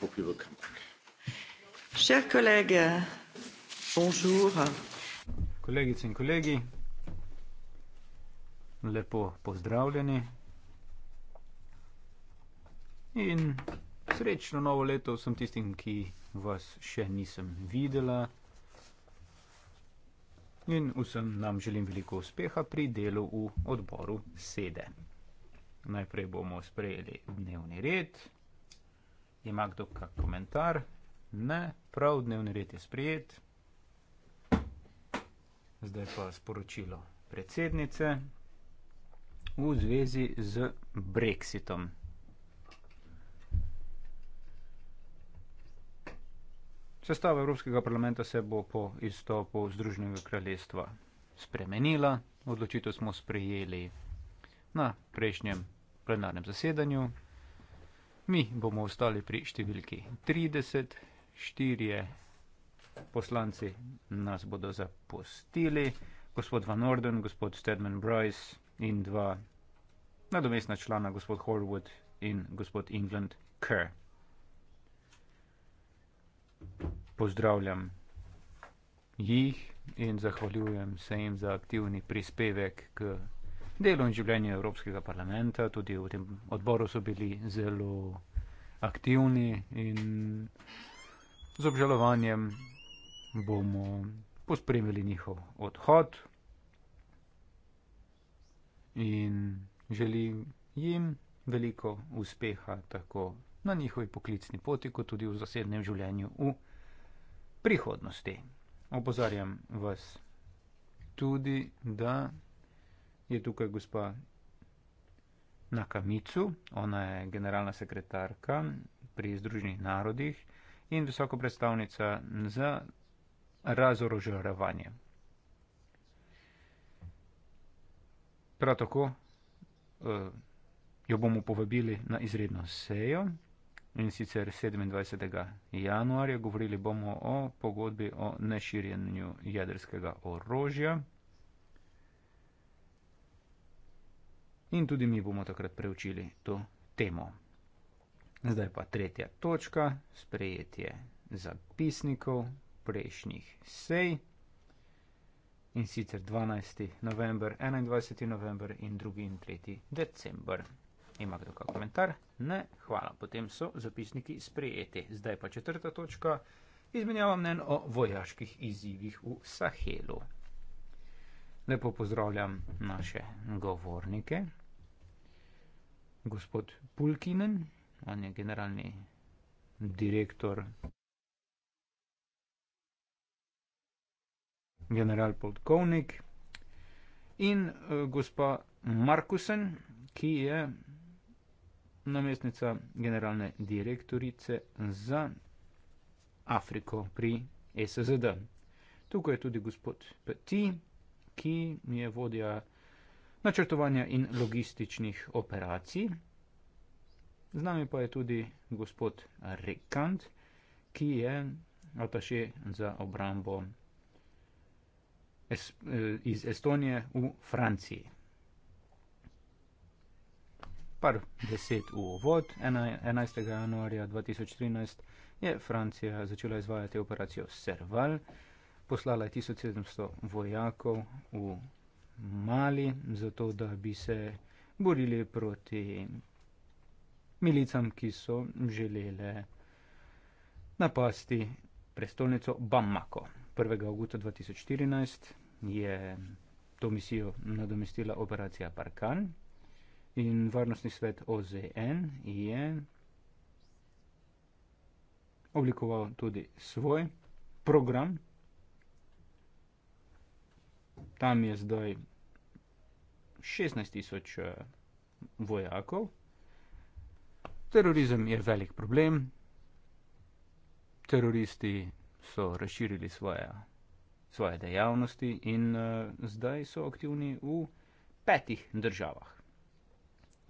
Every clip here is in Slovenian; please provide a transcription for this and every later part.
hope you will come back. Chers collègues, bonjour. Kolegice in kolegi, lepo pozdravljeni in srečno novo leto vsem tistim, ki vas še nisem videla in vsem nam želim veliko uspeha pri delu v odboru sede. Najprej bomo sprejeli dnevni red ima kdo kak komentar? Ne, prav dnevni red je sprijet. Zdaj pa sporočilo predsednice v zvezi z Brexitom. Sestava Evropskega parlamenta se bo po izstopu Združenega kraljestva spremenila. Odločitev smo sprejeli na prejšnjem plenarnem zasedanju. Mi bomo ostali pri številki 30, štirje poslanci nas bodo zapustili, gospod Van Orden, gospod Stedman Bryce in dva nadomestna člana, gospod Horwood in gospod England Kerr. Pozdravljam jih in zahvaljujem se jim za aktivni prispevek k delu in življenju Evropskega parlamenta. Tudi v tem odboru so bili zelo aktivni in z obžalovanjem bomo pospremili njihov odhod in želim jim veliko uspeha tako na njihovi poklicni poti, kot tudi v zasebnem življenju v prihodnosti. Opozarjam vas tudi, da je tukaj gospa Nakamicu, ona je generalna sekretarka pri Združenih narodih in visoko predstavnica za razoroževanje. Prav tako eh, jo bomo povabili na izredno sejo in sicer 27. januarja govorili bomo o pogodbi o neširjenju jedrskega orožja. In tudi mi bomo takrat preučili to temo. Zdaj pa tretja točka, sprejetje zapisnikov prejšnjih sej. In sicer 12. november, 21. november in 2. in 3. december. Ima kdo kakšen komentar? Ne, hvala. Potem so zapisniki sprejeti. Zdaj pa četrta točka, izmenjava mnen o vojaških izzivih v Sahelu. Lepo pozdravljam naše govornike, gospod Pulkinen, on je generalni direktor, general Podkovnik, in eh, gospa Markusen, ki je namestnica generalne direktorice za Afriko pri SZD. Tukaj je tudi gospod Peti, ki je vodja načrtovanja in logističnih operacij. Z nami pa je tudi gospod Rekant, ki je ataše za obrambo es, eh, iz Estonije v Franciji. Par deset v uvod, 11. januarja 2013 je Francija začela izvajati operacijo Serval, poslala je 1700 vojakov v mali, zato da bi se borili proti milicam, ki so želele napasti prestolnico Bamako. 1. augusta 2014 je to misijo nadomestila operacija Parkan in varnostni svet OZN je oblikoval tudi svoj program. Tam je zdaj 16 tisoč eh, vojakov. Terorizem je velik problem. Teroristi so razširili svoje, svoje dejavnosti in uh, zdaj so aktivni v petih državah.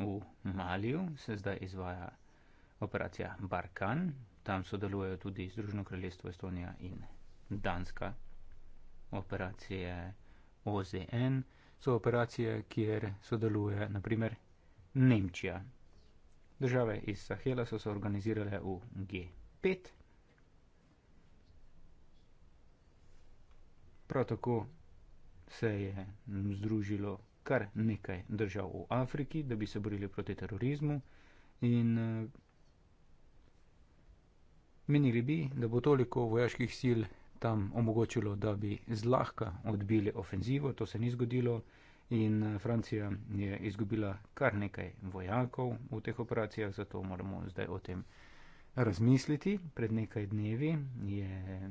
V Maliju se zdaj izvaja operacija Barkan, tam sodelujejo tudi Združeno kraljestvo Estonija in Danska. Operacije OZN so operacije, kjer sodeluje naprimer Nemčija. Države iz Sahela so se organizirale v G5. Prav tako se je združilo kar nekaj držav v Afriki, da bi se borili proti terorizmu in eh, menili bi, da bo toliko vojaških sil tam omogočilo, da bi zlahka odbili ofenzivo, to se ni zgodilo in eh, Francija je izgubila kar nekaj vojakov v teh operacijah, zato moramo zdaj o tem razmisliti. Pred nekaj dnevi je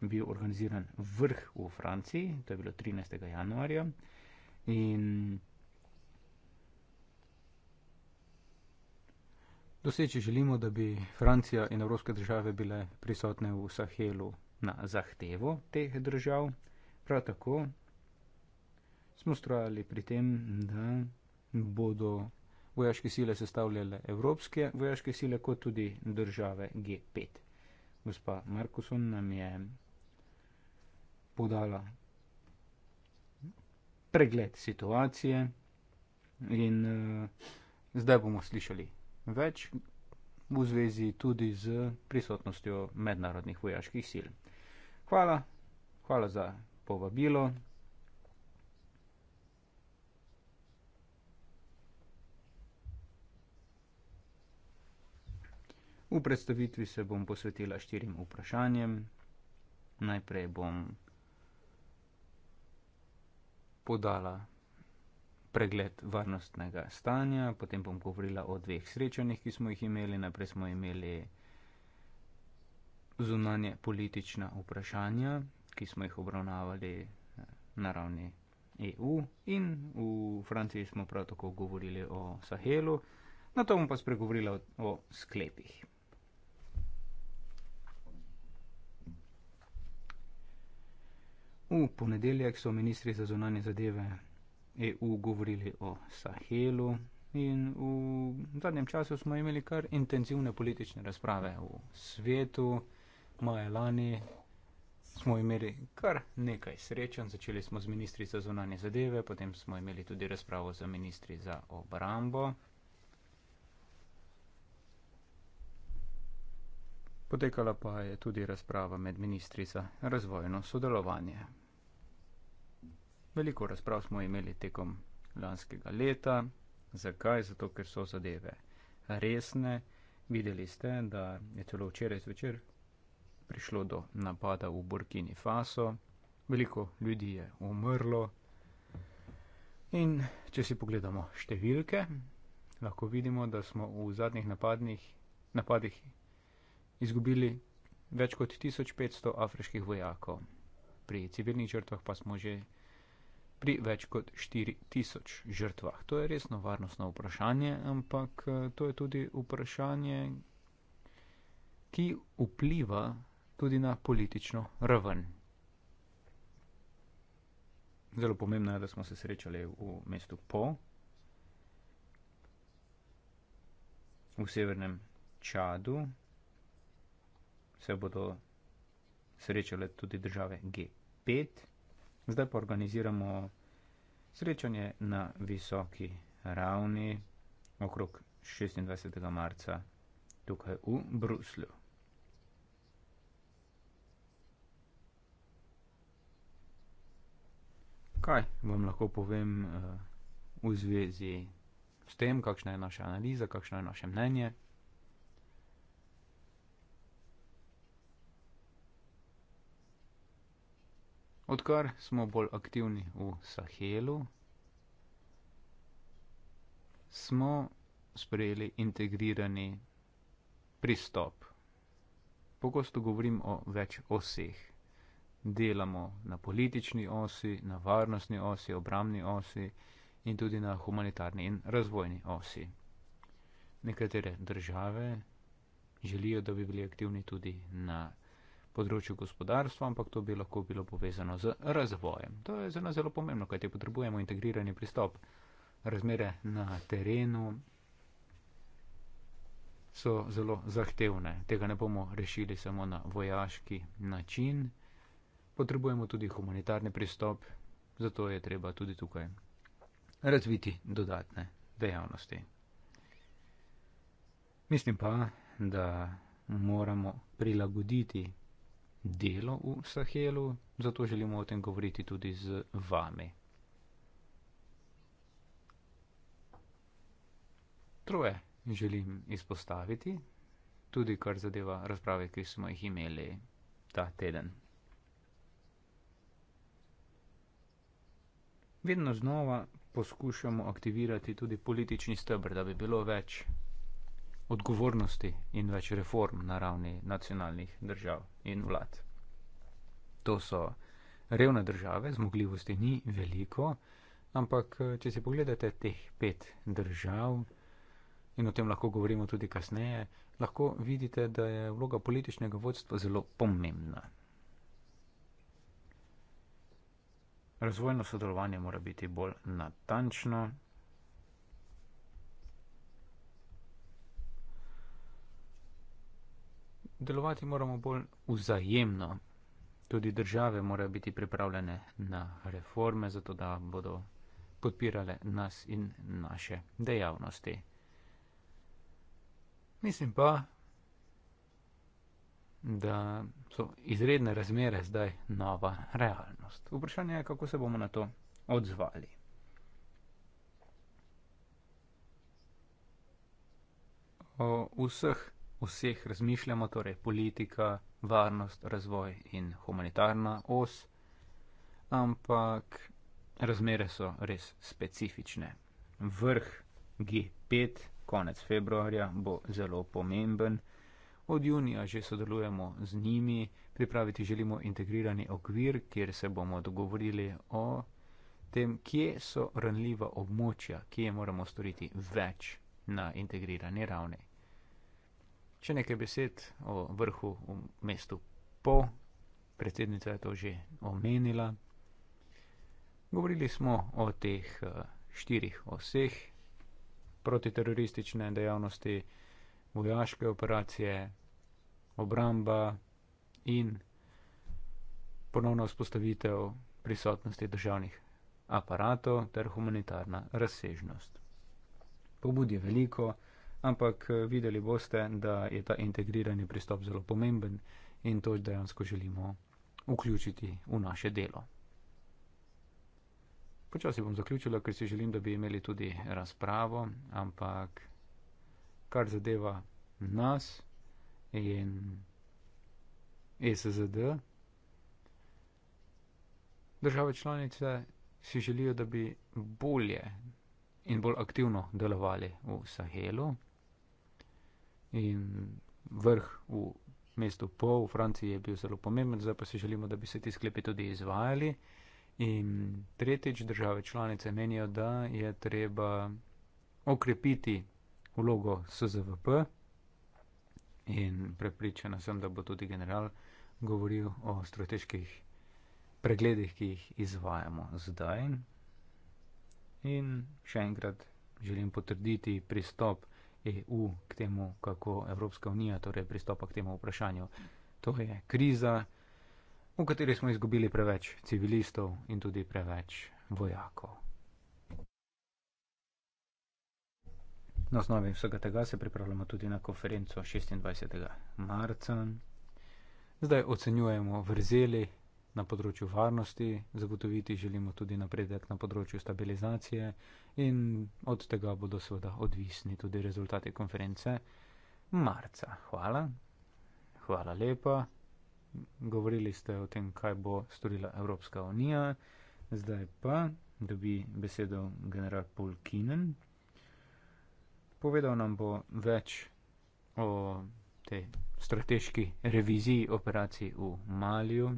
bil organiziran vrh v Franciji, to je bilo 13. januarja in Doseči želimo, da bi Francija in evropske države bile prisotne v Sahelu na zahtevo teh držav. Prav tako smo strojali pri tem, da bodo vojaške sile sestavljale evropske vojaške sile, kot tudi države G5. Gospa Markuson nam je podala pregled situacije in uh, zdaj bomo slišali več v zvezi tudi z prisotnostjo mednarodnih vojaških sil hvala, hvala za povabilo. V predstavitvi se bom posvetila štirim vprašanjem. Najprej bom podala pregled varnostnega stanja, potem bom govorila o dveh srečanjih, ki smo jih imeli. Najprej smo imeli zunanje politična vprašanja, ki smo jih obravnavali eh, na ravni EU in v Franciji smo prav tako govorili o Sahelu, na to bom pa spregovorila o sklepih. V ponedeljek so ministri za zunanje zadeve EU govorili o Sahelu in v zadnjem času smo imeli kar intenzivne politične razprave v svetu maja lani smo imeli kar nekaj srečen. Začeli smo z ministri za zunanje zadeve, potem smo imeli tudi razpravo z ministri za obrambo. Potekala pa je tudi razprava med ministri za razvojno sodelovanje. Veliko razprav smo imeli tekom lanskega leta. Zakaj? Zato, ker so zadeve resne. Videli ste, da je celo včeraj zvečer prišlo do napada v Burkini Faso, veliko ljudi je umrlo. In če si pogledamo številke, lahko vidimo, da smo v zadnjih napadnih, napadih izgubili več kot 1500 afriških vojakov, pri civilnih žrtvah pa smo že pri več kot 4000 žrtvah. To je resno varnostno vprašanje, ampak eh, to je tudi vprašanje, ki vpliva tudi na politično raven. Zelo pomembno je, da smo se srečali v mestu Po, v severnem Čadu. Se bodo srečale tudi države G5. Zdaj pa organiziramo srečanje na visoki ravni okrog 26. marca tukaj v Bruslju. kaj vam lahko povem uh, v zvezi s tem, kakšna je naša analiza, kakšno je naše mnenje. Odkar smo bolj aktivni v Sahelu, smo sprejeli integrirani pristop. Pogosto govorim o več oseh delamo na politični osi, na varnostni osi, obramni osi in tudi na humanitarni in razvojni osi. Nekatere države želijo, da bi bili aktivni tudi na področju gospodarstva, ampak to bi lahko bilo povezano z razvojem. To je za nas zelo pomembno, kajti potrebujemo integrirani pristop. Razmere na terenu so zelo zahtevne. Tega ne bomo rešili samo na vojaški način potrebujemo tudi humanitarni pristop, zato je treba tudi tukaj razviti dodatne dejavnosti. Mislim pa, da moramo prilagoditi delo v Sahelu, zato želimo o tem govoriti tudi z vami. Troje želim izpostaviti, tudi kar zadeva razprave, ki smo jih imeli ta teden. vedno znova poskušamo aktivirati tudi politični stebr, da bi bilo več odgovornosti in več reform na ravni nacionalnih držav in vlad. To so revne države, zmogljivosti ni veliko, ampak če si pogledate teh pet držav in o tem lahko govorimo tudi kasneje, lahko vidite, da je vloga političnega vodstva zelo pomembna. Razvojno sodelovanje mora biti bolj natančno. Delovati moramo bolj vzajemno. Tudi države morajo biti pripravljene na reforme, zato da bodo podpirale nas in naše dejavnosti. Mislim pa, da so izredne razmere zdaj nova realnost. Vprašanje je, kako se bomo na to odzvali. O vseh, vseh razmišljamo, torej politika, varnost, razvoj in humanitarna os, ampak razmere so res specifične. Vrh G5 konec februarja bo zelo pomemben. Od junija že sodelujemo z njimi, pripraviti želimo integrirani okvir, kjer se bomo dogovorili o tem, kje so ranljiva območja, kje moramo storiti več na integrirani ravni. Če nekaj besed o vrhu v mestu Po, predsednica je to že omenila. Govorili smo o teh eh, štirih oseh protiteroristične dejavnosti, vojaške operacije, obramba in ponovna vzpostavitev prisotnosti državnih aparatov ter humanitarna razsežnost. Pobud je veliko, ampak eh, videli boste, da je ta integrirani pristop zelo pomemben in to dejansko želimo vključiti v naše delo. Počasi bom zaključila, ker si želim, da bi imeli tudi razpravo, ampak kar zadeva nas in e SZD. Države članice si želijo, da bi bolje in bolj aktivno delovali v Sahelu in vrh v mestu Po v Franciji je bil zelo pomemben, zdaj pa si želimo, da bi se ti sklepi tudi izvajali. In tretjič, države članice menijo, da je treba okrepiti vlogo SZVP in prepričana sem, da bo tudi general govoril o strateških pregledih, ki jih izvajamo zdaj. In še enkrat želim potrditi pristop EU k temu, kako Evropska unija torej pristopa k temu vprašanju. To je kriza, v kateri smo izgubili preveč civilistov in tudi preveč vojakov. na osnovi vsega tega se pripravljamo tudi na konferenco 26. marca. Zdaj ocenjujemo vrzeli na področju varnosti, zagotoviti želimo tudi napredek na področju stabilizacije in od tega bodo seveda odvisni tudi rezultati konference marca. Hvala. Hvala lepa. Govorili ste o tem, kaj bo storila Evropska unija. Zdaj pa dobi besedo general Paul Keenan. Povedal nam bo več o tej strateški reviziji operaciji v Maliju.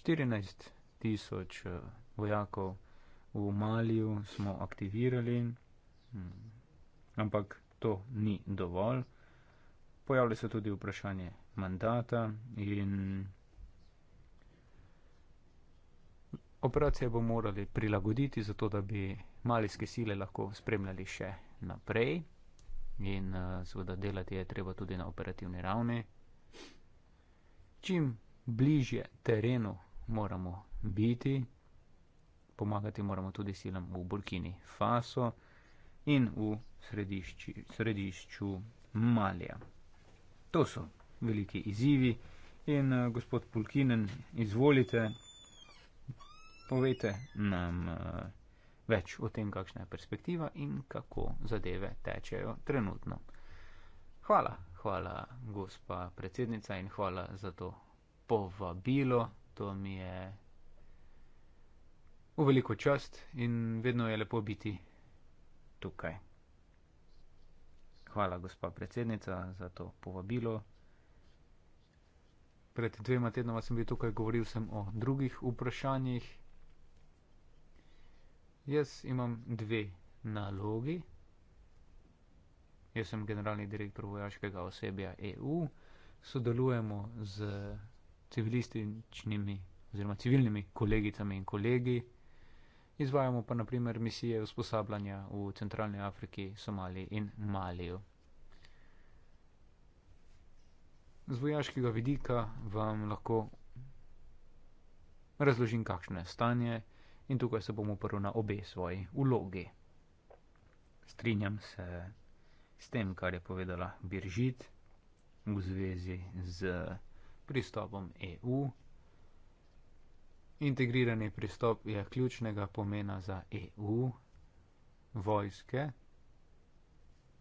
14 tisoč eh, vojakov v Maliju smo aktivirali, hmm. ampak to ni dovolj. Pojavlja se tudi vprašanje mandata in operacije bomo morali prilagoditi, zato da bi malijske sile lahko spremljali še naprej. In eh, seveda delati je treba tudi na operativni ravni. Čim bližje terenu moramo biti, pomagati moramo tudi silam v Burkini Faso in v središči, središču Malija. To so veliki izzivi in eh, gospod Pulkinen, izvolite, povejte nam. Uh, več o tem, kakšna je perspektiva in kako zadeve tečejo trenutno. Hvala, hvala, gospa predsednica, in hvala za to povabilo. To mi je v veliko čast in vedno je lepo biti tukaj. Hvala, gospa predsednica, za to povabilo. Pred dvema tednoma sem bil tukaj, govoril sem o drugih vprašanjih. Jaz imam dve nalogi. Jaz sem generalni direktor vojaškega osebja EU, sodelujemo z civilističnimi oziroma civilnimi kolegicami in kolegi, izvajamo pa naprimer misije usposabljanja v centralni Afriki, Somaliji in Maliju. Z vojaškega vidika vam lahko razložim, kakšno je stanje. In tukaj se bom uprl na obe svoji vlogi. Strinjam se s tem, kar je povedala Biržit v zvezi z pristopom EU. Integrirani pristop je ključnega pomena za EU. Vojske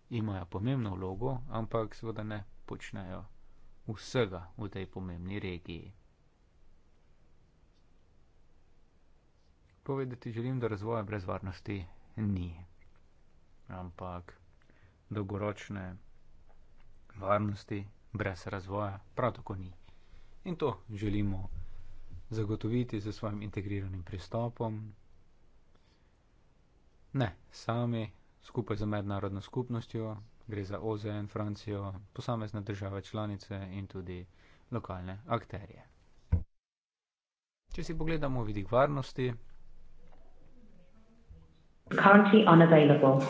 imajo pomembno vlogo, ampak seveda ne počnejo vsega v tej pomembni regiji. Povedati želim, da razvoja brez varnosti ni. Ampak dolgoročne varnosti brez razvoja prav tako ni. In to želimo zagotoviti z svojim integriranim pristopom. Ne, sami, skupaj z mednarodno skupnostjo, gre za OZN, Francijo, posamezne države članice in tudi lokalne akterje. Če si pogledamo vidik varnosti, currently unavailable.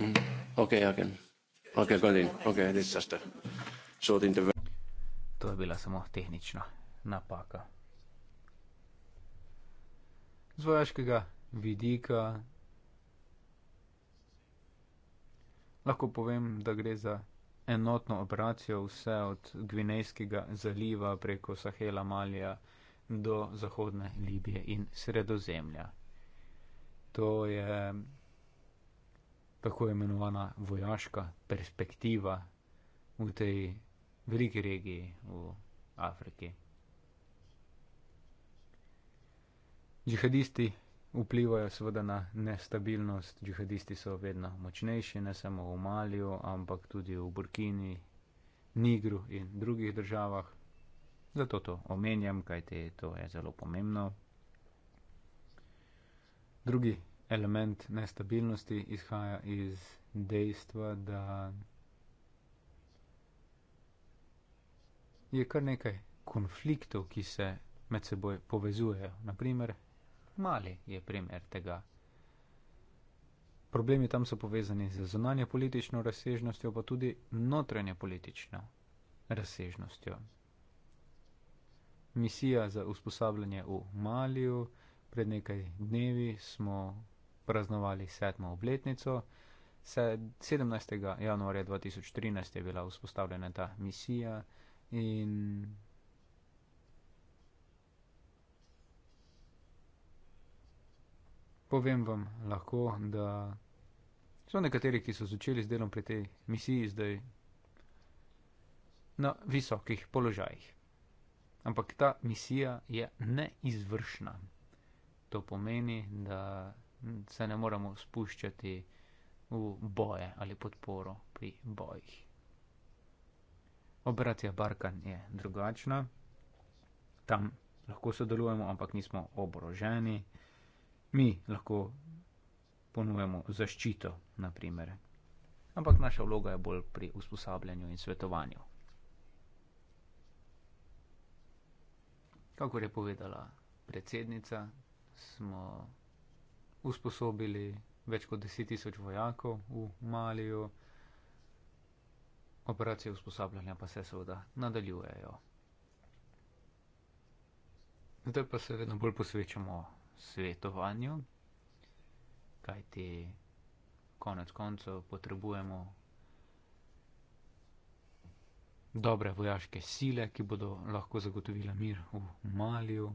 Mm-hmm. Okay, again. Okay, got it. Okay, this is just a short interval. To je bila samo tehnična napaka. Z vojaškega vidika lahko povem, da gre za enotno operacijo, vse od Gvinejskega zaliva preko Sahela Malija do zahodne Libije in sredozemlja. To je tako imenovana vojaška perspektiva v tej veliki regiji v Afriki. Džihadisti vplivajo seveda na nestabilnost. Džihadisti so vedno močnejši, ne samo v Maliju, ampak tudi v Burkini, Nigru in drugih državah. Zato to omenjam, kajte to je zelo pomembno. Drugi element nestabilnosti izhaja iz dejstva, da je kar nekaj konfliktov, ki se med seboj povezujejo. Naprimer, Mali je primer tega. Problemi tam so povezani z zunanjo politično razsežnostjo, pa tudi notranjo politično razsežnostjo. Misija za usposabljanje v Maliju, pred nekaj dnevi smo praznovali sedmo obletnico. 17. januarja 2013 je bila vzpostavljena ta misija in Povem vam lahko, da so nekateri, ki so začeli z delom pri tej misiji, zdaj na visokih položajih. Ampak ta misija je neizvršna. To pomeni, da se ne moramo spuščati v boje ali podporo pri bojih. Operacija Barkan je drugačna. Tam lahko sodelujemo, ampak nismo oboroženi mi lahko ponujemo zaščito, naprimer. Ampak naša vloga je bolj pri usposabljanju in svetovanju. Kako je povedala predsednica, smo usposobili več kot 10.000 vojakov v Maliju, operacije usposabljanja pa se seveda nadaljujejo. Zdaj pa se vedno bolj posvečamo svetovanju, kajti konec koncev potrebujemo dobre vojaške sile, ki bodo lahko zagotovile mir v Maliju.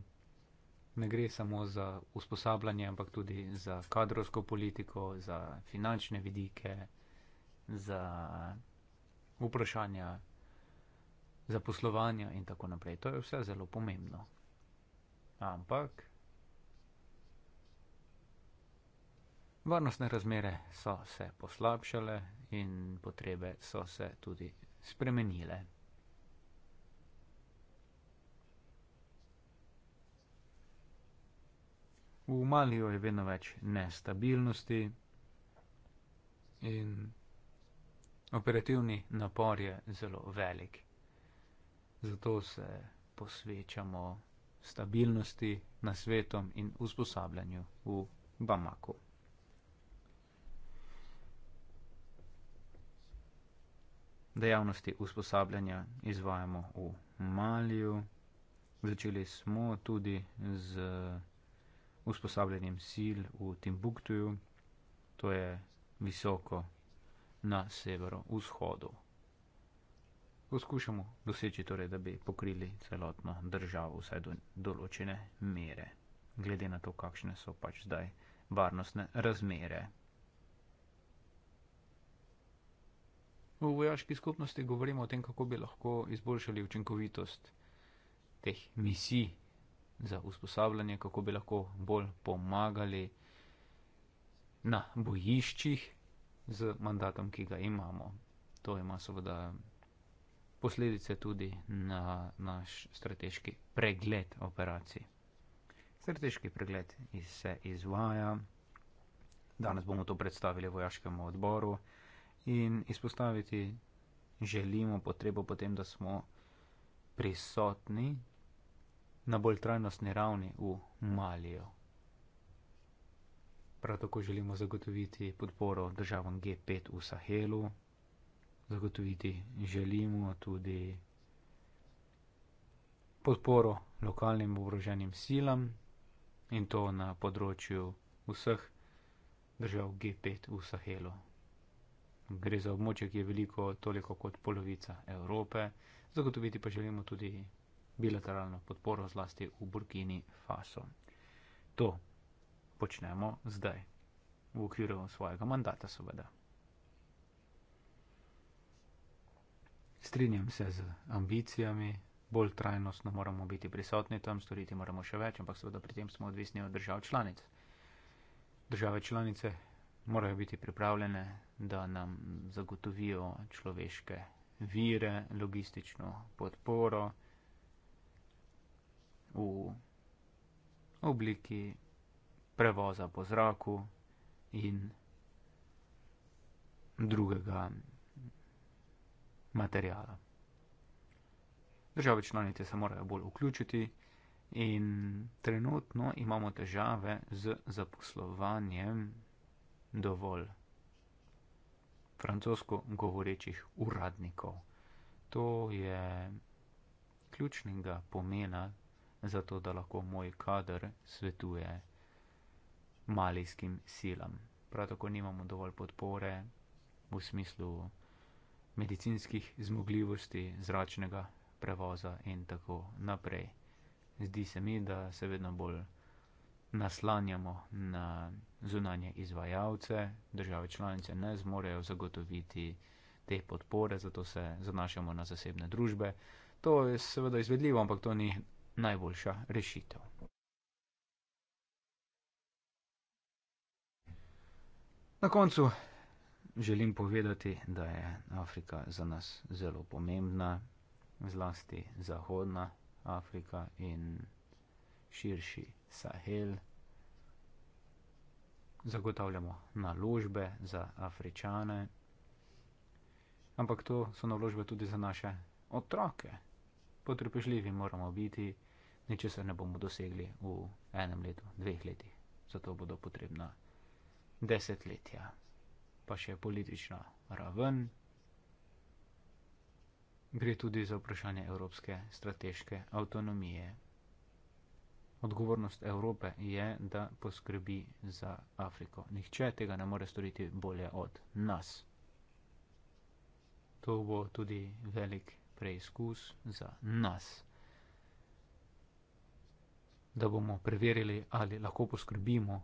Ne gre samo za usposabljanje, ampak tudi za kadrovsko politiko, za finančne vidike, za vprašanja zaposlovanja in tako naprej. To je vse zelo pomembno. Ampak Varnostne razmere so se poslabšale in potrebe so se tudi spremenile. V Maliju je vedno več nestabilnosti in operativni napor je zelo velik. Zato se posvečamo stabilnosti na svetu in usposabljanju v Bamako. dejavnosti usposabljanja izvajamo v Maliju. Začeli smo tudi z usposabljanjem sil v Timbuktuju, to je visoko na severovzhodu. Poskušamo doseči torej, da bi pokrili celotno državo vsaj do določene mere, glede na to, kakšne so pač zdaj varnostne razmere. No, v vojaški skupnosti govorimo o tem, kako bi lahko izboljšali učinkovitost teh misij za usposabljanje, kako bi lahko bolj pomagali na bojiščih z mandatom, ki ga imamo. To ima seveda posledice tudi na naš strateški pregled operacij. Strateški pregled se izvaja. Danes bomo to predstavili vojaškemu odboru in izpostaviti želimo potrebo potem, da smo prisotni na bolj trajnostni ravni v Malijo. Prav tako želimo zagotoviti podporo državam G5 v Sahelu, zagotoviti želimo tudi podporo lokalnim oboroženim silam in to na področju vseh držav G5 v Sahelu gre za območje, ki je veliko toliko kot polovica Evrope. Zagotoviti pa želimo tudi bilateralno podporo zlasti v Burkini Faso. To počnemo zdaj, v okviru svojega mandata, seveda. Strinjam se z ambicijami, bolj trajnostno moramo biti prisotni tam, storiti moramo še več, ampak seveda pri tem smo odvisni od držav članic. Države članice morajo biti pripravljene, da nam zagotovijo človeške vire, logistično podporo v obliki prevoza po zraku in drugega materijala. Države članice se morajo bolj vključiti in trenutno imamo težave z zaposlovanjem dovolj francosko govorečih uradnikov. To je ključnega pomena za to, da lahko moj kader svetuje malijskim silam. Prav tako nimamo dovolj podpore v smislu medicinskih zmogljivosti, zračnega prevoza in tako naprej. Zdi se mi, da se vedno bolj naslanjamo na zunanje izvajalce, države članice ne zmorejo zagotoviti teh podpore, zato se zanašamo na zasebne družbe. To je seveda izvedljivo, ampak to ni najboljša rešitev. Na koncu želim povedati, da je Afrika za nas zelo pomembna, zlasti Zahodna Afrika in širši Sahel zagotavljamo naložbe za afričane, ampak to so naložbe tudi za naše otroke. Potrpežljivi moramo biti, ničesar ne bomo dosegli v enem letu, dveh letih. Zato bodo potrebna desetletja, pa še politična raven. Gre tudi za vprašanje evropske strateške avtonomije odgovornost Evrope je, da poskrbi za Afriko. Nihče tega ne more storiti bolje od nas. To bo tudi velik preizkus za nas, da bomo preverili, ali lahko poskrbimo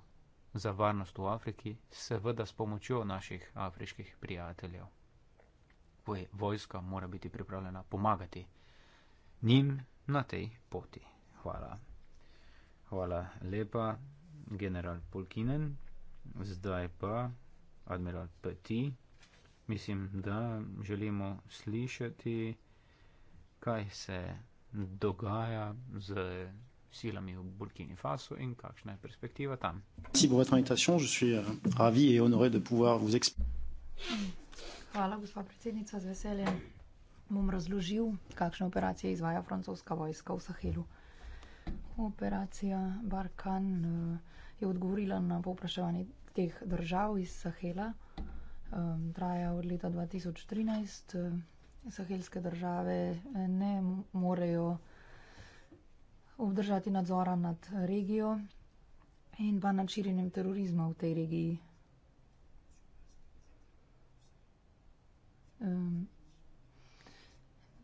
za varnost v Afriki, seveda s pomočjo naših afriških prijateljev. Vojska mora biti pripravljena pomagati njim na tej poti. Hvala. Hvala lepa, general Polkinen. Zdaj pa, admiral Peti, mislim, da želimo slišati, kaj se dogaja z silami v Burkini Faso in kakšna je perspektiva tam. Euh, Hvala, gospa predsednica, z veseljem bom razložil, kakšne operacije izvaja francoska vojska v Sahelu. Operacija Barkan eh, je odgovorila na povpraševanje teh držav iz Sahela. Eh, traja od leta 2013. Eh, sahelske države ne morejo obdržati nadzora nad regijo in pa nad širjenjem terorizma v tej regiji.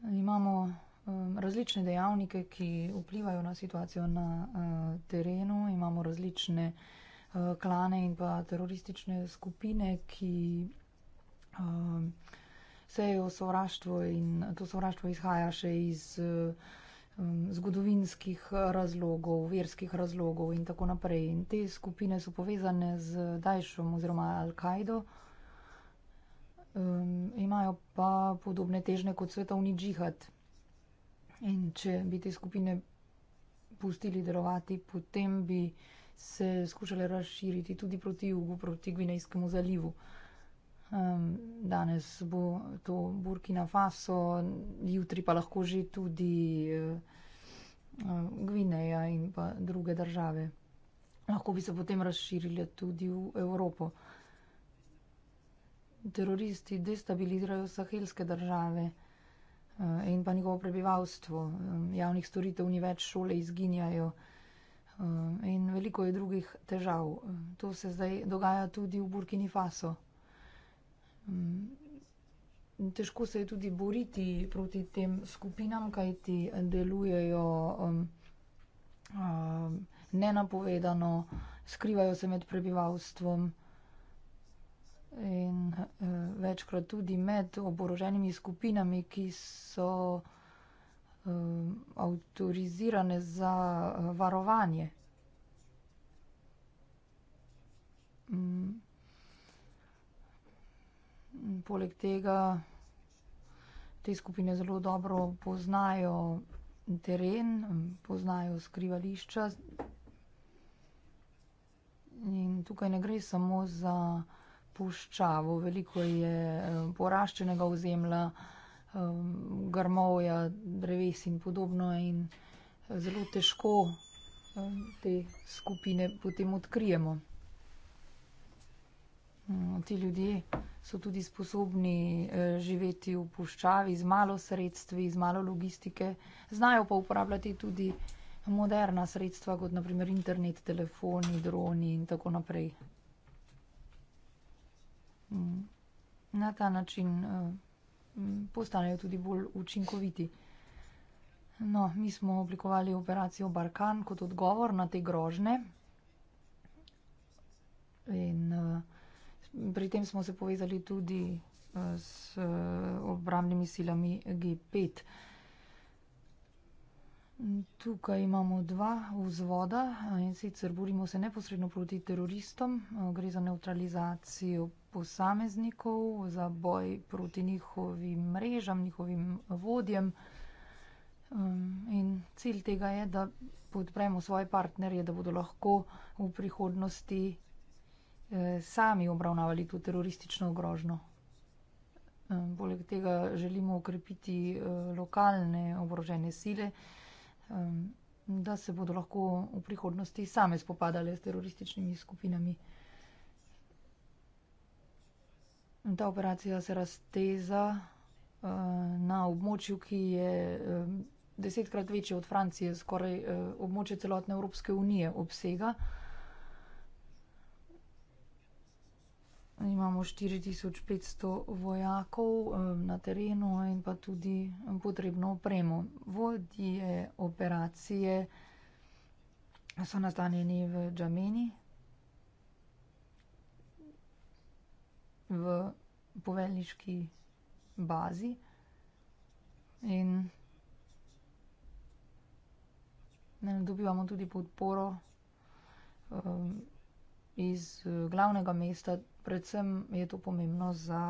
Imamo um, različne dejavnike, ki vplivajo na situacijo na uh, terenu. Imamo različne uh, klane in pa teroristične skupine, ki um, sejo sovraštvo in to sovraštvo izhaja še iz uh, um, zgodovinskih razlogov, verskih razlogov in tako naprej. In te skupine so povezane z Dajšom oziroma Al-Kaido. Um, imajo pa podobne težne kot svetovni džihad. In če bi te skupine pustili delovati, potem bi se skušale razširiti tudi proti jugu, proti Gvinejskemu zalivu. Um, danes bo to Burkina Faso, jutri pa lahko že tudi uh, Gvineja in pa druge države. Lahko bi se potem razširile tudi v Evropo. Teroristi destabilizirajo sahelske države. Eh, in pa njegovo prebivalstvo. Eh, javnih storitev ni več, šole izginjajo eh, in veliko je drugih težav. To se zdaj dogaja tudi v Burkini Faso. Mm, težko se je tudi boriti proti tem skupinam, kajti delujejo um, um, nenapovedano, skrivajo se med prebivalstvom in uh, eh, večkrat tudi med oboroženimi skupinami, ki so uh, avtorizirane za eh, varovanje. Mm. Poleg tega te skupine zelo dobro poznajo teren, poznajo skrivališča. In tukaj ne gre samo za puščavo, veliko je eh, poraščenega ozemlja, eh, grmovja, dreves in podobno in eh, zelo težko te skupine potem odkrijemo. Mm, ti ljudje so tudi sposobni živeti v puščavi z malo sredstvi, z malo logistike, znajo pa uporabljati tudi moderna sredstva, kot naprimer internet, telefoni, droni in tako naprej na ta način eh, postanejo tudi bolj učinkoviti. No, mi smo oblikovali operacijo Barkan kot odgovor na te grožne. In eh, pri tem smo se povezali tudi eh, s obramnimi silami G5. Tukaj imamo dva vzvoda in sicer borimo se neposredno proti teroristom. Gre za neutralizacijo posameznikov, za boj proti njihovim mrežam, njihovim vodjem. Um, in cilj tega je, da podpremo svoje partnerje, da bodo lahko v prihodnosti eh, sami obravnavali to teroristično grožno. Um, poleg tega želimo ukrepiti eh, lokalne obrožene sile, um, da se bodo lahko v prihodnosti same spopadale s terorističnimi skupinami. Ta operacija se razteza uh, na območju, ki je um, desetkrat večje od Francije, skoraj uh, območje celotne Evropske unije obsega. Imamo 4500 vojakov um, na terenu in pa tudi potrebno opremo. Vodje operacije so nastanjeni v Džameni. v poveljniški bazi in ne, dobivamo tudi podporo um, iz eh, glavnega mesta, predvsem je to pomembno za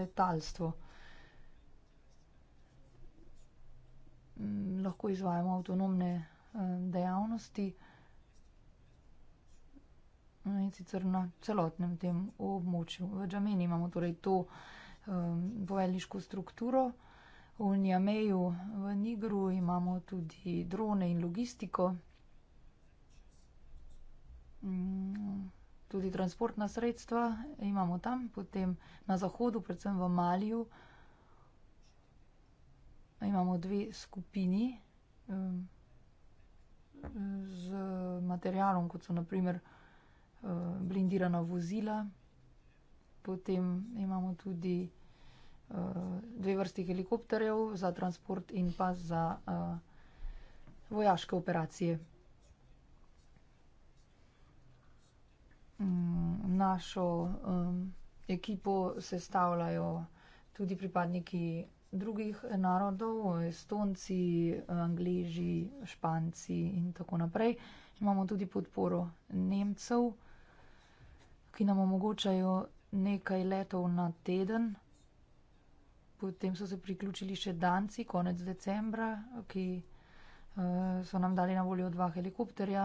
letalstvo. Mm, lahko izvajamo avtonomne um, dejavnosti in sicer na celotnem tem območju. V Džameni imamo torej to vojeliško um, strukturo, v Njameju, v Nigru imamo tudi drone in logistiko, mm, tudi transportna sredstva imamo tam, potem na zahodu, predvsem v Maliju, imamo dve skupini. Um, Z materialom, kot so naprimer Eh, blindirana vozila, potem imamo tudi eh, dve vrsti helikopterjev za transport in pa za eh, vojaške operacije. Mm, našo ekipo sestavljajo tudi pripadniki drugih narodov, estonci, angleži, španci in tako naprej. Imamo tudi podporo Nemcev ki nam omogočajo nekaj letov na teden. Potem so se priključili še Danci konec decembra, ki eh, so nam dali na voljo dva helikopterja.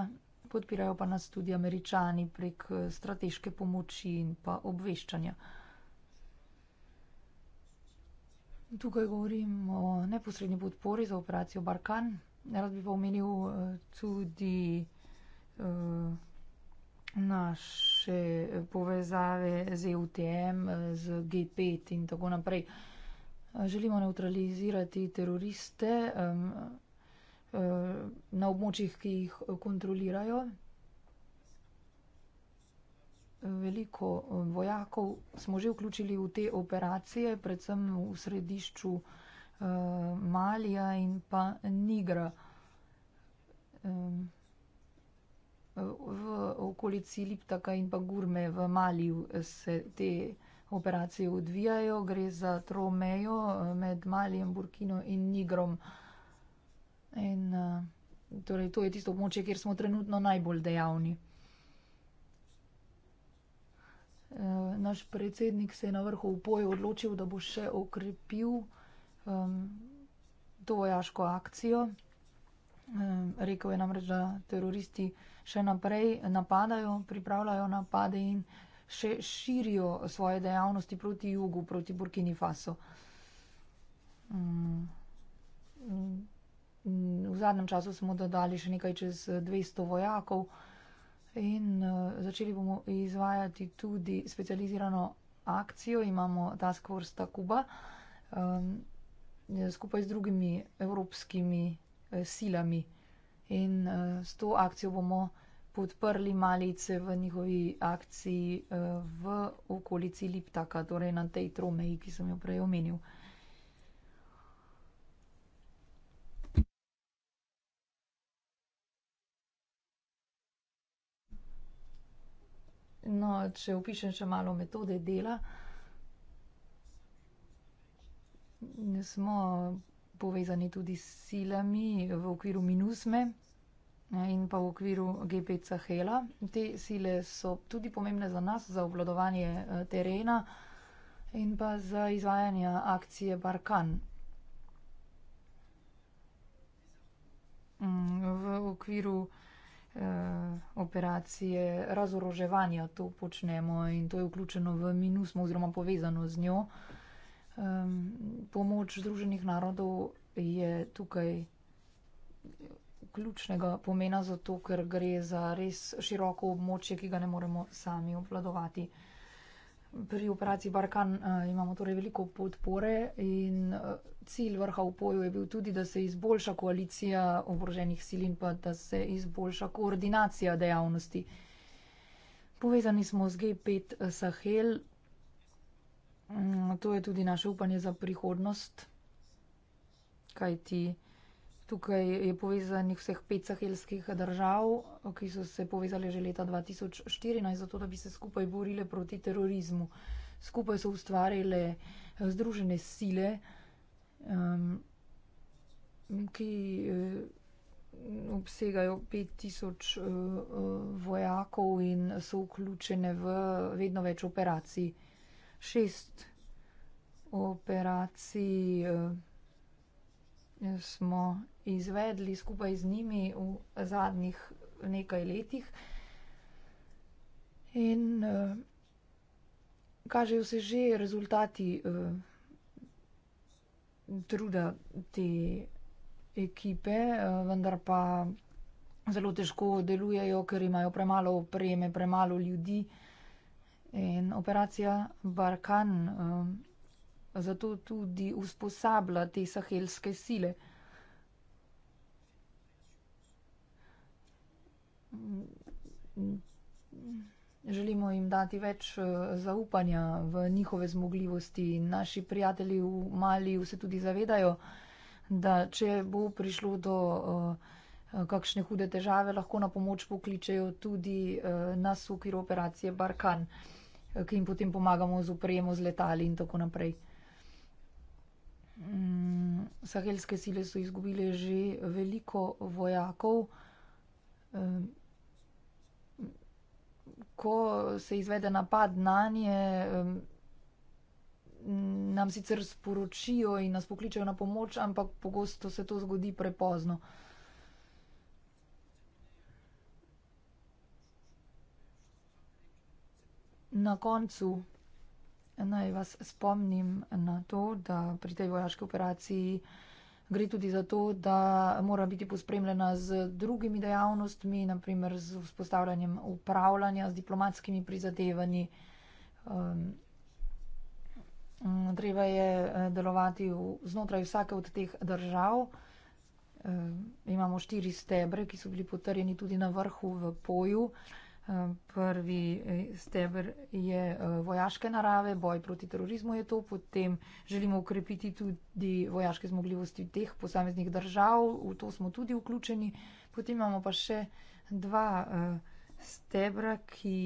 Podpirajo pa nas tudi američani prek eh, strateške pomoči in pa obveščanja. Tukaj govorim o neposrednji podpori za operacijo Barkan. Rad bi pa omenil eh, tudi naše povezave z EUTM, z G5 in tako naprej. Želimo neutralizirati teroriste um, um, na območjih, ki jih kontrolirajo. Veliko vojakov smo že vključili v te operacije, predvsem v središču uh, Malija in pa Nigra. Um, v okolici Liptaka in pa Gurme v Maliju se te operacije odvijajo. Gre za tromejo eh, med Malijem, Burkino in Nigrom. In, eh, torej, to je tisto območje, kjer smo trenutno najbolj dejavni. Eh, naš predsednik se je na vrhu v poju odločil, da bo še okrepil um, to vojaško akcijo. Um, rekel je namreč, da teroristi še naprej napadajo, pripravljajo napade in še širijo svoje dejavnosti proti jugu, proti Burkini Faso. Mm. Mm. V zadnjem času smo dodali še nekaj čez 200 vojakov in eh, začeli bomo izvajati tudi specializirano akcijo, imamo Task Force Takuba eh, skupaj z drugimi evropskimi eh, silami. In eh, s to akcijo bomo podprli malice v njihovi akciji eh, v okolici Liptaka, torej na tej tromeji, ki sem jo prej omenil. No, če opišem še malo metode dela, smo povezani tudi s silami v okviru minusme eh, in pa v okviru GPC Hela. Te sile so tudi pomembne za nas, za obvladovanje eh, terena in pa za izvajanje akcije Barkan. Mm, v okviru eh, operacije razoroževanja to počnemo in to je vključeno v minusmo oziroma povezano z njo. Eh, pomoč Združenih narodov je tukaj ključnega pomena, zato ker gre za res široko območje, ki ga ne moremo sami obvladovati. Pri operaciji Barkan eh, imamo torej veliko podpore in eh, cilj vrha upoju je bil tudi, da se izboljša koalicija oboroženih sil in pa da se izboljša koordinacija dejavnosti. Povezani smo z G5 eh, Sahel. Mm, to je tudi naše upanje za prihodnost kaj ti tukaj je povezanih vseh pet sahelskih držav, ki so se povezali že leta 2014, zato da bi se skupaj borile proti terorizmu. Skupaj so ustvarile eh, združene sile, um, ki uh, obsegajo 5000 uh, uh, vojakov in so vključene v vedno več operacij. Šest operacij. Uh, smo izvedli skupaj z njimi v zadnjih nekaj letih. In uh, kažejo se že rezultati uh, truda te ekipe, uh, vendar pa zelo težko delujejo, ker imajo premalo opreme, premalo ljudi. In operacija Barkan. Uh, zato tudi usposablja te sahelske sile. Želimo jim dati več eh, zaupanja v njihove zmogljivosti. Naši prijatelji v Mali se tudi zavedajo, da če bo prišlo do eh, kakšne hude težave, lahko na pomoč pokličejo tudi eh, nas v okviru operacije Barkan, ki jim potem pomagamo z upremo, z letali in tako naprej. Mm, sahelske sile so izgubile že veliko vojakov. Ko se izvede napad na nje, nam sicer sporočijo in nas pokličajo na pomoč, ampak pogosto se to zgodi prepozno. Na koncu Naj vas spomnim na to, da pri tej vojaški operaciji gre tudi za to, da mora biti pospremljena z drugimi dejavnostmi, naprimer z vzpostavljanjem upravljanja, z diplomatskimi prizadevanji. Um, treba je eh, delovati znotraj vsake od teh držav. Eh, imamo štiri stebre, ki so bili potrjeni tudi na vrhu v poju. Prvi eh, steber je eh, vojaške narave, boj proti terorizmu je to, potem želimo ukrepiti tudi vojaške zmogljivosti teh posameznih držav, v to smo tudi vključeni. Potem imamo pa še dva eh, stebra, ki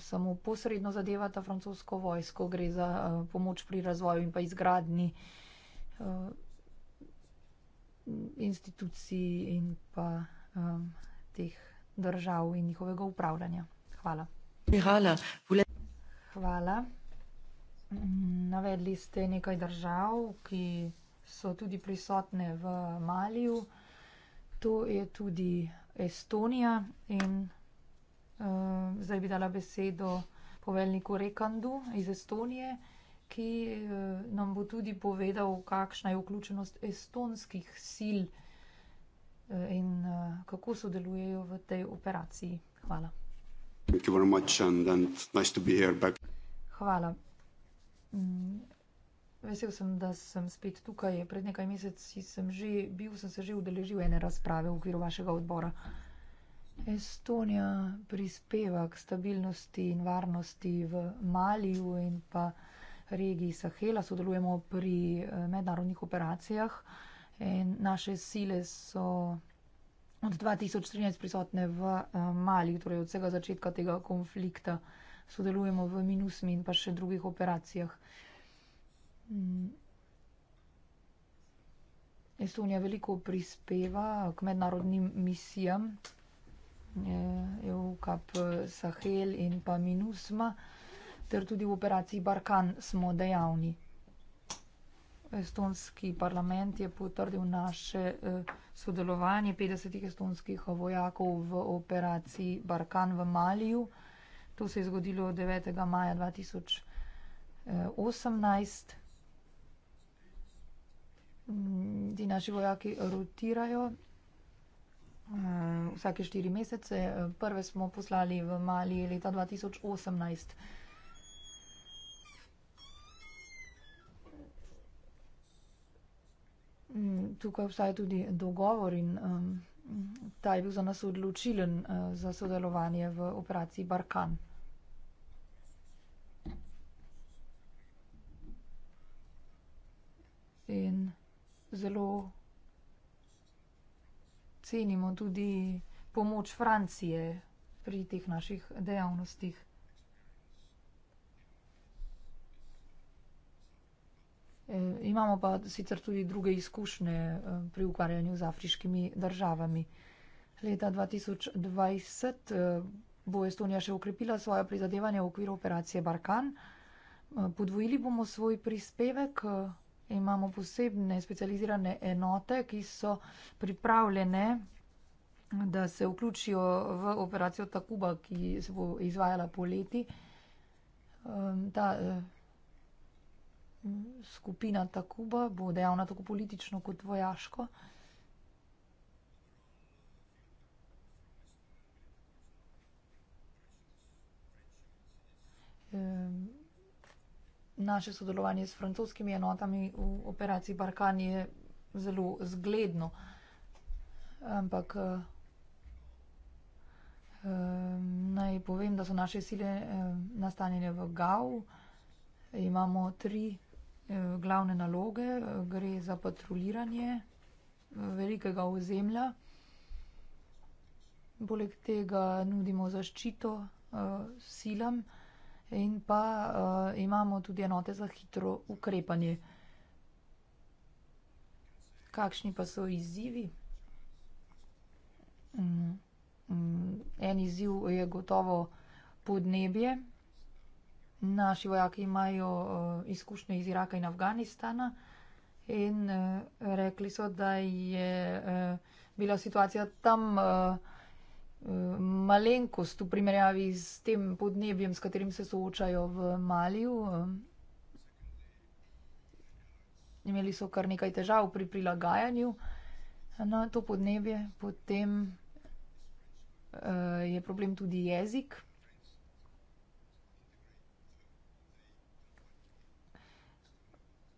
samo posredno zadevata francosko vojsko, gre za pomoč pri razvoju in pa izgradni institucij in pa teh držav in njihovega upravljanja. Hvala. Hvala. Hvala. Navedli ste nekaj držav, ki so tudi prisotne v Maliju. To je tudi Estonija in uh, zdaj bi dala besedo poveljniku Rekandu iz Estonije, ki uh, nam bo tudi povedal, kakšna je vključenost estonskih sil uh, Eh, in eh, kako sodelujejo v tej operaciji. Hvala. Much, nice Hvala. Mm, vesel sem, da sem spet tukaj. Pred nekaj meseci sem že bil, sem se že udeležil ene razprave v okviru vašega odbora. Estonija prispeva k stabilnosti in varnosti v Maliju in pa regiji Sahela. Sodelujemo pri eh, mednarodnih operacijah. Naše sile so od 2013 prisotne v eh, Mali, torej od vsega začetka tega konflikta. Sodelujemo v Minusmi in pa še drugih operacijah. Mm. Estonija veliko prispeva k mednarodnim misijam, eh, EUKAP Sahel in pa Minusma, ter tudi v operaciji Barkan smo dejavni estonski parlament je potrdil naše eh, sodelovanje 50 estonskih vojakov v operaciji Barkan v Maliju. To se je zgodilo 9. maja 2018. Mm, ti naši vojaki rotirajo eh, vsake štiri mesece. Eh, prve smo poslali v Mali leta 2018. Mm, tukaj obstaja tudi dogovor in um, ta je bil za nas odločilen uh, za sodelovanje v operaciji Barkan. In zelo cenimo tudi pomoč Francije pri teh naših dejavnostih. E, imamo pa sicer tudi druge izkušnje e, pri ukvarjanju z afriškimi državami. Leta 2020 e, bo Estonija še ukrepila svoje prizadevanje v okviru operacije Barkan. Podvojili bomo svoj prispevek. Imamo posebne specializirane enote, ki so pripravljene, da se vključijo v operacijo Takuba, ki se bo izvajala po leti. Ta skupina Takuba bo dejavna tako politično kot vojaško. Naše sodelovanje s francoskimi enotami v operaciji Barkan je zelo zgledno, ampak naj povem, da so naše sile nastanjene v Gau. Imamo tri Eh, glavne naloge, eh, gre za patruliranje eh, velikega ozemlja. Poleg tega nudimo zaščito uh, silam in pa uh, imamo tudi enote za hitro ukrepanje. Kakšni pa so izzivi? Mm, mm, en izziv je gotovo podnebje. Naši vojaki imajo uh, izkušnje iz Iraka in Afganistana in uh, rekli so, da je uh, bila situacija tam uh, uh, malenkost v primerjavi s tem podnebjem, s katerim se soočajo v Maliju. Uh, imeli so kar nekaj težav pri prilagajanju na to podnebje. Potem uh, je problem tudi jezik.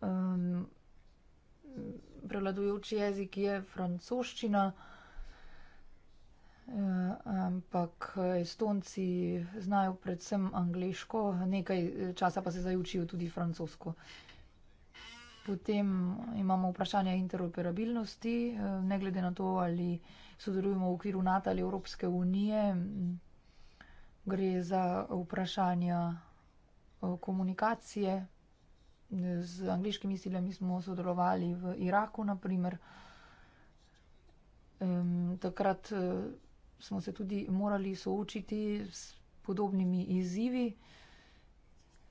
Um, Prevladujoč jezik je francoščina, eh, ampak estonci znajo predvsem angliško, nekaj eh, časa pa se zajučijo tudi francosko. Potem imamo vprašanje interoperabilnosti, eh, ne glede na to, ali sodelujemo v okviru NATO ali Evropske unije, gre za vprašanja komunikacije z angliškimi silami smo sodelovali v Iraku, naprimer. Um, takrat uh, smo se tudi morali soočiti s podobnimi izzivi,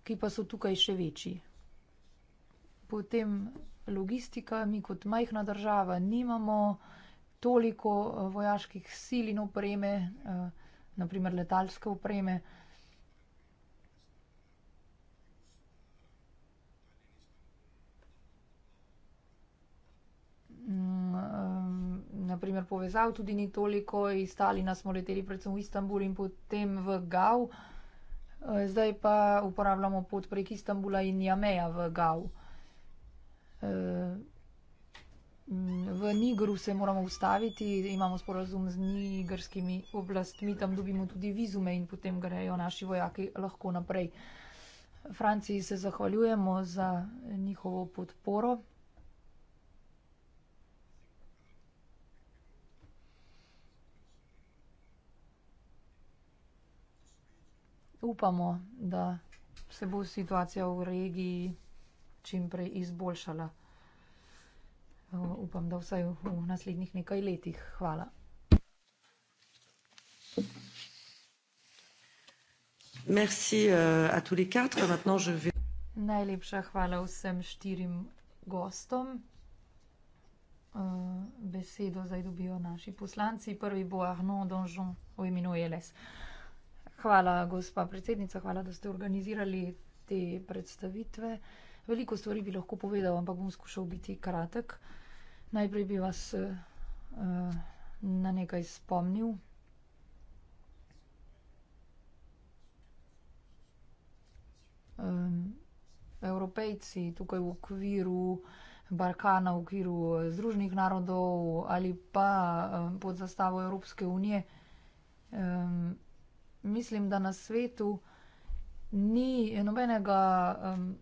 ki pa so tukaj še večji. Potem logistika, mi kot majhna država nimamo toliko eh, vojaških sil in opreme, uh, eh, naprimer letalske opreme. Uh, naprimer, povezav tudi ni toliko, iz Stalina smo leteli predvsem v Istanbul in potem v Gav, eh, zdaj pa uporabljamo pot prek Istanbula in Jameja v Gav. Eh, v Nigru se moramo ustaviti, imamo sporazum z nigrskimi oblastmi, tam dobimo tudi vizume in potem grejo naši vojaki lahko naprej. Franciji se zahvaljujemo za njihovo podporo. upamo, da se bo situacija v regiji čim prej izboljšala. Upam, da vsaj v naslednjih nekaj letih. Hvala. Merci euh, à tous les quatre. Maintenant je vais... Najlepša hvala vsem štirim gostom. Besedo zdaj dobijo naši poslanci. Prvi bo Arnaud Donjon v imenu ELS. Hvala, gospa predsednica, hvala, da ste organizirali te predstavitve. Veliko stvari bi lahko povedal, ampak bom skušal biti kratek. Najprej bi vas uh, na nekaj spomnil. Um, Evropejci tukaj v okviru Balkana, v okviru eh, Združenih narodov ali pa um, pod zastavo Evropske unije. Um, mislim, da na svetu ni nobenega um,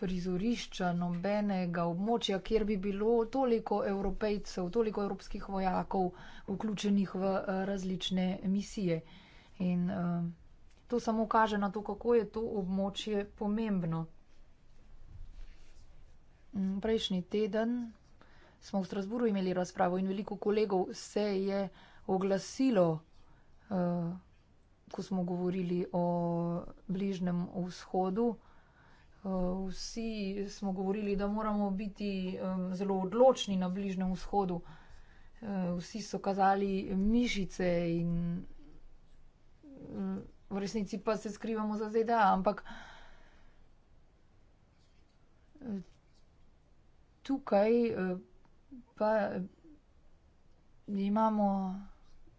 prizorišča, nobenega območja, kjer bi bilo toliko evropejcev, toliko evropskih vojakov vključenih v uh, različne misije. In uh, to samo kaže na to, kako je to območje pomembno. Mm, prejšnji teden smo v Strasburu imeli razpravo in veliko kolegov se je oglasilo uh, ko smo govorili o bližnjem vzhodu. Eh, vsi smo govorili, da moramo biti zelo odločni na bližnjem vzhodu. Eh, vsi so kazali mišice in eh, v resnici pa se skrivamo za ZDA, ampak tukaj pa imamo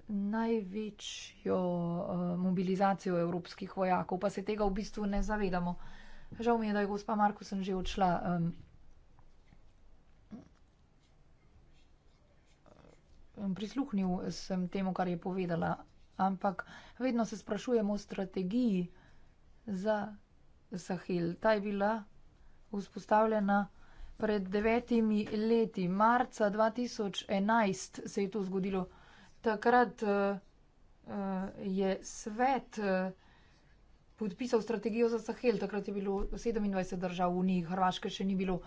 največjo uh, mobilizacijo evropskih vojakov, pa se tega v bistvu ne zavedamo. Žal mi je, da je gospa Markusen že odšla. Um, prisluhnil sem temu, kar je povedala, ampak vedno se sprašujemo o strategiji za Sahel. Ta je bila vzpostavljena pred devetimi leti. Marca 2011 se je to zgodilo takrat uh, je svet uh, podpisal strategijo za Sahel. Takrat je bilo 27 držav v Uniji, Hrvaške še ni bilo.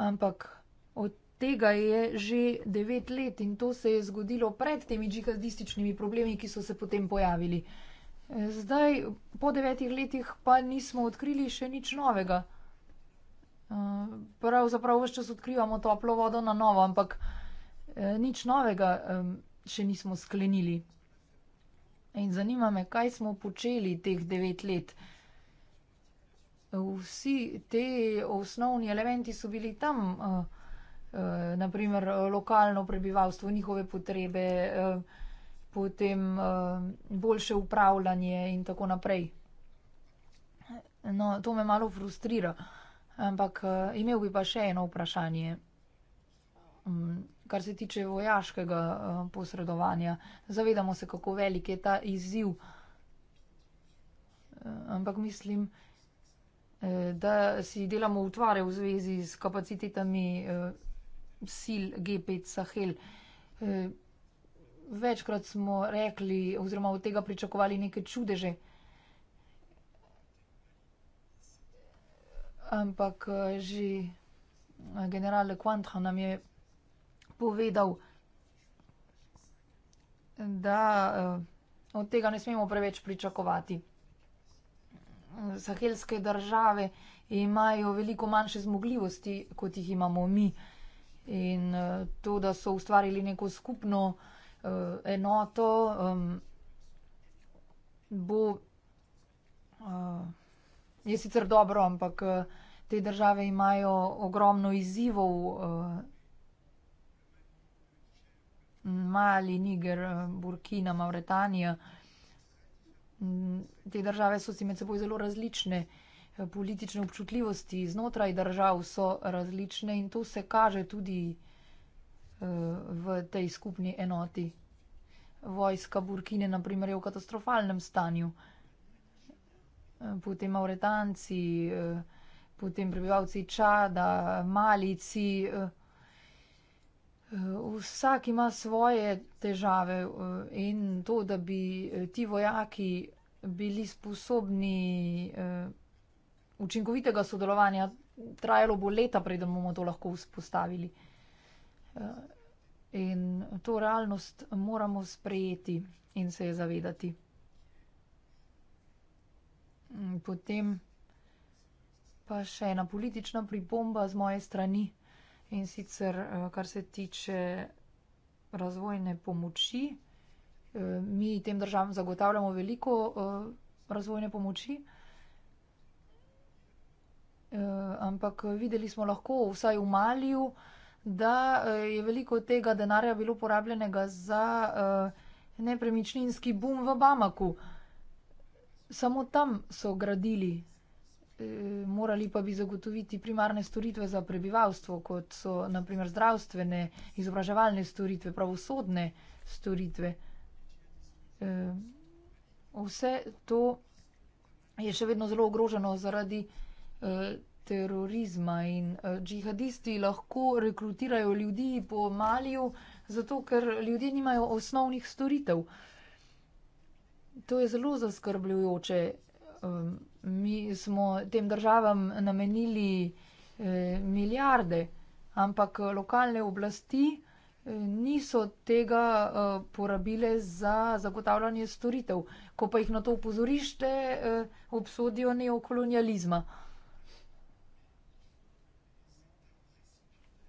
Ampak od tega je že 9 let in to se je zgodilo pred temi džihadističnimi problemi, ki so se potem pojavili. Zdaj, po devetih letih, pa nismo odkrili še nič novega. Pravzaprav vse čas odkrivamo toplo vodo na novo, ampak uh, Eh, nič novega še nismo sklenili. In zanima me, kaj smo počeli teh devet let. Vsi te osnovni elementi so bili tam, eh, eh, naprimer lokalno prebivalstvo, njihove potrebe, potem boljše upravljanje in tako naprej. No, to me malo frustrira, ampak imel bi pa še eno vprašanje. Mm, kar se tiče vojaškega eh, posredovanja. Zavedamo se, kako velik je ta izziv. Eh, ampak mislim, eh, da si delamo utvare v zvezi s kapacitetami sil G5 Sahel. Večkrat smo rekli oziroma od tega pričakovali neke čudeže. Ampak že general Quantra nam je povedal, da eh, od tega ne smemo preveč pričakovati. Sahelske države imajo veliko manjše zmogljivosti, kot jih imamo mi. In eh, to, da so ustvarili neko skupno eh, enoto, bo, je sicer dobro, ampak te države imajo ogromno izzivov. Mali, Niger, Burkina, Mauretanija. Mm, te države so si med seboj zelo različne. Politične občutljivosti znotraj držav so različne in to se kaže tudi eh, v tej skupni enoti. Vojska Burkine, naprimer, je v katastrofalnem stanju. Eh, potem Mauretanci, eh, potem prebivalci Čada, Malici. Vsak ima svoje težave eh, in to, da bi eh, ti vojaki bili sposobni eh, učinkovitega sodelovanja, trajalo bo leta, preden bomo to lahko vzpostavili. In to realnost moramo sprejeti in se je zavedati. Mm, potem pa še ena politična pripomba z moje strani. In sicer, eh, kar se tiče razvojne pomoči, eh, mi tem državam zagotavljamo veliko eh, razvojne pomoči, ampak videli smo lahko vsaj v Maliju, da je veliko tega denarja bilo porabljenega za nepremičninski bum v Bamaku. Samo tam so gradili Eh, morali pa bi zagotoviti primarne storitve za prebivalstvo, kot so naprimer zdravstvene, izobraževalne storitve, pravosodne storitve. Eh, vse to je še vedno zelo ogroženo zaradi eh, terorizma in džihadisti lahko rekrutirajo ljudi po Maliju, zato ker ljudje nimajo osnovnih storitev. To je zelo zaskrbljujoče. Ehm, mi smo tem državam namenili eh, milijarde, ampak lokalne oblasti eh, niso tega eh, porabile za zagotavljanje storitev. Ko pa jih na to upozorište, obsodijo neokolonializma.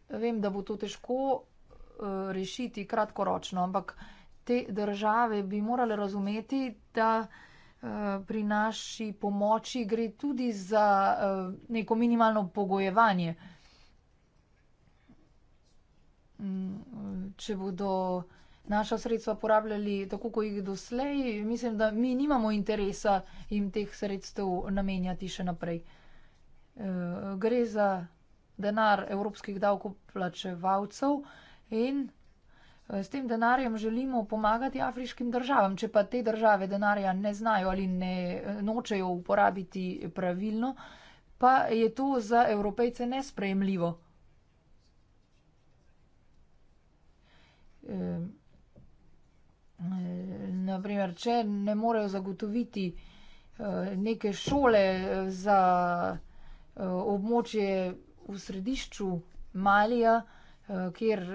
Vem, da bo to težko rešiti kratkoročno, ampak te države bi morale razumeti, da Eh, pri naši pomoči gre tudi za eh, neko minimalno pogojevanje. Mm, če bodo naša sredstva porabljali tako, kot jih doslej, mislim, da mi nimamo interesa jim teh sredstev namenjati še naprej. Eh, gre za denar evropskih davkoplačevalcev in Eh, s tem denarjem želimo pomagati afriškim državam. Če pa te države denarja ne znajo ali ne eh, nočejo uporabiti pravilno, pa je to za evropejce nesprejemljivo. Eh, Naprimer, če ne morejo zagotoviti neke šole za območje v središču Malija, kjer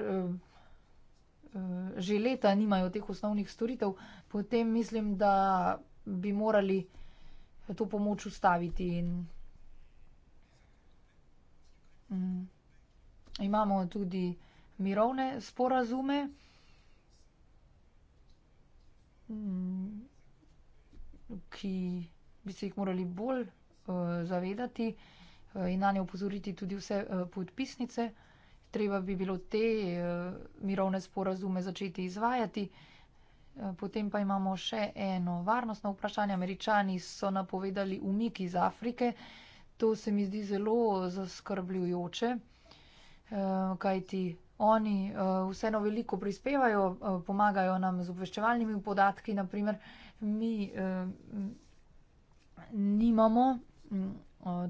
Eh, že leta nimajo teh osnovnih storitev, potem mislim, da bi morali to pomoč ustaviti. In, um, imamo tudi mirovne sporazume. Mm, ki bi se jih morali bolj uh, zavedati uh, in na nje upozoriti tudi vse uh, podpisnice treba bi bilo te eh, mirovne sporazume začeti izvajati. Eh, potem pa imamo še eno varnostno vprašanje. Američani so napovedali umik iz Afrike. To se mi zdi zelo zaskrbljujoče, eh, kajti oni vseeno veliko prispevajo, pomagajo nam z obveščevalnimi podatki. Naprimer, mi nimamo mm,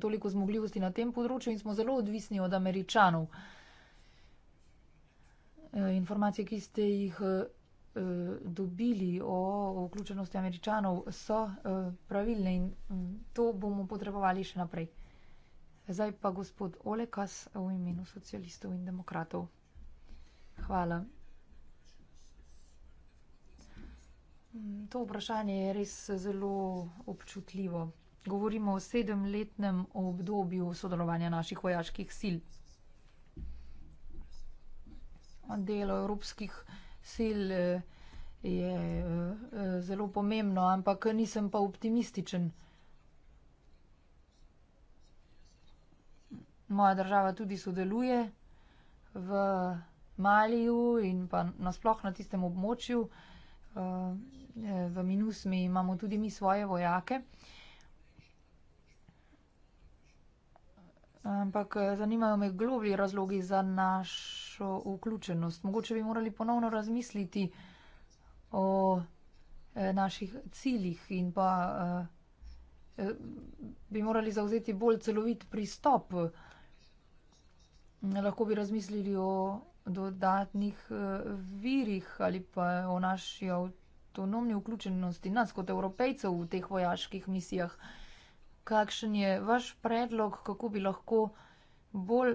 toliko zmogljivosti na tem področju in smo zelo odvisni od američanov. Eh, informacije, ki ste jih eh, dobili o vključenosti američanov, so eh, pravilne in mm, to bomo potrebovali še naprej. Zdaj pa gospod Olekas v imenu socialistov in demokratov. Hvala. Mm, to vprašanje je res zelo občutljivo. Govorimo o sedemletnem obdobju sodelovanja naših vojaških sil delo evropskih sil eh, je eh, zelo pomembno, ampak nisem pa optimističen. Moja država tudi sodeluje v Maliju in pa nasploh na tistem območju. Eh, v Minusmi imamo tudi mi svoje vojake. Ampak eh, zanimajo me globlji razlogi za našo vključenost. Mogoče bi morali ponovno razmisliti o eh, naših ciljih in pa eh, bi morali zauzeti bolj celovit pristop. Lahko bi razmislili o dodatnih virih ali pa o naši avtonomni vključenosti nas kot evropejcev v teh vojaških misijah kakšen je vaš predlog, kako bi lahko bolj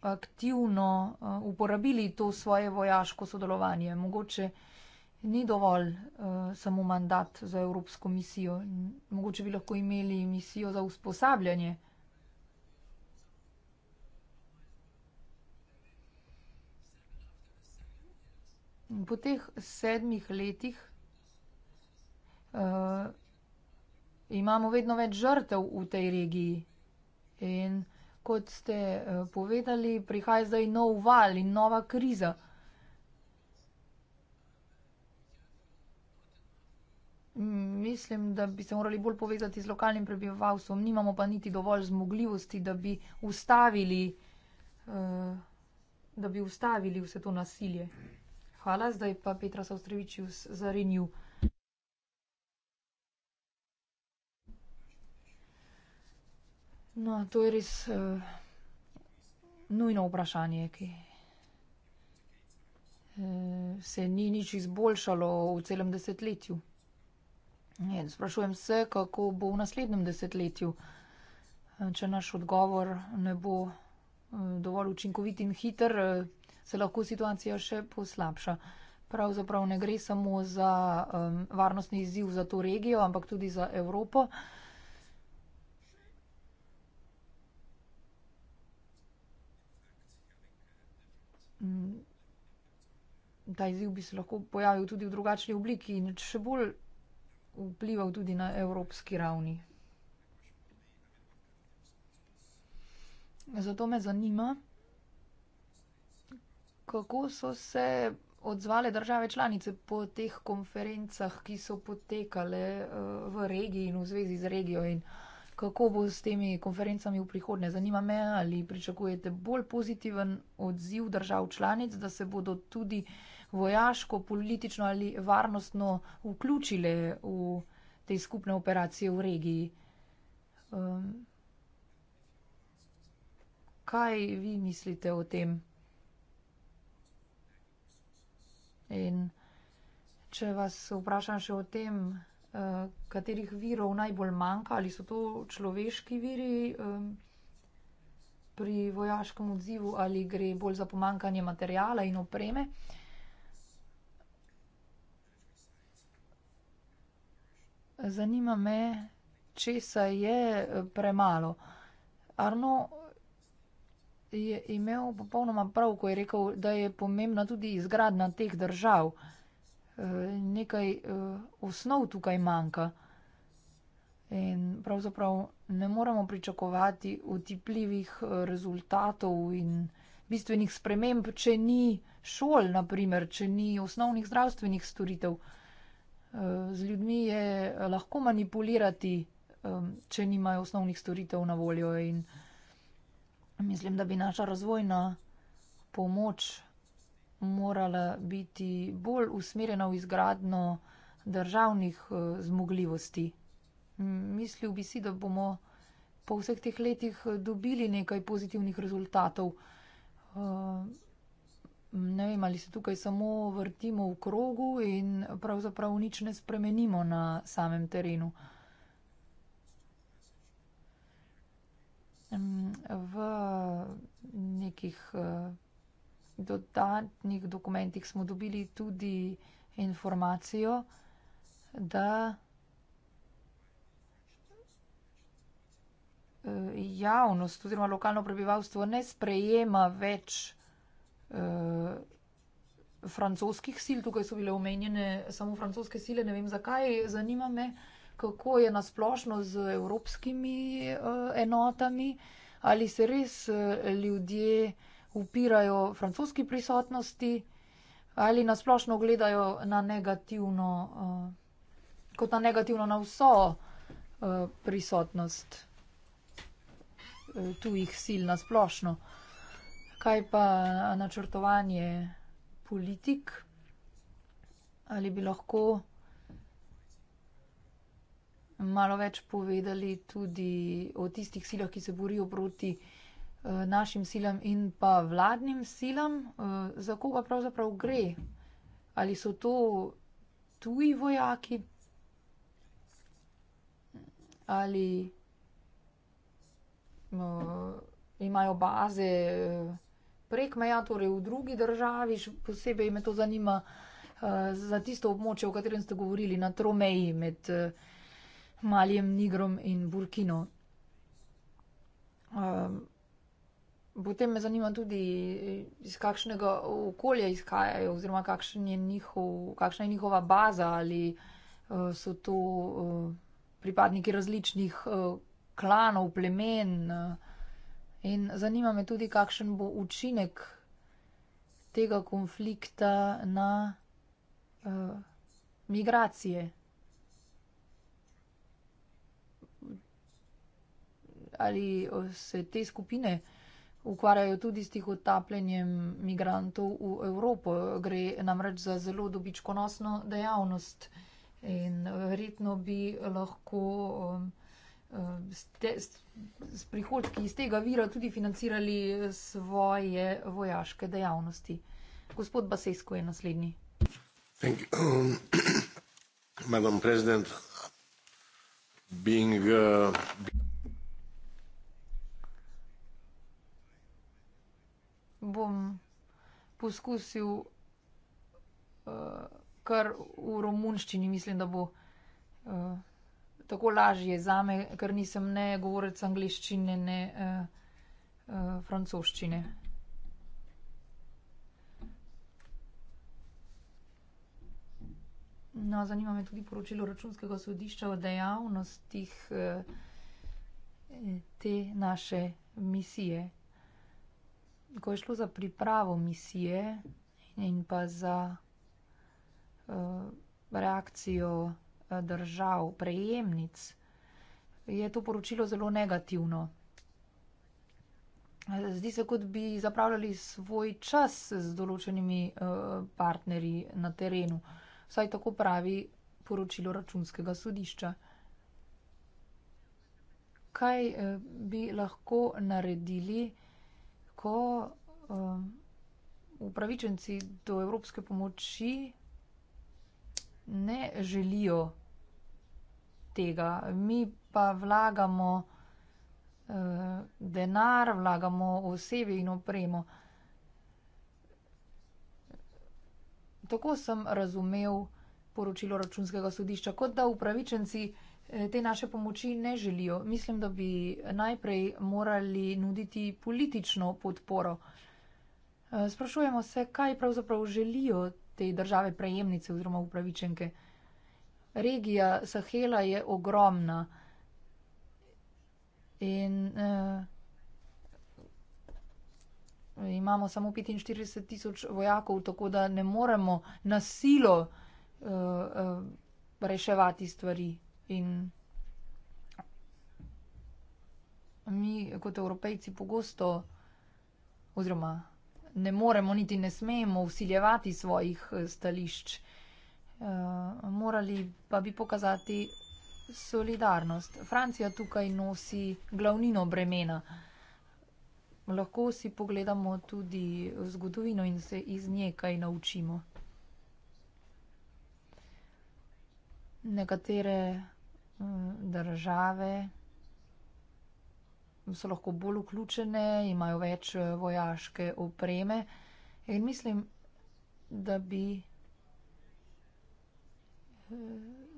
aktivno uh, uporabili to svoje vojaško sodelovanje. Mogoče ni dovolj uh, samo mandat za Evropsko misijo, mogoče bi lahko imeli misijo za usposabljanje. Po teh sedmih letih uh, imamo vedno več žrtev v tej regiji. In kot ste eh, povedali, prihaja zdaj nov val in nova kriza. Mislim, da bi se morali bolj povezati z lokalnim prebivalstvom. Nimamo pa niti dovolj zmogljivosti, da bi ustavili, eh, da bi ustavili vse to nasilje. Hvala, zdaj pa Petra Saustrevičius za renju. No, to je res uh, nujno vprašanje, ki uh, se ni nič izboljšalo v celem desetletju. Je, sprašujem se, kako bo v naslednjem desetletju, eh, če naš odgovor ne bo uh, dovolj učinkovit in hiter, uh, se lahko situacija še poslabša. Pravzaprav ne gre samo za um, varnostni izziv za to regijo, ampak tudi za Evropo. Uh, ta izziv bi se lahko pojavil tudi v drugačni obliki in še bolj vplival tudi na evropski ravni. Zato me zanima, kako so se odzvale države članice po teh konferencah, ki so potekale eh, v regiji in v zvezi z regijo in kako bo s temi konferencami v prihodnje. Zanima me, ali pričakujete bolj pozitiven odziv držav članic, da se bodo tudi vojaško, politično ali varnostno vključile v te skupne operacije v regiji. Um, kaj vi mislite o tem? In če vas vprašam še o tem, eh, katerih virov najbolj manjka, ali so to človeški viri pri vojaškem odzivu, ali gre bolj za pomankanje materijala in opreme. zanima me, česa je eh, premalo. Arno je imel popolnoma prav, ko je rekel, da je pomembna tudi izgradna teh držav. Eh, nekaj eh, osnov tukaj manjka. In pravzaprav ne moramo pričakovati utipljivih rezultatov in bistvenih sprememb, če ni šol, naprimer, če ni osnovnih zdravstvenih storitev. Eh, z ljudmi je lahko manipulirati, če nimajo osnovnih storitev na voljo. In mislim, da bi naša razvojna pomoč morala biti bolj usmerjena v izgradno državnih eh, zmogljivosti. Mislil bi si, da bomo po vseh teh letih eh, dobili nekaj pozitivnih rezultatov ne vem, ali se tukaj samo vrtimo v krogu in pravzaprav nič ne spremenimo na samem terenu. V nekih eh, dodatnih dokumentih smo dobili tudi informacijo, da eh, javnost oziroma lokalno prebivalstvo ne sprejema več Eh, francoskih sil, tukaj so bile omenjene samo francoske sile, ne vem zakaj. Zanima me, kako je nasplošno z evropskimi eh, enotami, ali se res eh, ljudje upirajo francoski prisotnosti ali nasplošno gledajo na negativno, kot na negativno na vso prisotnost tujih sil nasplošno. Kaj pa načrtovanje politik? Ali bi lahko malo več povedali tudi o tistih silah, ki se borijo proti eh, našim silam in pa vladnim silam? Eh, za koga pravzaprav gre? Ali so to tuji vojaki? Ali eh, imajo baze? prek meja, torej v drugi državi, še posebej me to zanima uh, za tisto območje, o katerem ste govorili, na tromeji med uh, Malijem, Nigrom in Burkino. Um, potem me zanima tudi, eh, iz kakšnega okolja izhajajo oziroma je njihov, kakšna je njihova baza ali uh, so to uh, pripadniki različnih uh, klanov, plemen. Uh, In zanima me tudi, kakšen bo učinek tega konflikta na uh, migracije. Ali se te skupine ukvarjajo tudi s tih otapljanjem migrantov v Evropo? Gre namreč za zelo dobičkonosno dejavnost in eh, verjetno bi lahko. Um, Eh, s, te, s, s prihodki iz tega vira tudi financirali eh, svoje vojaške dejavnosti. Gospod Basejsko je naslednji. Um, Madam President, being, uh, being... bom poskusil uh, kar v romunščini, mislim, da bo uh, tako lažje za me, ker nisem ne govorec angliščine, ne uh, uh, francoščine. No, zanima me tudi poročilo računskega sodišča o dejavnostih eh, te naše misije. Ko je šlo za pripravo misije in pa za uh, reakcijo držav, prejemnic, je to poročilo zelo negativno. Zdi se, kot bi zapravljali svoj čas z določenimi eh, partnerji na terenu. Vsaj tako pravi poročilo računskega sodišča. Kaj eh, bi lahko naredili, ko eh, upravičenci do evropske pomoči ne želijo tega. Mi pa vlagamo eh, denar, vlagamo osebi in opremo. Tako sem razumel poročilo računskega sodišča, kot da upravičenci eh, te naše pomoči ne želijo. Mislim, da bi najprej morali nuditi politično podporo. Eh, sprašujemo se, kaj pravzaprav želijo te države prejemnice oziroma upravičenke regija Sahela je ogromna. In eh, imamo samo 45 tisoč vojakov, tako da ne moremo na silo eh, eh, reševati stvari. In mi, kot evropejci, pogosto, oziroma ne moremo niti ne smemo usiljevati svojih eh, stališč. Eh, Eh, morali pa bi pokazati solidarnost. Francija tukaj nosi glavnino bremena. Lahko si pogledamo tudi zgodovino in se iz nje kaj naučimo. Nekatere eh, države so lahko bolj vključene, imajo več eh, vojaške opreme in mislim, da bi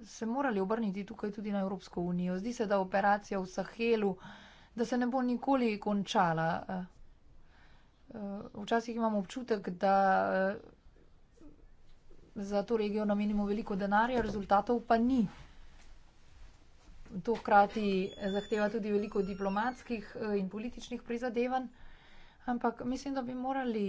se morali obrniti tukaj tudi na Evropsko unijo. Zdi se, da operacija v Sahelu, da se ne bo nikoli končala. Eh, eh, včasih imamo občutek, da eh, za to regijo namenimo veliko denarja, rezultatov pa ni. To hkrati zahteva tudi veliko diplomatskih in političnih prizadevanj, ampak mislim, da bi morali.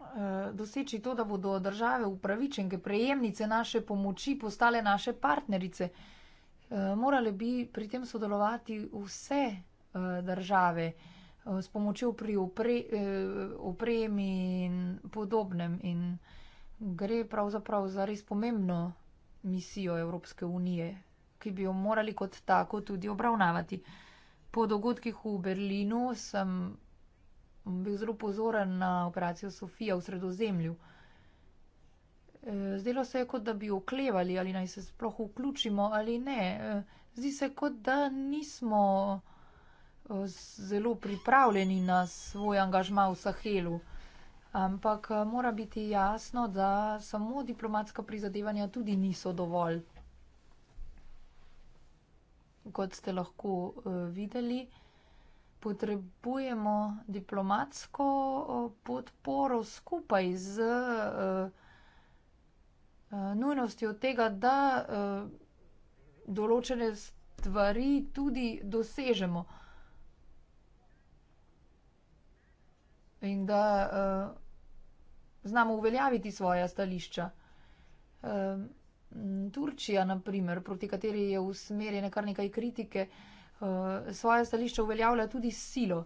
Eh, doseči to, da bodo države upravičenke, prejemnice naše pomoči, postale naše partnerice. Eh, morale bi pri tem sodelovati vse eh, države s pomočjo pri opre, opremi in podobnem. In gre pravzaprav za res pomembno misijo Evropske unije, ki bi jo morali kot tako tudi obravnavati. Po dogodkih v Berlinu sem bil zelo pozoren na operacijo Sofija v sredozemlju. E, zdelo se je, kot da bi oklevali, ali naj se sploh vključimo ali ne. E, zdi se, kot da nismo e, zelo pripravljeni na svoj angažma v Sahelu. Ampak mora biti jasno, da samo diplomatska prizadevanja tudi niso dovolj. Kot ste lahko videli, potrebujemo diplomatsko podporo skupaj z e, e, nujnostjo tega, da e, določene stvari tudi dosežemo. In da znamo uveljaviti svoja stališča. Turčija, na primer, proti kateri je usmerjene kar nekaj kritike, Eh, svoje stališče uveljavlja tudi s silo.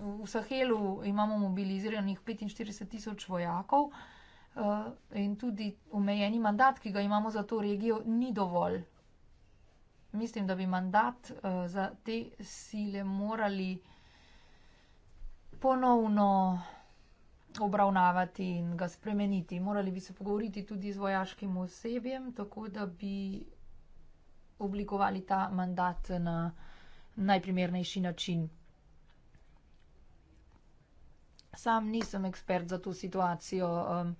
V Sahelu imamo mobiliziranih 45 tisoč vojakov eh, in tudi omejeni mandat, ki ga imamo za to regijo, ni dovolj. Mislim, da bi mandat eh, za te sile morali ponovno obravnavati in ga spremeniti. Morali bi se pogovoriti tudi z vojaškim osebjem, tako da bi oblikovali ta mandat na najprimernejši način. Sam nisem ekspert za to situacijo, um,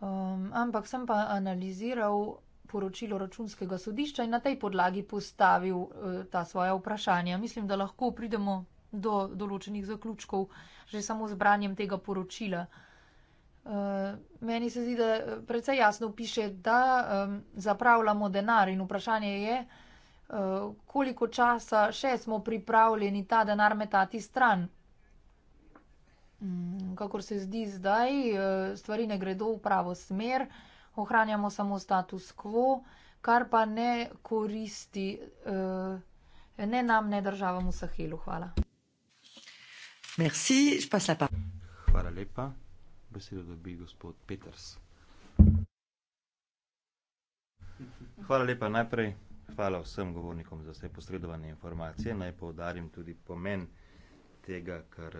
um, ampak sem pa analiziral poročilo računskega sodišča in na tej podlagi postavil uh, ta svoja vprašanja. Mislim, da lahko pridemo do določenih zaključkov že samo z branjem tega poročila. Eh, meni se zdi, da eh, predvsej jasno piše, da um, zapravljamo denar in vprašanje je, uh, koliko časa še smo pripravljeni ta denar metati stran. Mm, kakor se zdi zdaj, stvari ne gredo v pravo smer, ohranjamo samo status quo, kar pa ne koristi ne nam, ne državam v Sahelu. Hvala. Merci, Hvala lepa besedo dobi gospod Peters. Hvala lepa najprej. Hvala vsem govornikom za vse posredovane informacije. Naj povdarim tudi pomen tega, kar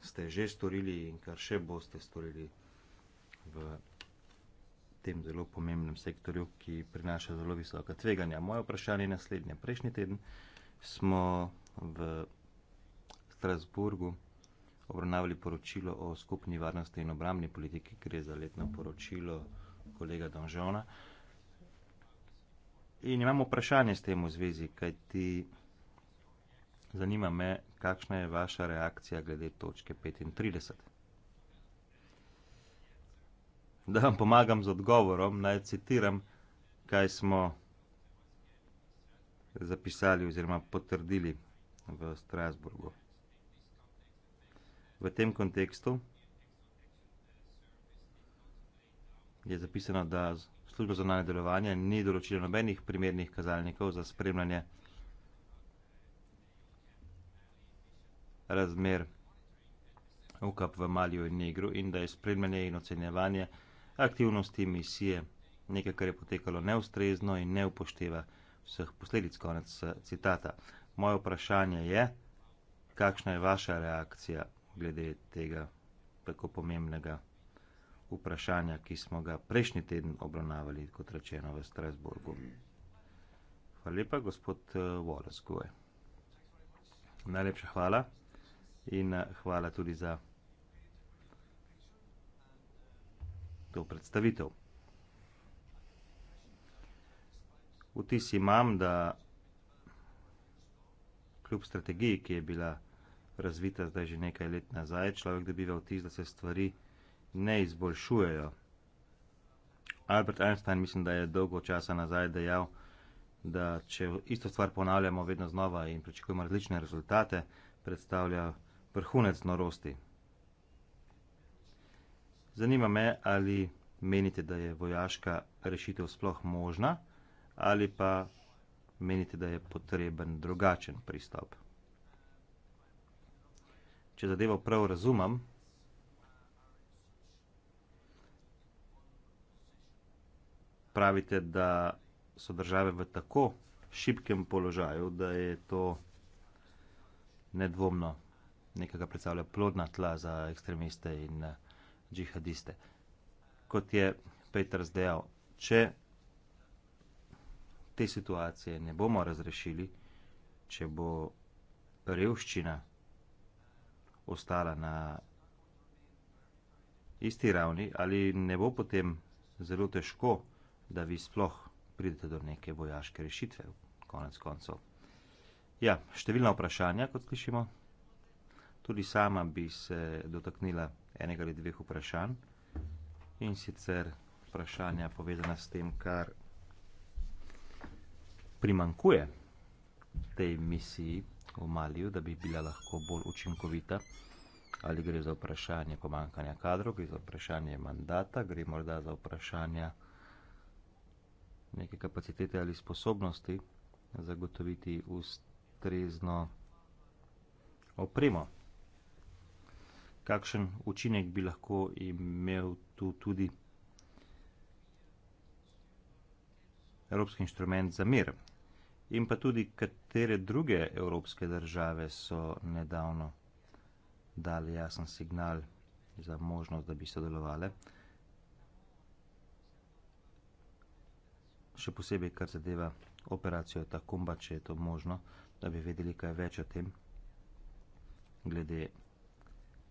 ste že storili in kar še boste storili v tem zelo pomembnem sektorju, ki prinaša zelo visoka tveganja. Moje vprašanje je naslednje. Prejšnji teden smo v Strasburgu obravnavali poročilo o skupni varnosti in obramni politiki, gre za letno poročilo kolega Donžona. In imamo vprašanje s tem v zvezi, kaj ti zanima me, kakšna je vaša reakcija glede točke 35. Da vam pomagam z odgovorom, naj citiram, kaj smo zapisali oziroma potrdili v Strasburgu v tem kontekstu je zapisano, da služba za nane delovanje ni določila nobenih primernih kazalnikov za spremljanje razmer UKAP v Malju in Negru in da je spremljanje in ocenjevanje aktivnosti misije nekaj, kar je potekalo neustrezno in ne upošteva vseh posledic. Konec eh, citata. Moje vprašanje je, kakšna je vaša reakcija glede tega tako pomembnega vprašanja, ki smo ga prejšnji teden obravnavali, kot rečeno, v Strasburgu. Hvala lepa, gospod eh, Wallace Goe. Najlepša hvala in eh, hvala tudi za to predstavitev. Vtis imam, da kljub strategiji, ki je bila razvita zdaj že nekaj let nazaj. Človek dobiva vtis, da se stvari ne izboljšujejo. Albert Einstein mislim, da je dolgo časa nazaj dejal, da če isto stvar ponavljamo vedno znova in pričakujemo različne rezultate, predstavlja vrhunec norosti. Zanima me, ali menite, da je vojaška rešitev sploh možna ali pa menite, da je potreben drugačen pristop če zadevo prav razumem, pravite, da so države v tako šibkem položaju, da je to nedvomno nekega predstavlja plodna tla za ekstremiste in eh, džihadiste. Kot je Peter zdejal, če te situacije ne bomo razrešili, če bo revščina, ostala na isti ravni, ali ne bo potem zelo težko, da vi sploh pridete do neke vojaške rešitve, konec koncev. Ja, številna vprašanja, kot slišimo. Tudi sama bi se dotaknila enega ali dveh vprašanj in sicer vprašanja povedana s tem, kar primankuje tej misiji, v Maliju, da bi bila lahko bolj učinkovita. Ali gre za vprašanje pomankanja kadrov, gre za vprašanje mandata, gre morda za vprašanje neke kapacitete ali sposobnosti zagotoviti ustrezno opremo. Kakšen učinek bi lahko imel tu tudi evropski inštrument za mir, in pa tudi katere druge evropske države so nedavno dali jasen signal za možnost, da bi sodelovali. Še posebej, kar zadeva operacijo Takumba, če je to možno, da bi vedeli kaj več o tem, glede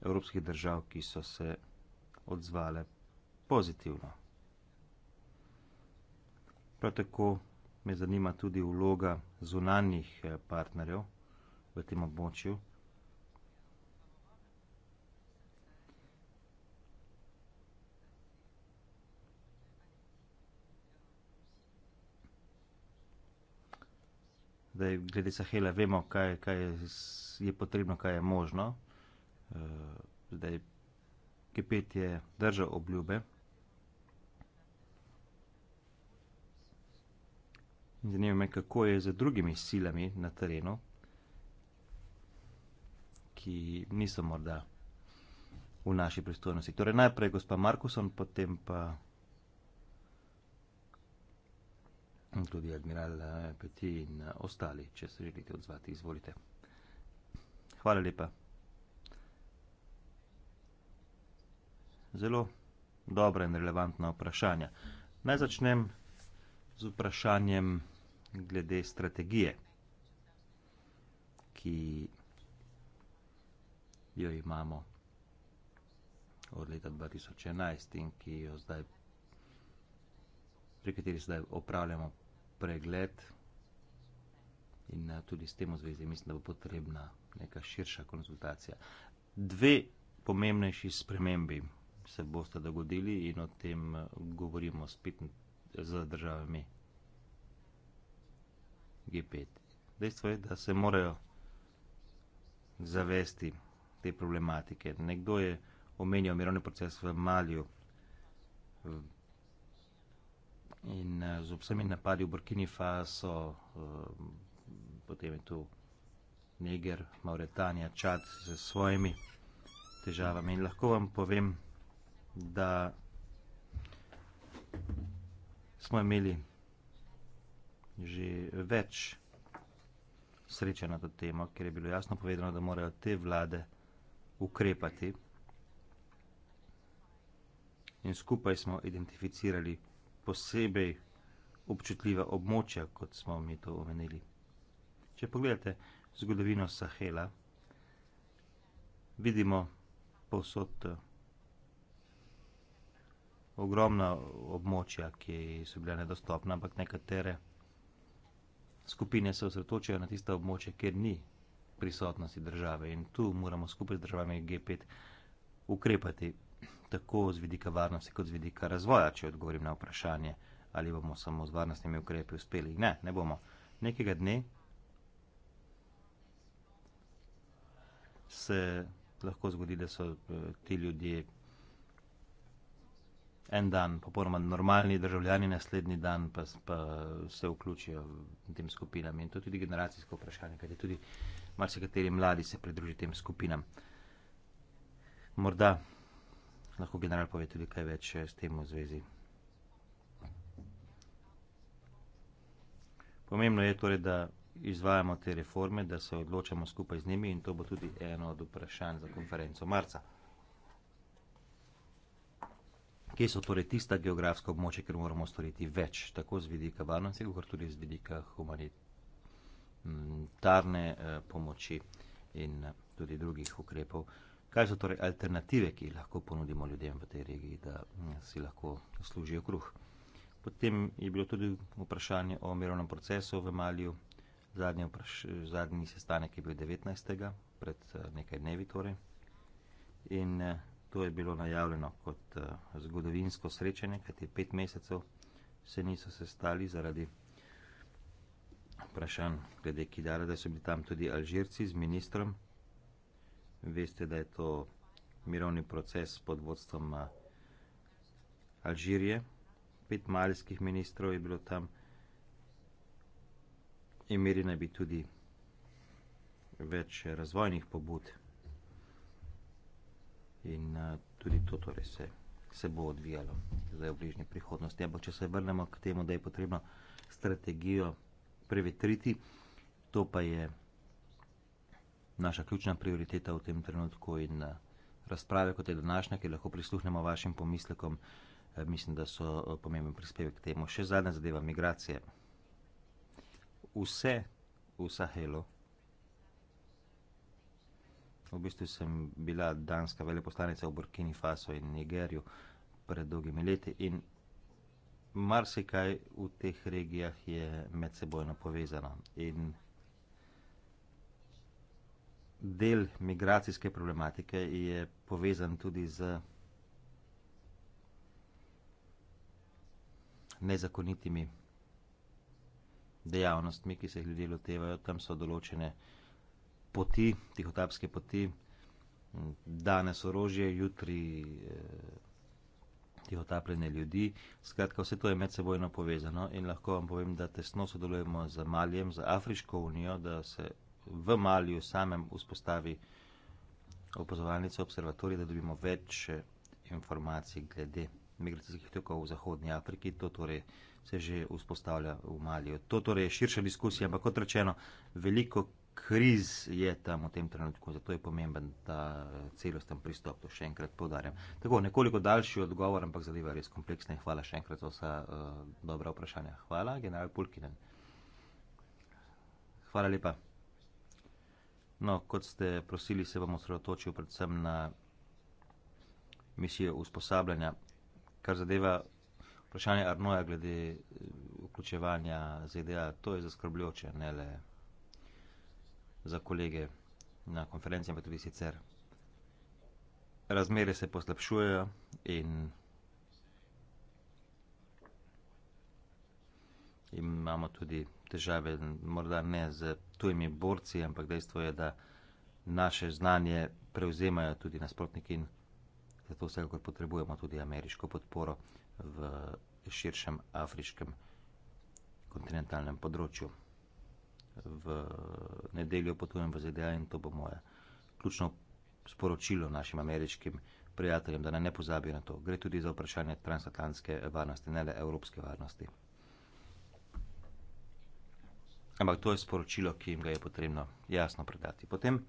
evropskih držav, ki so se odzvale pozitivno. Prav tako me zanima tudi vloga zunanjih eh, partnerjev v tem območju. Da je, glede Sahela vemo, kaj, kaj je potrebno, kaj je možno. Eh, zdaj, Kepet je držal obljube. Zanima me, kako je z drugimi silami na terenu, ki niso morda v naši pristojnosti. Torej, najprej gospa Markuson, potem pa tudi admiral eh, Peti in eh, ostali, če se želite odzvati, izvolite. Hvala lepa. Zelo dobra in relevantna vprašanja. Naj začnem z vprašanjem glede strategije, ki jo imamo od leta 2011 in ki jo zdaj, pri kateri zdaj opravljamo pregled in eh, tudi s tem v zvezi mislim, da bo potrebna neka širša konzultacija. Dve pomembnejši spremembi se boste dogodili in o tem eh, govorimo spet z državami G5. Dejstvo je, da se morajo zavesti te problematike. Nekdo je omenjal mirovni proces v Malju eh, in eh, z vsemi napadi v Burkini Faso, eh, potem je tu Niger, Mauretanija, Čad s svojimi težavami. In lahko vam povem, da smo imeli že več sreče na to temo, ker je bilo jasno povedano, da morajo te vlade ukrepati. In skupaj smo identificirali posebej občutljiva območja, kot smo mi to omenili. Če pogledate zgodovino Sahela, vidimo posod ogromna območja, ki so bila nedostopna, ampak nekatere območja, skupine se osredotočajo na tista območja, kjer ni prisotnosti države in tu moramo skupaj z državami G5 ukrepati tako z vidika varnosti, kot z vidika razvoja, če odgovorim na vprašanje, ali bomo samo z varnostnimi ukrepi uspeli. Ne, ne bomo. Nekega dne se lahko zgodi, da so eh, ti ljudje en dan, popolnoma normalni državljani, naslednji dan pa, pa se vključijo v tem skupinam. In to je tudi generacijsko vprašanje, kajti tudi marsikateri mladi se pridruži tem skupinam. Morda lahko general pove tudi kaj več eh, s tem v zvezi. Pomembno je torej, da izvajamo te reforme, da se odločamo skupaj z njimi in to bo tudi eno od vprašanj za konferenco marca kje so torej tista geografska območja, kjer moramo storiti več, tako z vidika varnosti, kot tudi z vidika humanitarne eh, pomoči in eh, tudi drugih ukrepov. Kaj so torej alternative, ki jih lahko ponudimo ljudem v tej regiji, da mm, si lahko služijo kruh? Potem je bilo tudi vprašanje o mirovnem procesu v Malju. Zadnji, zadnji sestanek je bil 19. pred eh, nekaj dnevi torej. In To je bilo najavljeno kot uh, zgodovinsko srečanje, kajti pet mesecev se niso sestali zaradi vprašanj glede Kidara, da so bili tam tudi Alžirci z ministrom. Veste, da je to mirovni proces pod vodstvom uh, Alžirije. Pet malijskih ministrov je bilo tam, imeli naj bi tudi več razvojnih pobud in uh, tudi to torej se, se bo odvijalo zdaj v bližnji prihodnosti. Ampak če se vrnemo k temu, da je potrebno strategijo prevetriti, to pa je naša ključna prioriteta v tem trenutku in uh, razprave kot je današnja, ki lahko prisluhnemo vašim pomislekom, uh, mislim, da so uh, pomemben prispevek k temu. Še zadnja zadeva, migracije. Vse, vsa helo. V bistvu sem bila danska veleposlanica v Burkini Faso in Nigerju pred dolgimi leti in marsikaj v teh regijah je med sebojno povezano. In del migracijske problematike je povezan tudi z nezakonitimi dejavnostmi, ki se jih ljudje lotevajo. Tam so določene poti, tihotapske poti, danes orožje, jutri eh, tihotapljene ljudi. Skratka, vse to je med sebojno povezano in lahko vam povem, da tesno sodelujemo z Malijem, z Afriško unijo, da se v Maliju samem vzpostavi opozovalnice, observatorije, da dobimo več eh, informacij glede migracijskih tokov v Zahodnji Afriki. To torej se že vzpostavlja v Maliju. To torej je širša diskusija, ampak kot rečeno, veliko kriz je tam v tem trenutku, zato je pomemben ta celosten pristop, to še enkrat povdarjam. Tako, nekoliko daljši odgovor, ampak zadeva je res kompleksna in hvala še enkrat za vsa uh, dobra vprašanja. Hvala, general Pulkinen. Hvala lepa. No, kot ste prosili, se bom osredotočil predvsem na misijo usposabljanja, kar zadeva vprašanje Arnoja glede eh, vključevanja ZDA. To je zaskrbljoče, ne le za kolege na konferenci, pa tudi sicer. Razmere se poslabšujejo in imamo tudi težave, morda ne z tujimi borci, ampak dejstvo je, da naše znanje prevzemajo tudi nasprotniki in zato vsekakor potrebujemo tudi ameriško podporo v širšem afriškem kontinentalnem področju v nedeljo potujem v ZDA in to bo moje ključno sporočilo našim ameriškim prijateljem, da ne, ne pozabijo na to. Gre tudi za vprašanje transatlantske varnosti, ne le evropske varnosti. Ampak to je sporočilo, ki jim ga je potrebno jasno predati. Potem,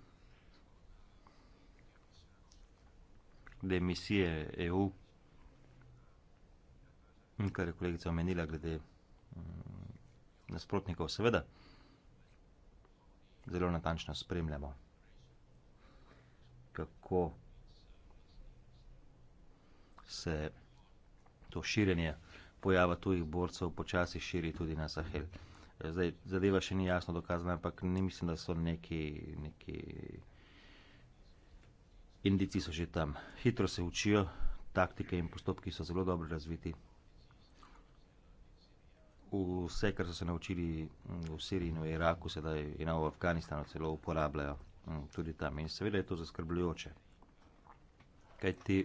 da je misije EU, kar je kolegica omenila, glede mm, nasprotnikov, seveda zelo natančno spremljamo, kako se to širjenje pojava tujih borcev počasi širi tudi na Sahel. Zdaj, zadeva še ni jasno dokazana, ampak ne mislim, da so neki, neki indici so že tam. Hitro se učijo, taktike in postopki so zelo dobro razviti vse, kar so se naučili mm, v Siriji, v Iraku, sedaj in v Afganistanu, celo uporabljajo mm, tudi tam. In seveda je to zaskrbljujoče, kaj ti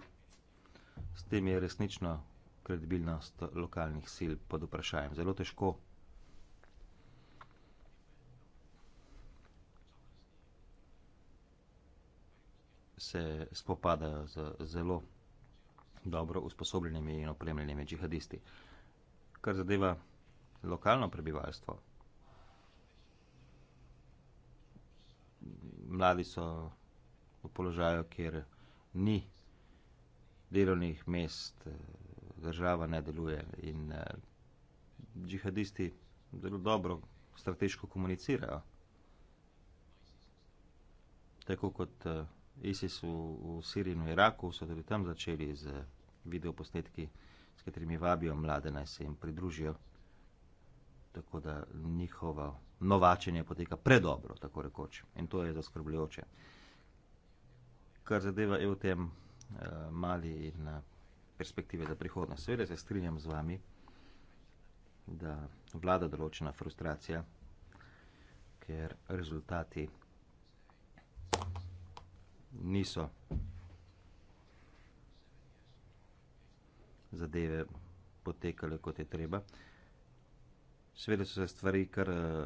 s tem je resnično kredibilnost lokalnih sil pod vprašanjem. Zelo težko. Se spopadajo z zelo dobro usposobljenimi in opremljenimi džihadisti. Kar zadeva lokalno prebivalstvo. Mladi so v položaju, kjer ni delovnih mest, eh, država ne deluje in eh, džihadisti zelo dobro strateško komunicirajo. Tako kot eh, ISIS v, v Siriji in v Iraku so tudi tam začeli z videoposnetki, s katerimi vabijo mlade naj se jim pridružijo tako da njihova novačenje poteka predobro, tako rekoč. In to je zaskrbljujoče. Kar zadeva je v tem eh, mali in eh, perspektive za prihodnost. Seveda se strinjam z vami, da vlada določena frustracija, ker rezultati niso zadeve potekale kot je treba. Seveda so se stvari kar uh,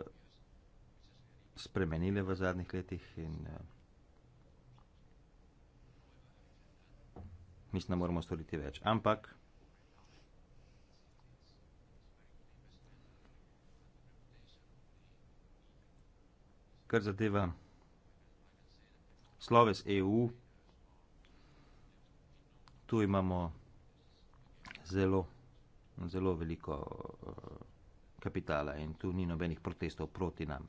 spremenile v zadnjih letih in uh, mislim, da moramo storiti več. Ampak kar zadeva sloves EU, tu imamo zelo, zelo veliko. Uh, kapitala in tu ni nobenih protestov proti nam.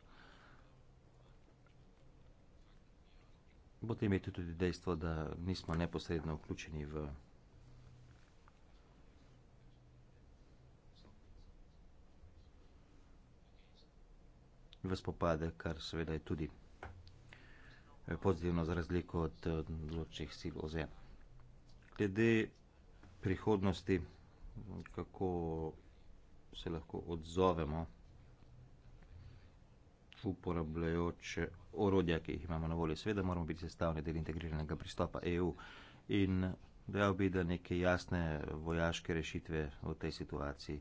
Potem je tudi dejstvo, da nismo neposredno vključeni v v spopade, kar seveda je tudi eh, pozitivno za razliko od zločnih eh, sil ozem. Glede prihodnosti, kako se lahko odzovemo uporabljajoče orodja, ki jih imamo na voljo. Seveda moramo biti sestavni del integriranega pristopa EU in dejal bi, da neke jasne vojaške rešitve v tej situaciji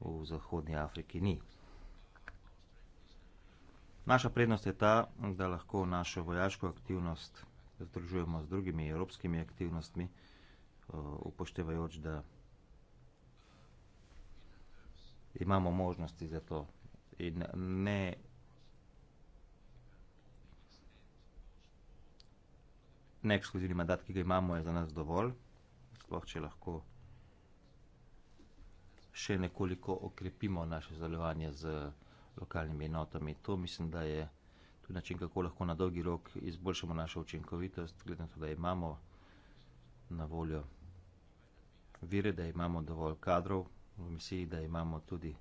v Zahodnji Afriki ni. Naša prednost je ta, da lahko našo vojaško aktivnost združujemo z drugimi evropskimi aktivnostmi, eh, upoštevajoč, da imamo možnosti za to. In ne neekskluzivni mandat, ki ga imamo, je za nas dovolj, sploh če lahko še nekoliko okrepimo naše zalovanje z lokalnimi enotami. To mislim, da je tudi način, kako lahko na dolgi rok izboljšamo našo učinkovitost, glede na to, da imamo na voljo vire, da imamo dovolj kadrov v misiji, da imamo tudi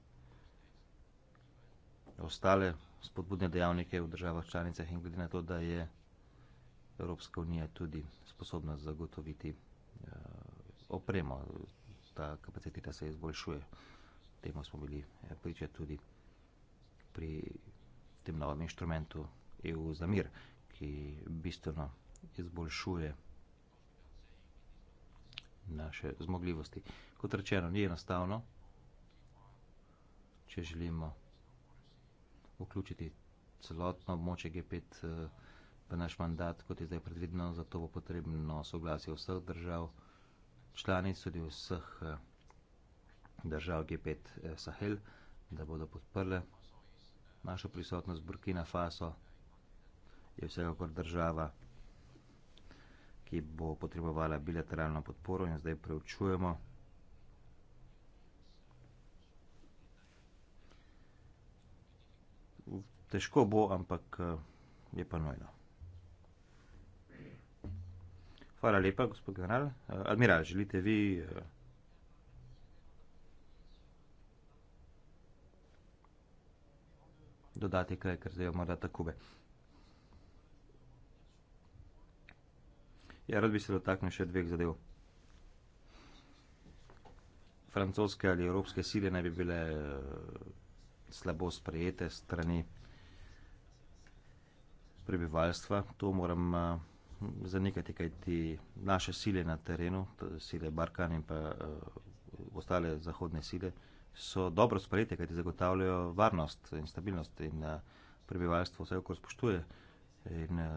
ostale spodbudne dejavnike v državah članicah in glede na to, da je Evropska unija tudi sposobna zagotoviti uh, opremo. Ta kapaciteta se izboljšuje. Temu smo bili eh, priča tudi pri tem novem inštrumentu EU za mir, ki bistveno izboljšuje naše zmogljivosti. Kot rečeno, ni enostavno, če želimo vključiti celotno območje G5 eh, v naš mandat, kot je zdaj predvideno, zato bo potrebno soglasje vseh držav, članic tudi vseh eh, držav G5 eh, Sahel, da bodo podprle našo prisotnost Burkina Faso, je vsega kot država, ki bo potrebovala bilateralno podporo in zdaj preučujemo. Težko bo, ampak eh, je pa nojno. Hvala lepa, gospod general. Eh, admiral, želite vi? Eh, dodati kaj, ker zdaj je morda tako. Ja, rad bi se dotaknil še dveh zadev. Francoske ali evropske sile naj bi bile eh, slabo sprejete strani prebivalstva. To moram eh, zanikati, kaj ti naše sile na terenu, sile Barkan in pa eh, ostale zahodne sile, so dobro sprejete, kaj ti zagotavljajo varnost in stabilnost in prebivalstvo vsega, ko spoštuje in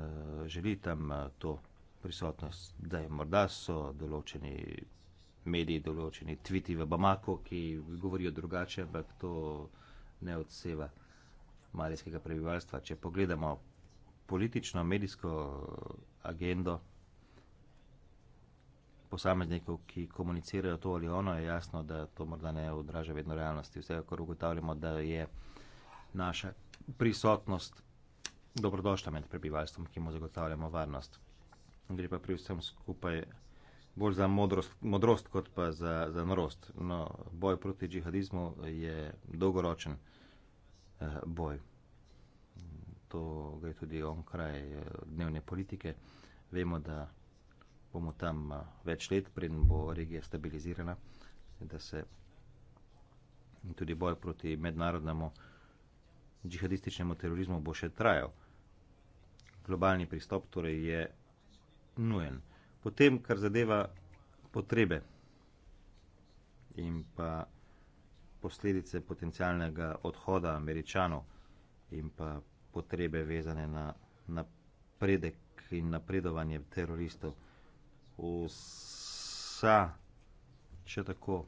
želi tam to prebivalstvo prisotnost. Zdaj, morda so določeni mediji, določeni tviti v Bamako, ki govorijo drugače, ampak to ne odseva malijskega prebivalstva. Če pogledamo politično, medijsko agendo posameznikov, ki komunicirajo to ali ono, je jasno, da to morda ne odraža vedno realnosti. Vsekakor ugotavljamo, da je naša prisotnost dobrodošla med prebivalstvom, ki mu zagotavljamo varnost gre pa pri vsem skupaj bolj za modrost, modrost kot pa za, za norost. No, boj proti džihadizmu je dolgoročen eh, boj. To gre tudi on kraj eh, dnevne politike. Vemo, da bomo tam eh, več let, preden bo regija stabilizirana, da se tudi boj proti mednarodnemu džihadističnemu terorizmu bo še trajal. Globalni pristop torej je nujen. Potem, kar zadeva potrebe in pa posledice potencialnega odhoda američanov in pa potrebe vezane na napredek in napredovanje teroristov, vsa, če tako,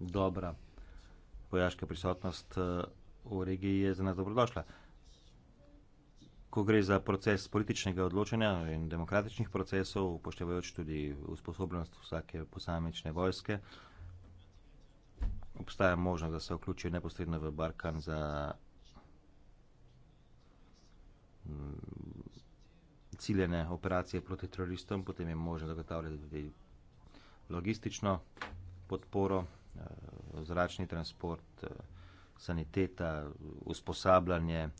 dobra vojaška prisotnost eh, v regiji je za nas dobrodošla ko gre za proces političnega odločanja in demokratičnih procesov, upoštevajoč tudi usposobljenost vsake posamične vojske, obstaja možnost, da se vključi neposredno v Barkan za mm, ciljene operacije proti teroristom, potem je možno zagotavljati tudi logistično podporo, eh, zračni transport, eh, saniteta, usposabljanje eh,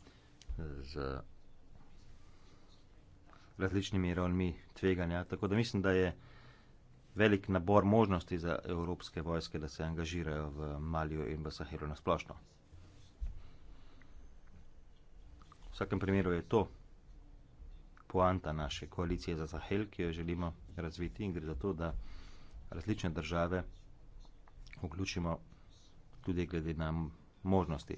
z različnimi ravnmi tveganja. Tako da mislim, da je velik nabor možnosti za evropske vojske, da se angažirajo v Malijo in v Sahelu na splošno. V vsakem primeru je to poanta naše koalicije za Sahel, ki jo želimo razviti in gre za to, da različne države vključimo tudi glede na možnosti.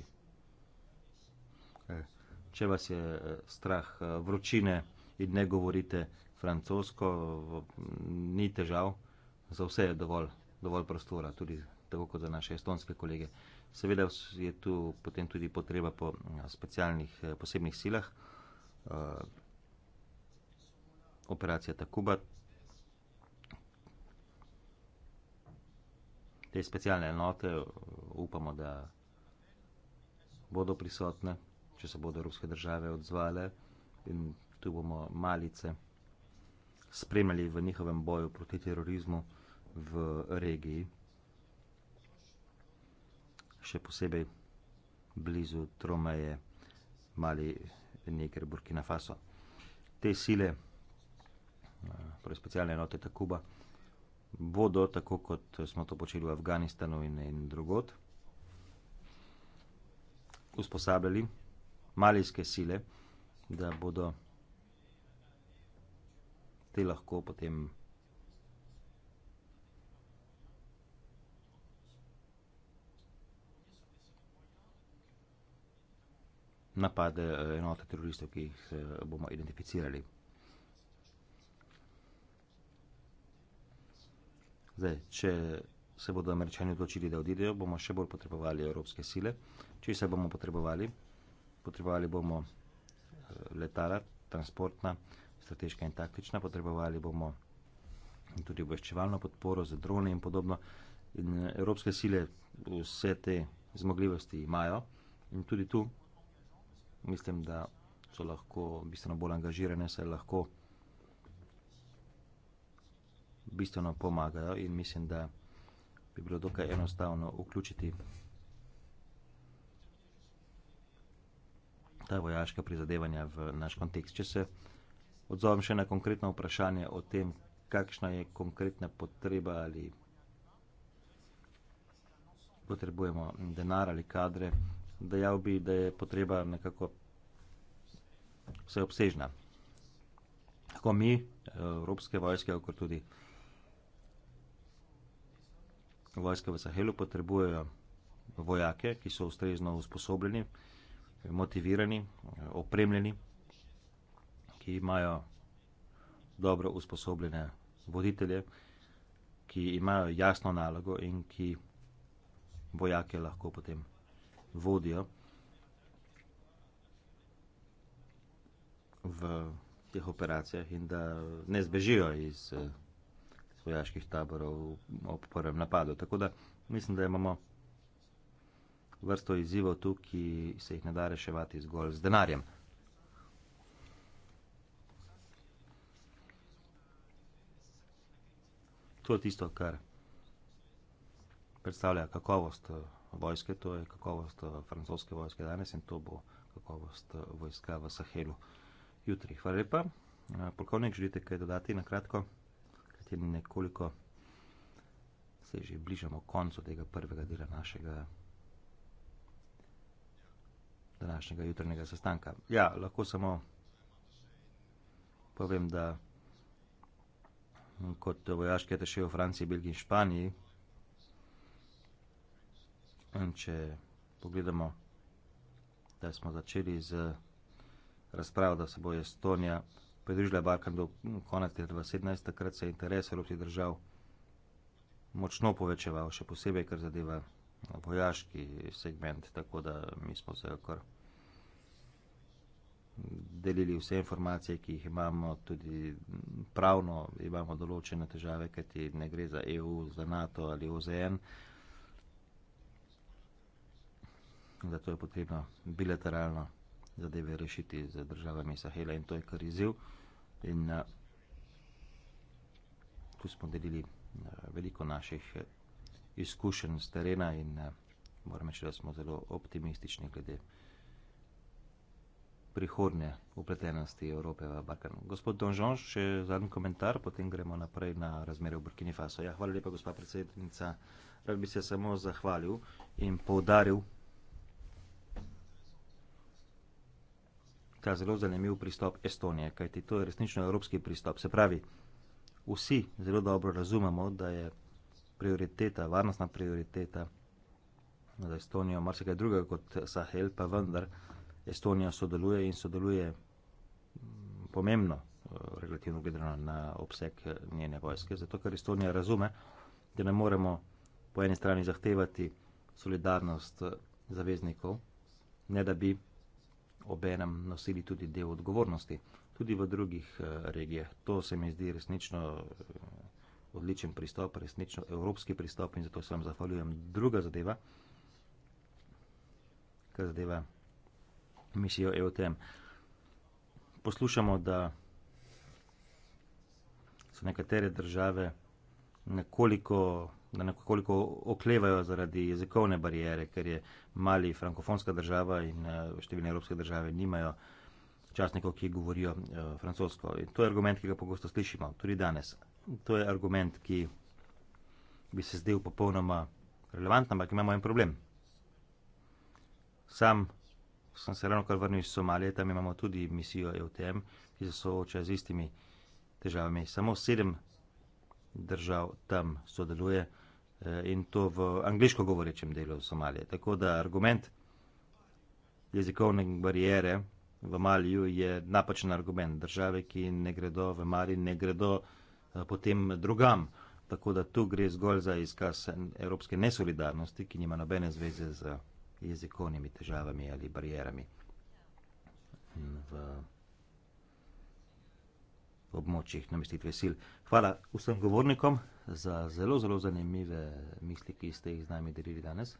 Eh, če vas je eh, strah eh, vročine, in ne govorite francosko, ni težav, za vse je dovolj, dovolj prostora, tudi tako kot za naše estonske kolege. Seveda je tu potem tudi potreba po eh, specialnih eh, posebnih silah. Eh, operacija Takuba, te specialne enote, upamo, da bodo prisotne, če se bodo ruske države odzvale in tu bomo malice spremljali v njihovem boju proti terorizmu v regiji, še posebej blizu Tromeje, Mali, Niger, Burkina Faso. Te sile, eh, torej specialne enote Takuba, bodo, tako kot smo to počeli v Afganistanu in, in drugod, usposabljali malijske sile, da bodo te lahko potem napade eh, enote teroristov, ki jih eh, bomo identificirali. Zdaj, če se bodo američani odločili, da odidejo, bomo še bolj potrebovali evropske sile. Če se bomo potrebovali, potrebovali bomo eh, letala, transportna, transportna, strateška in taktična, potrebovali bomo tudi obveščevalno podporo za drone in podobno. In eh, evropske sile vse te zmogljivosti imajo in tudi tu mislim, da so lahko bistveno bolj angažirane, saj lahko bistveno pomagajo in mislim, da bi bilo dokaj enostavno vključiti ta vojaška prizadevanja v naš kontekst. Če se odzovem še na konkretno vprašanje o tem, kakšna je konkretna potreba ali potrebujemo denar ali kadre, dejal bi, da je potreba nekako vseobsežna. Tako mi, Evropske vojske, kot tudi vojske v Sahelu, potrebujejo vojake, ki so ustrezno usposobljeni, motivirani, opremljeni, ki imajo dobro usposobljene voditelje, ki imajo jasno nalogo in ki vojake lahko potem vodijo v teh operacijah in da ne zbežijo iz eh, vojaških taborov ob prvem napadu. Tako da mislim, da imamo vrsto izzivov tu, ki se jih ne da reševati zgolj z denarjem. To je tisto, kar predstavlja kakovost eh, vojske, to je kakovost eh, francoske vojske danes in to bo kakovost eh, vojska v Sahelu jutri. Hvala lepa. Polkovnik, želite kaj dodati na kratko? Kajti nekoliko se že bližamo koncu tega prvega dela našega današnjega jutrnega sestanka. Ja, lahko samo povem, da kot vojaški ateše v Franciji, Belgiji in Španiji. In če pogledamo, da smo začeli z razpravo, da se bo Estonija pridružila Balkanu do konca 2017, takrat se je interes evropskih držav močno povečeval, še posebej, ker zadeva vojaški segment. Tako da mi smo se kar delili vse informacije, ki jih imamo, tudi pravno imamo določene težave, kajti ne gre za EU, za NATO ali OZN. Zato je potrebno bilateralno zadeve rešiti z državami Sahela in to je kar izziv. In uh, tu smo delili uh, veliko naših eh, izkušenj z terena in uh, moram reči, da smo zelo optimistični glede prihodnje upletenosti Evrope v Balkan. Gospod Donžon, še zadnji komentar, potem gremo naprej na razmere v Burkini Faso. Ja, hvala lepa, gospa predsednica. Rad bi se samo zahvalil in poudaril ta zelo zanimiv pristop Estonije, kajti to je resnično evropski pristop. Se pravi, vsi zelo dobro razumemo, da je prioriteta, varnostna prioriteta za Estonijo, marsikaj drugega kot Sahel, pa vendar. Estonija sodeluje in sodeluje mm, pomembno, eh, relativno gledano na obseg eh, njene vojske, zato ker Estonija razume, da ne moremo po eni strani zahtevati solidarnost eh, zaveznikov, ne da bi obenem nosili tudi del odgovornosti, tudi v drugih regijah. To se mi zdi resnično odličen pristop, resnično evropski pristop in zato se vam zahvaljujem. Druga zadeva, kar zadeva misijo je o tem. Poslušamo, da so nekatere države nekoliko, da nekoliko oklevajo zaradi jezikovne barijere, ker je mali frankofonska država in eh, številne evropske države nimajo časnikov, ki govorijo uh, francosko. In to je argument, ki ga pogosto slišimo, tudi danes. To je argument, ki bi se zdel popolnoma relevantna, ampak imamo en problem. Sam sem se ravno kar vrnil iz Somalije, tam imamo tudi misijo EOTM, ki se sooča z istimi težavami. Samo sedem držav tam sodeluje eh, in to v angliško govorečem delu Somalije. Tako da argument jezikovne barijere v Maliju je napačen argument. Države, ki ne gredo v Mali, ne gredo eh, potem drugam. Tako da tu gre zgolj za izkaz evropske nesolidarnosti, ki nima nobene zveze z. Za jezikovnimi težavami ali barijerami v območjih namestitve sil. Hvala vsem govornikom za zelo, zelo zanimive misli, ki ste jih z nami delili danes.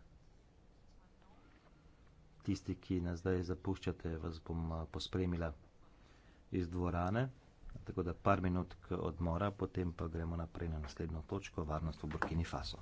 Tisti, ki nas zdaj zapuščate, vas bom pospremila iz dvorane. Tako da par minut odmora, potem pa gremo naprej na naslednjo točko, varnost v Burkini Faso.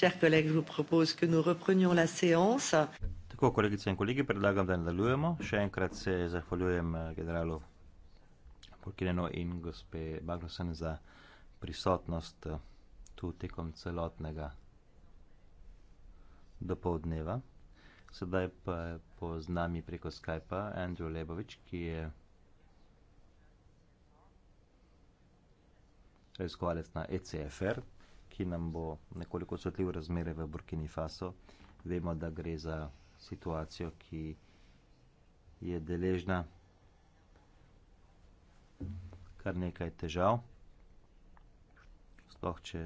Chers collègues, je vous propose que nous reprenions la séance. Tako, kolegice in kolegi, predlagam, da nadaljujemo. Še enkrat se zahvaljujem eh, generalu Polkineno in gospe Magnusen za prisotnost eh, tu tekom celotnega dopoledneva. Sedaj pa je po z nami preko Skypa Andrew Lebovič, ki je raziskovalec na ECFR, ki nam bo nekoliko osvetlil razmere v Burkini Faso. Vemo, da gre za situacijo, ki je deležna kar nekaj težav. Sploh, če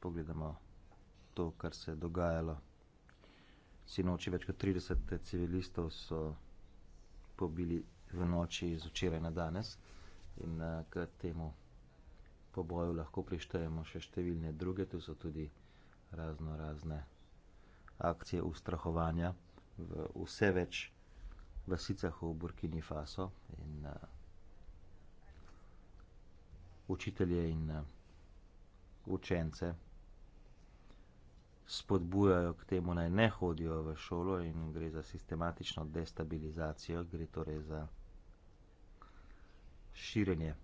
pogledamo to, kar se je dogajalo. Sinoči več kot 30 civilistov so pobili v noči iz včeraj na danes in eh, k temu po boju lahko prištejemo še številne druge, tu so tudi razno razne akcije ustrahovanja v vse več vasicah v Burkini Faso in uh, učitelje in uh, učence spodbujajo k temu, naj ne hodijo v šolo in gre za sistematično destabilizacijo, gre torej za širenje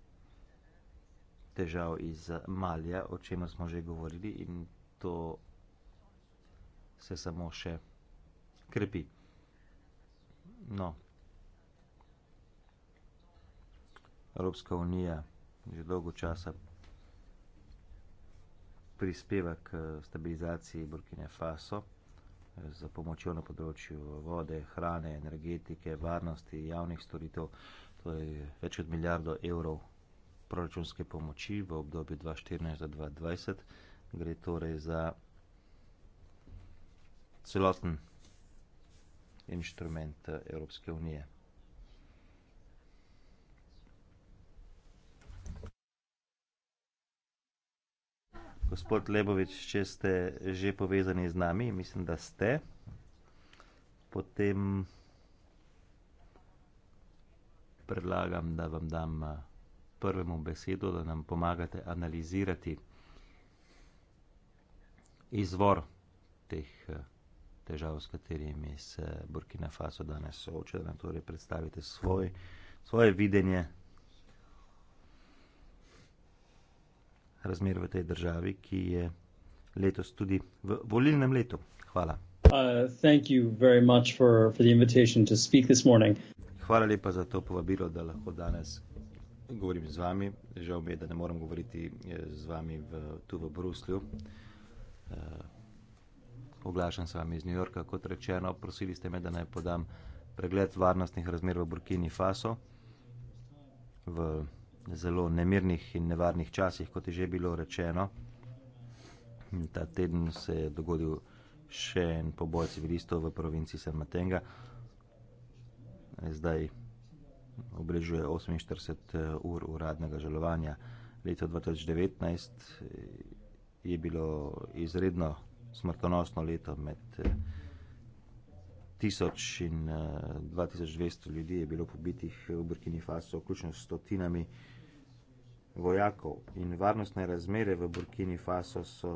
težav iz Malija, o čemer smo že govorili, in to se samo še krepi. No, Evropska unija že dolgo časa prispeva k stabilizaciji Burkine Faso za pomočjo na področju vode, hrane, energetike, varnosti, javnih storitev, torej več kot milijardo evrov proračunske pomoči v obdobju 2014-2020. Gre torej za celoten inštrument eh, Evropske unije. Gospod Lebovič, če ste že povezani z nami, mislim, da ste, potem predlagam, da vam dam uh, prvemu besedo, da nam pomagate analizirati izvor teh eh, težav, s katerimi se Burkina Faso danes sooča, da nam torej predstavite svoj, svoje videnje razmer v tej državi, ki je letos tudi v volilnem letu. Hvala. Uh, for, for Hvala lepa za to povabilo, da lahko danes govorim z vami. Žal mi je, da ne moram govoriti eh, z vami v, tu v Bruslju. Uh, oglašam se vam iz New Yorka, kot rečeno, prosili ste me, da naj podam pregled varnostnih razmer v Burkini Faso v zelo nemirnih in nevarnih časih, kot je že bilo rečeno. Ta teden se je dogodil še en poboj civilistov v provinci Sermatenga. Zdaj obrežuje 48 eh, ur uradnega želovanja. Leto 2019 eh, je bilo izredno smrtonosno leto med 1000 eh, in 2200 ljudi je bilo pobitih v Burkini Faso, vključno s stotinami vojakov. In varnostne razmere v Burkini Faso so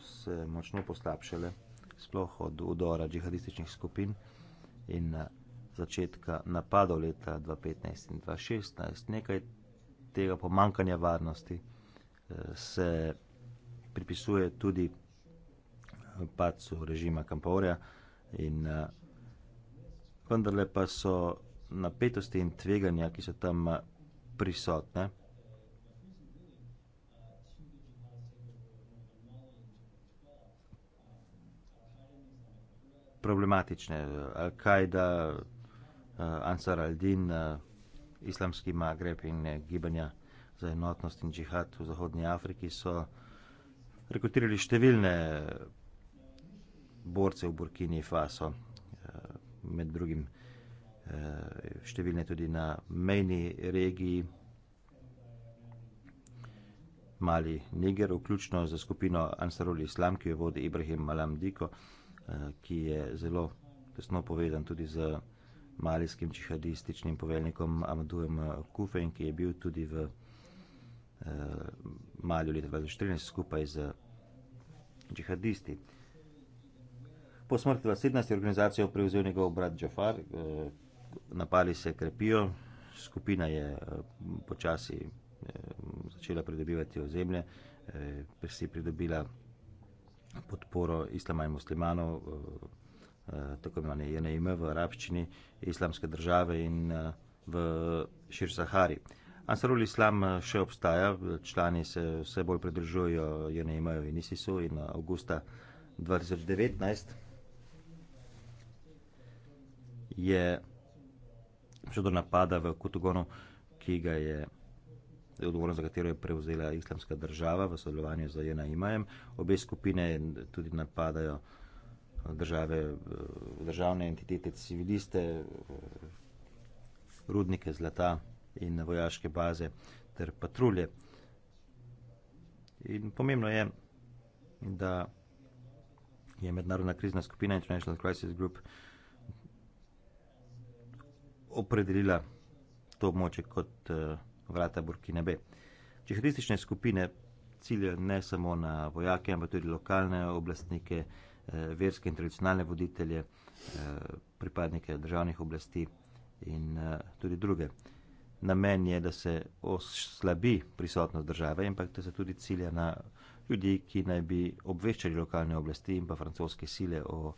se močno poslabšale, sploh od udora džihadističnih skupin. In začetka napadov leta 2015 in 2016, nekaj tega pomankanja varnosti eh, se pripisuje tudi eh, padcu režima Kamporja, in eh, vendarle pa so napetosti in tveganja, ki so tam prisotne. Problematične. Al-Kaida, uh, Ansar al-Din, uh, islamski Magreb in uh, gibanja za enotnost in džihad v Zahodnji Afriki so rekrutirali številne borce v Burkini Faso, uh, med drugim uh, številne tudi na mejni regiji. Mali Niger, vključno za skupino Ansarul Islam, ki jo vodi Ibrahim Malam Diko, ki je zelo tesno povezan tudi z malijskim džihadističnim poveljnikom Amadujem Kufen, ki je bil tudi v eh, Malju leta 2014 skupaj z džihadisti. Po smrti 2017 je organizacijo prevzel njegov brat Džafar, eh, napali se krepijo, skupina je eh, počasi eh, začela pridobivati ozemlje, eh, si pridobila podporo islama in muslimanov. Eh, Eh, tako imenovane JNM v arabščini, islamske države in eh, v širši Sahari. Ansarul islam eh, še obstaja, člani se vse bolj pridružujejo JNM in ISIS-u in avgusta 2019 je prišlo do napada v Kutugonu, ki ga je odgovornost za katero je prevzela islamska država v sodelovanju z JNM. Obe skupine tudi napadajo uh, države, državne entitete, civiliste, rudnike zlata in vojaške baze ter patrulje. In pomembno je, da je mednarodna krizna skupina International Crisis Group opredelila to območje kot eh, vrata Burkine B. Čehadistične skupine ciljajo ne samo na vojake, ampak tudi lokalne oblastnike, eh, verske in tradicionalne voditelje, eh, pripadnike državnih oblasti in eh, tudi druge. Namen je, da se oslabi prisotnost države, ampak da se tudi cilja na ljudi, ki naj bi obveščali lokalne oblasti in pa francoske sile o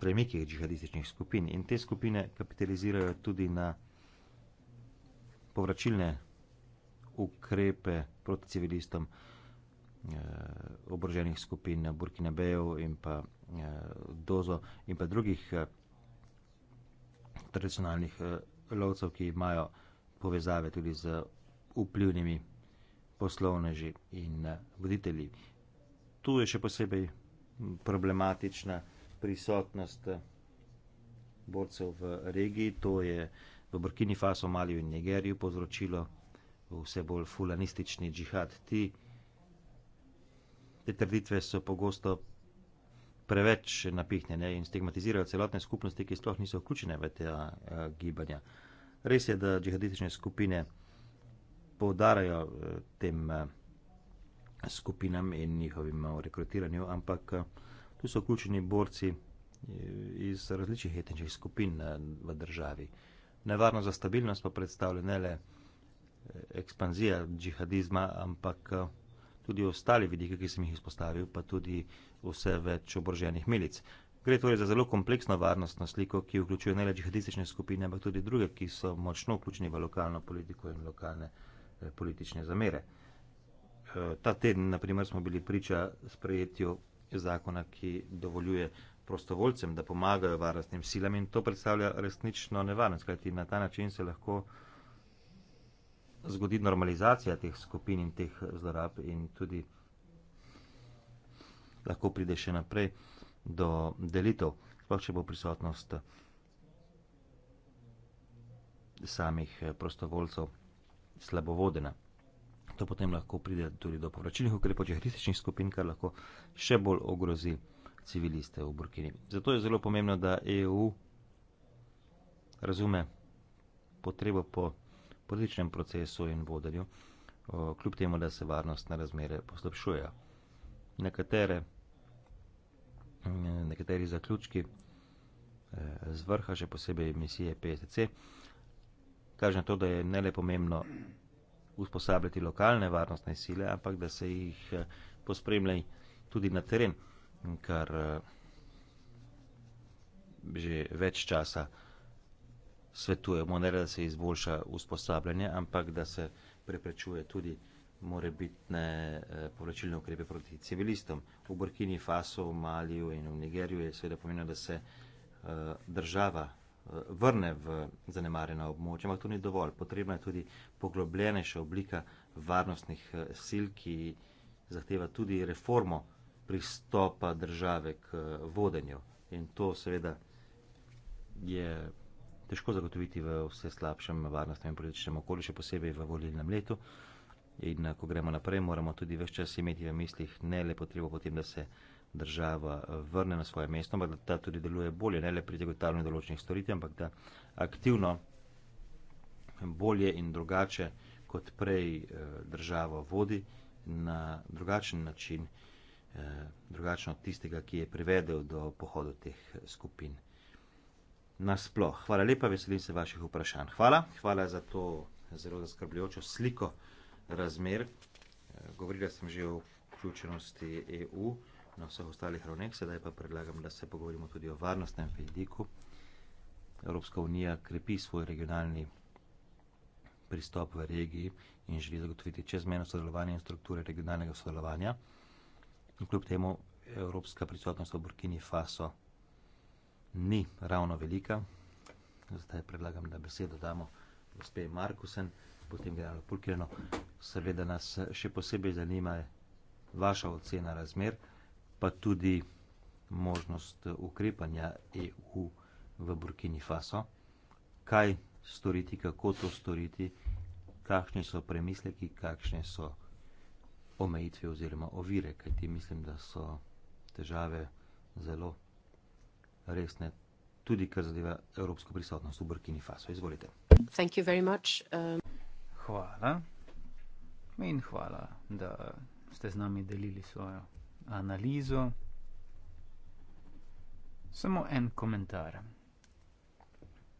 premikih džihadističnih skupin. In te skupine kapitalizirajo tudi na povračilne ukrepe proti civilistom. Eh, oboroženih skupin Burkina Bejev in pa eh, Dozo in pa drugih eh, tradicionalnih lovcev, ki imajo povezave tudi z vplivnimi poslovneži in voditelji. Tu je še posebej problematična prisotnost borcev v regiji, to je v Burkini Faso, Maliju in Nigeriju povzročilo vse bolj fulanistični džihad. Ti te trditve so pogosto preveč napihnjene in stigmatizirajo celotne skupnosti, ki sploh niso vključene v te eh, gibanja. Res je, da džihadistične skupine podarajo eh, tem eh, skupinam in njihovim rekrutiranju, ampak tu so vključeni borci iz različnih etničnih skupin v državi. Nevarno za stabilnost pa predstavlja ne le ekspanzija džihadizma, ampak tudi ostale vidike, ki sem jih izpostavil, pa tudi vse več oboroženih milic. Gre torej za zelo kompleksno varnostno sliko, ki vključuje ne le džihadistične skupine, ampak tudi druge, ki so močno vključeni v lokalno politiko in lokalne eh, politične zamere. E, ta teden, naprimer, smo bili priča sprejetju zakona, ki dovoljuje prostovoljcem, da pomagajo varnostnim silam in to predstavlja resnično nevarnost, kajti na ta način se lahko zgodi normalizacija teh skupin in teh zlorab in tudi lahko pride še naprej do delitev, sploh če bo prisotnost samih eh, prostovoljcev slabovodena. To potem lahko pride tudi do povračilnih ukrepov džihadističnih skupin, kar lahko še bolj ogrozi civiliste v Burkini. Zato je zelo pomembno, da EU razume potrebo po političnem procesu in vodenju, kljub temu, da se varnostne razmere poslabšujejo. Nekatere, nekateri zaključki e, z vrha, še posebej misije PSC, kaže na to, da je ne le pomembno usposabljati lokalne varnostne sile, ampak da se jih e, pospremljaj tudi na teren, kar e, že več časa vsega svetujemo, ne da se izboljša usposabljanje, ampak da se preprečuje tudi morebitne eh, povračilne ukrepe proti civilistom. V Burkini Faso, v Maliju in v Nigeriju je seveda pomenilo, da se eh, država eh, vrne v zanemarjena območja, ampak to ni dovolj. Potrebna je tudi poglobljenejša oblika varnostnih sil, ki zahteva tudi reformo pristopa države k vodenju. In to seveda je težko zagotoviti v vse slabšem varnostnem in političnem okolju, še posebej v volilnem letu. In eh, ko gremo naprej, moramo tudi več čas imeti v mislih ne le potrebo potem, da se država eh, vrne na svoje mesto, ampak da ta tudi deluje bolje, ne le pri zagotavljanju določenih storitev, ampak da aktivno bolje in drugače kot prej eh, državo vodi na drugačen način, drugačno od tistega, ki je privedel do pohodu teh skupin nasploh. Hvala lepa, veselim se vaših vprašanj. Hvala, hvala za to zelo zaskrbljujočo sliko razmer. Govorila sem že o vključenosti EU na vseh ostalih ravneh, sedaj pa predlagam, da se pogovorimo tudi o varnostnem vidiku. Evropska unija krepi svoj regionalni pristop v regiji in želi zagotoviti čezmeno sodelovanje in strukture regionalnega sodelovanja. In kljub temu evropska prisotnost v Burkini Faso ni ravno velika. Zdaj predlagam, da besedo damo gospe Markusen, potem generalu Pulkirno. Seveda nas še posebej zanima vaša ocena razmer, pa tudi možnost ukrepanja EU v Burkini Faso. Kaj storiti, kako to storiti, kakšni so premisleki, kakšne so omejitve oziroma ovire, kajti mislim, da so težave zelo resne, tudi kar zadeva evropsko prisotnost v Burkini Faso. Izvolite. Um. Hvala. In hvala, da ste z nami delili svojo analizo. Samo en komentar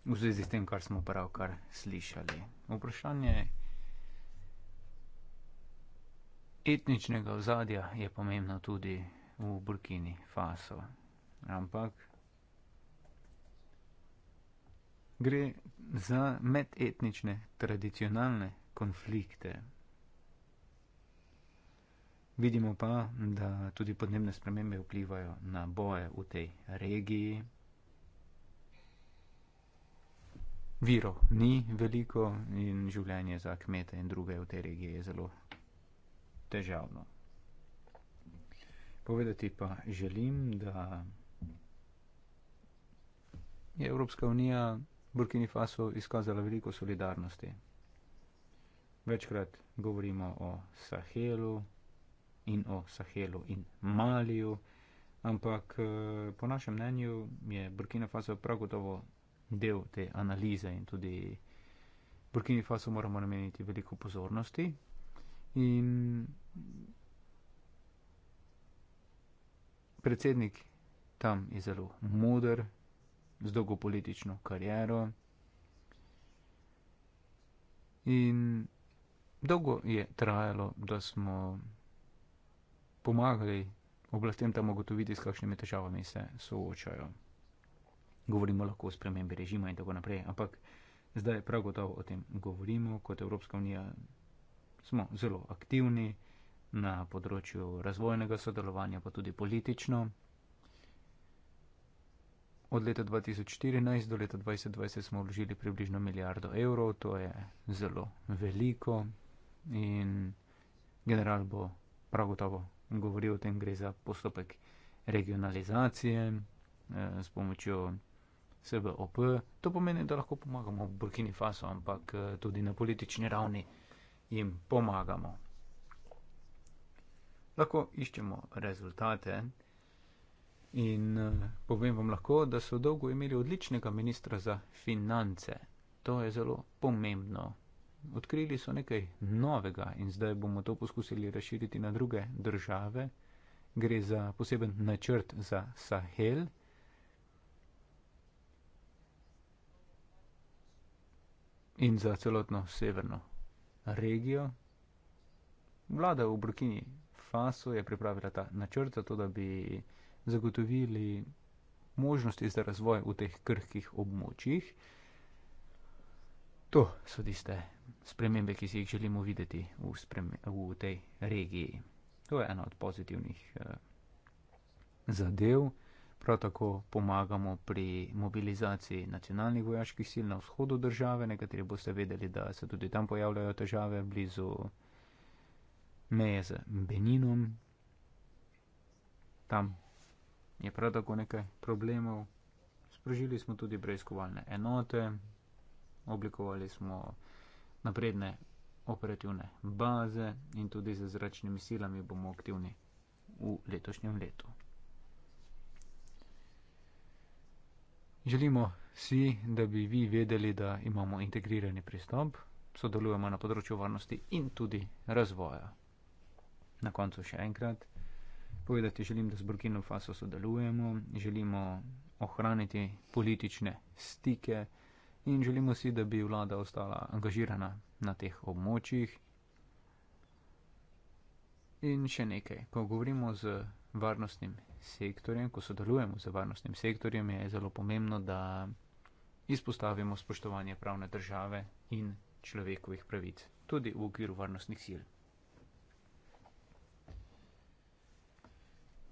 v zvezi s tem, kar smo pravkar slišali. Vprašanje etničnega ozadja je pomembno tudi v Burkini Faso. Ampak gre za medetnične tradicionalne konflikte. Vidimo pa, da tudi podnebne spremembe vplivajo na boje v tej regiji. Viro ni veliko in življenje za kmete in druge v tej regiji je zelo težavno. Povedati pa želim, da je Evropska unija Burkini Faso izkazala veliko solidarnosti. Večkrat govorimo o Sahelu in o Sahelu in Maliju, ampak eh, po našem mnenju je Burkina Faso prav gotovo del te analize in tudi Burkini Faso moramo nameniti veliko pozornosti. In predsednik tam je zelo modr, z dolgo politično kariero. In dolgo je trajalo, da smo pomagali oblastem tam ugotoviti, s kakšnimi težavami se soočajo. Govorimo lahko o spremembi režima in tako naprej, ampak zdaj prav gotovo o tem govorimo, kot Evropska unija smo zelo aktivni na področju razvojnega sodelovanja, pa tudi politično od leta 2014 do leta 2020 smo vložili približno milijardo evrov, to je zelo veliko in general bo prav gotovo govoril o tem, gre za postopek regionalizacije eh, s pomočjo SBOP. To pomeni, da lahko pomagamo Burkini Faso, ampak eh, tudi na politični ravni jim pomagamo. Lahko iščemo rezultate. In uh, povem vam lahko, da so dolgo imeli odličnega ministra za finance. To je zelo pomembno. Odkrili so nekaj novega in zdaj bomo to poskusili razširiti na druge države. Gre za poseben načrt za Sahel. In za celotno severno regijo. Vlada v Burkini Faso je pripravila ta načrt, zato da bi zagotovili možnosti za razvoj v teh krhkih območjih. To so tiste spremembe, ki si jih želimo videti v, v tej regiji. To je ena od pozitivnih eh, zadev. Prav tako pomagamo pri mobilizaciji nacionalnih vojaških sil na vzhodu države. Nekateri boste vedeli, da se tudi tam pojavljajo težave blizu meje z Beninom. Tam je prav tako nekaj problemov. Sprožili smo tudi preiskovalne enote, oblikovali smo napredne operativne baze in tudi z zračnimi silami bomo aktivni v letošnjem letu. Želimo si, da bi vi vedeli, da imamo integrirani pristop, sodelujemo na področju varnosti in tudi razvoja. Na koncu še enkrat, povedati, želim, da s Burkino Faso sodelujemo, želimo ohraniti politične stike in želimo si, da bi vlada ostala angažirana na teh območjih. In še nekaj, ko govorimo z varnostnim sektorjem, ko sodelujemo z varnostnim sektorjem, je zelo pomembno, da izpostavimo spoštovanje pravne države in človekovih pravic, tudi v okviru varnostnih sil.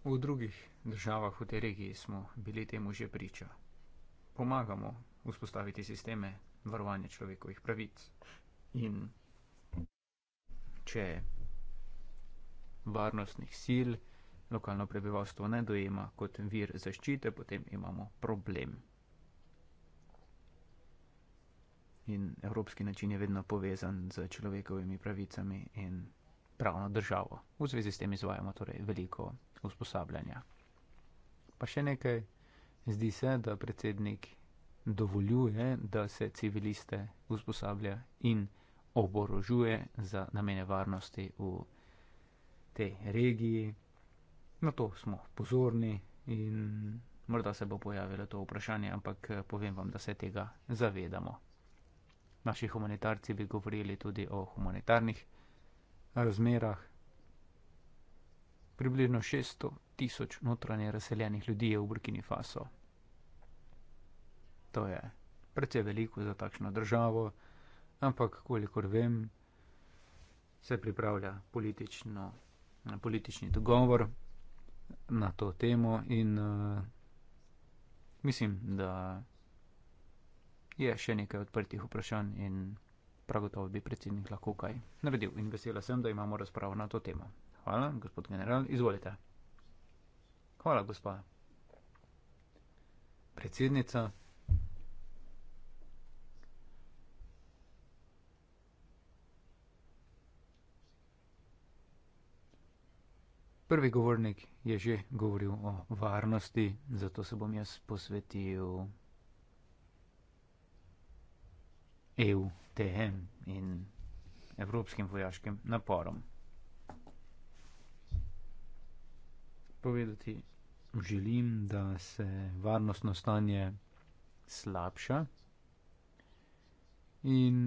V drugih državah v tej regiji smo bili temu že priča. Pomagamo vzpostaviti sisteme varovanja človekovih pravic. In če varnostnih sil lokalno prebivalstvo ne dojema kot vir zaščite, potem imamo problem. In evropski način je vedno povezan z človekovimi pravicami in pravno državo. V zvezi s tem izvajamo torej veliko usposabljanja. Pa še nekaj, zdi se, da predsednik dovoljuje, da se civiliste usposablja in oborožuje za namene varnosti v tej regiji. Na to smo pozorni in morda se bo pojavilo to vprašanje, ampak povem vam, da se tega zavedamo. Naši humanitarci bi govorili tudi o humanitarnih razmerah. Približno 600 tisoč notranje razseljenih ljudi je v Burkini Faso. To je precej veliko za takšno državo, ampak kolikor vem, se pripravlja politično, politični dogovor na to temo in uh, mislim, da je še nekaj odprtih vprašanj in pragotovo bi predsednik lahko kaj naredil in vesela sem, da imamo razpravo na to temo. Hvala, gospod general, izvolite. Hvala, gospa. Predsednica. Prvi govornik je že govoril o varnosti, zato se bom jaz posvetil EU, TM in evropskim vojaškim naporom. Povedati želim, da se varnostno stanje slabša in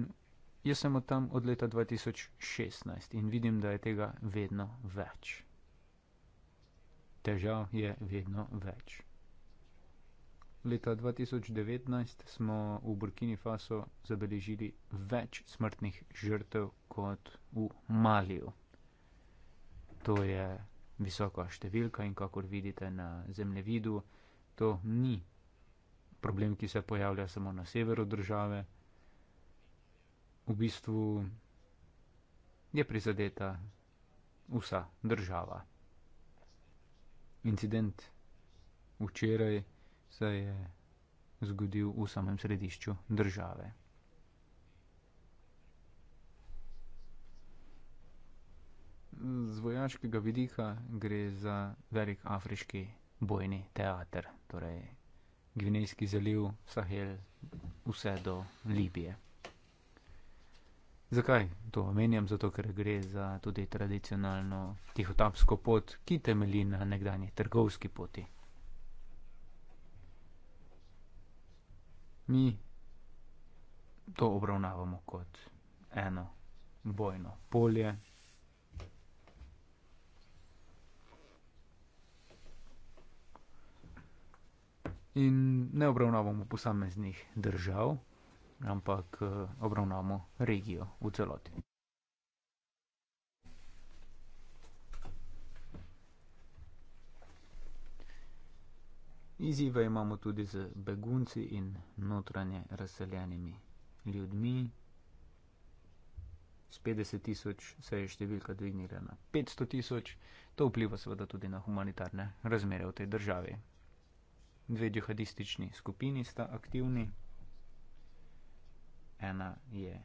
jaz sem od tam od leta 2016 in vidim, da je tega vedno več. Težav je vedno več. Leta 2019 smo v Burkini Faso zabeležili več smrtnih žrtev kot v Maliju. To je visoka številka in kakor vidite na zemljevidu, to ni problem, ki se pojavlja samo na severu države. V bistvu je prizadeta vsa država. Incident včeraj se je zgodil v samem središču države. Z vojaškega vidika gre za velik afriški bojni teater, torej Gvinejski zaliv, Sahel, vse do Libije. Zakaj to omenjam? Zato, ker gre za tudi tradicionalno tihotapsko pot, ki temelji na nekdanji trgovski poti. mi to obravnavamo kot eno bojno polje. In ne obravnavamo posameznih držav, ampak eh, obravnavamo regijo v celoti. Izive imamo tudi z begunci in notranje razseljenimi ljudmi. Z 50 tisoč se je številka dvignila na 500 tisoč. To vpliva seveda tudi na humanitarne razmere v tej državi. Dve džihadistični skupini sta aktivni. Ena je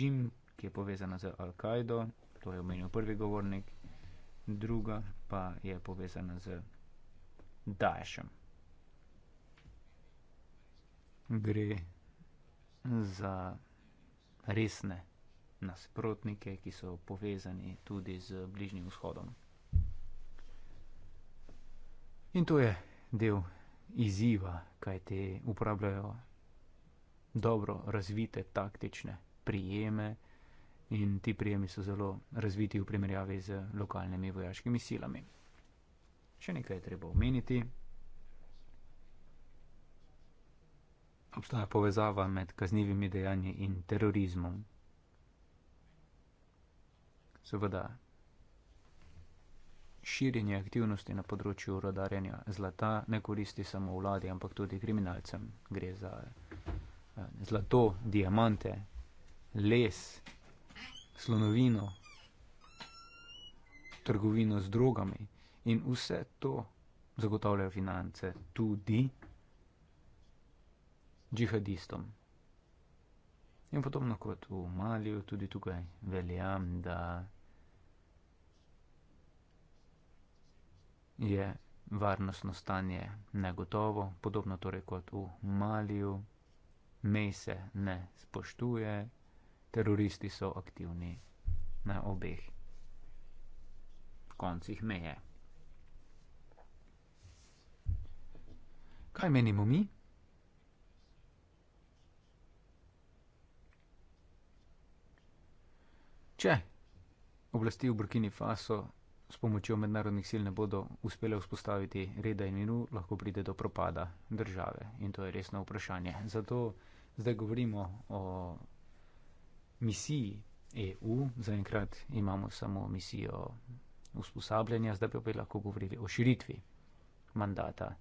Jim, ki je povezana z Al-Kaido, to je omenil prvi govornik, druga pa je povezana z Daeshom gre za resne nasprotnike, ki so povezani tudi z Bližnjim vzhodom. In to je del izziva, kaj te uporabljajo dobro razvite taktične prijeme in ti prijemi so zelo razviti v primerjavi z lokalnimi vojaškimi silami. Še nekaj je treba omeniti, obstaja povezava med kaznjivimi dejanji in terorizmom. Seveda, širjenje aktivnosti na področju rodarjenja zlata ne koristi samo vladi, ampak tudi kriminalcem. Gre za eh, zlato, diamante, les, slonovino, trgovino z drogami in vse to zagotavljajo finance tudi džihadistom. In podobno kot v Maliju, tudi tukaj veljam, da je varnostno stanje negotovo, podobno torej kot v Maliju, mej se ne spoštuje, teroristi so aktivni na obeh koncih meje. Kaj menimo mi? če oblasti v Burkini Faso s pomočjo mednarodnih sil ne bodo uspele vzpostaviti reda in miru, lahko pride do propada države. In to je resno vprašanje. Zato zdaj govorimo o misiji EU. Zaenkrat imamo samo misijo usposabljanja, zdaj pa bi lahko govorili o širitvi mandata.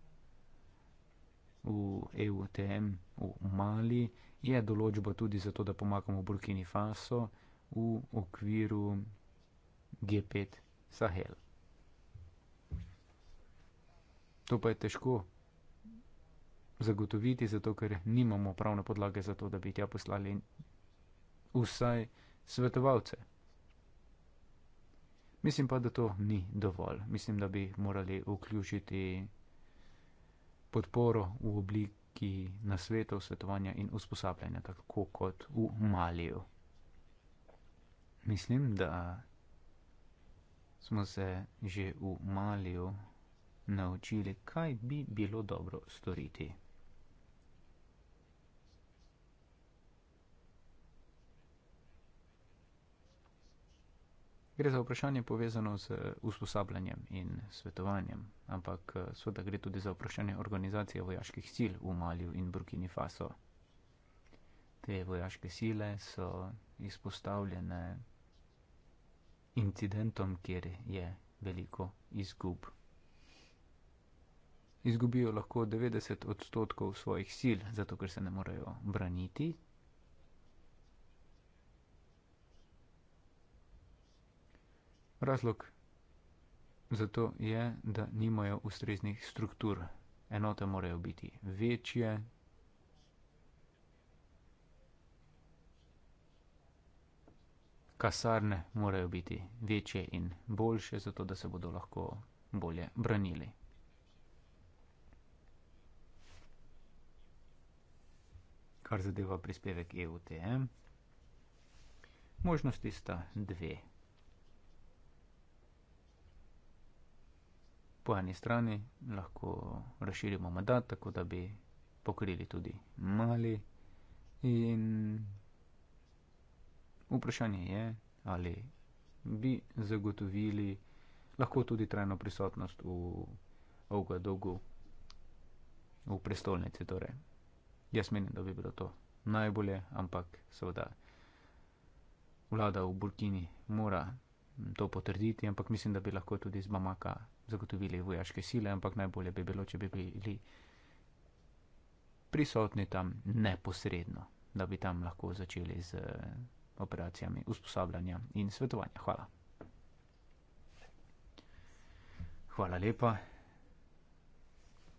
V EUTM v Mali je določba tudi zato, da pomagamo Burkini Faso, v okviru G5 Sahel. To pa je težko zagotoviti, zato ker nimamo pravne podlage za to, da bi tja poslali vsaj svetovalce. Mislim pa, da to ni dovolj. Mislim, da bi morali vključiti podporo v obliki nasvetov, svetovanja in usposabljanja, tako kot v Maliju. Mislim, da smo se že v Maliju naučili, kaj bi bilo dobro storiti. Gre za vprašanje povezano z usposabljanjem in svetovanjem, ampak eh, seveda gre tudi za vprašanje organizacije vojaških sil v Maliju in Burkini Faso. Te vojaške sile so izpostavljene incidentom, kjer je veliko izgub. Izgubijo lahko 90 odstotkov svojih sil, zato ker se ne morejo braniti. Razlog za to je, da nimajo ustreznih struktur. Enote morajo biti večje, kasarne morajo biti večje in boljše, zato da se bodo lahko bolje branili. Kar zadeva prispevek EUTM, možnosti sta dve. Po eni strani lahko razširimo mandat, tako da bi pokrili tudi mali in Vprašanje je, ali bi zagotovili lahko tudi trajno prisotnost v Olga Dogu, v prestolnici. Torej. Jaz menim, da bi bilo to najbolje, ampak seveda vlada v Burkini mora to potrditi, ampak mislim, da bi lahko tudi iz Bamaka zagotovili vojaške sile, ampak najbolje bi bilo, če bi bili prisotni tam neposredno, da bi tam lahko začeli z operacijami usposabljanja in svetovanja. Hvala. Hvala lepa.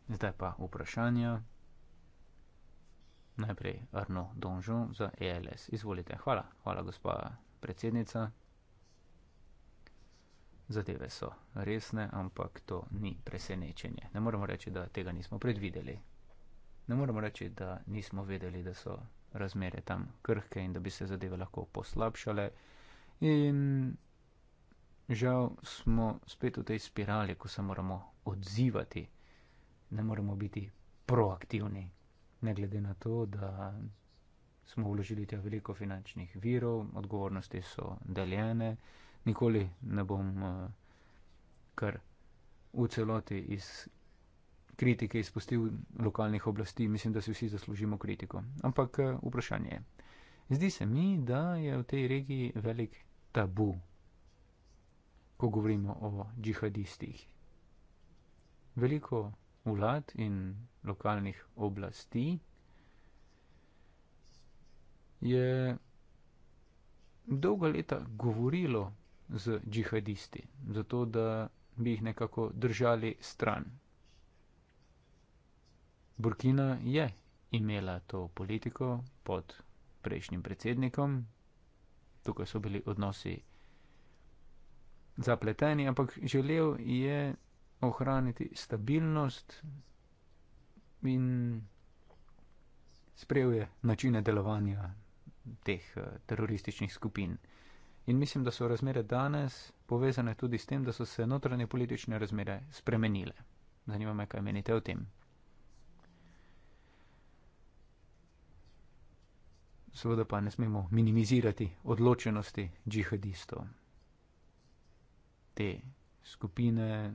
Zdaj pa vprašanja. Najprej Arno Donžo za ELS. Izvolite. Hvala. Hvala, gospa predsednica. Zadeve so resne, ampak to ni presenečenje. Ne moremo reči, da tega nismo predvideli. Ne moremo reči, da nismo vedeli, da so razmere tam krhke in da bi se zadeve lahko poslabšale. In žal smo spet v tej spirali, ko se moramo odzivati, ne moramo biti proaktivni. Ne glede na to, da smo vložili tja veliko finančnih virov, odgovornosti so deljene, nikoli ne bom eh, kar v celoti iz kritike izpustil lokalnih oblasti. Mislim, da si vsi zaslužimo kritiko. Ampak eh, vprašanje je. Zdi se mi, da je v tej regiji velik tabu, ko govorimo o džihadistih. Veliko vlad in lokalnih oblasti je dolga leta govorilo z džihadisti, zato da bi jih nekako držali stran. Burkina je imela to politiko pod prejšnjim predsednikom. Tukaj so bili odnosi zapleteni, ampak želel je ohraniti stabilnost in sprejel je načine delovanja teh eh, terorističnih skupin. In mislim, da so razmere danes povezane tudi s tem, da so se notranje politične razmere spremenile. Zanima me, kaj menite o tem. seveda pa ne smemo minimizirati odločenosti džihadistov. Te skupine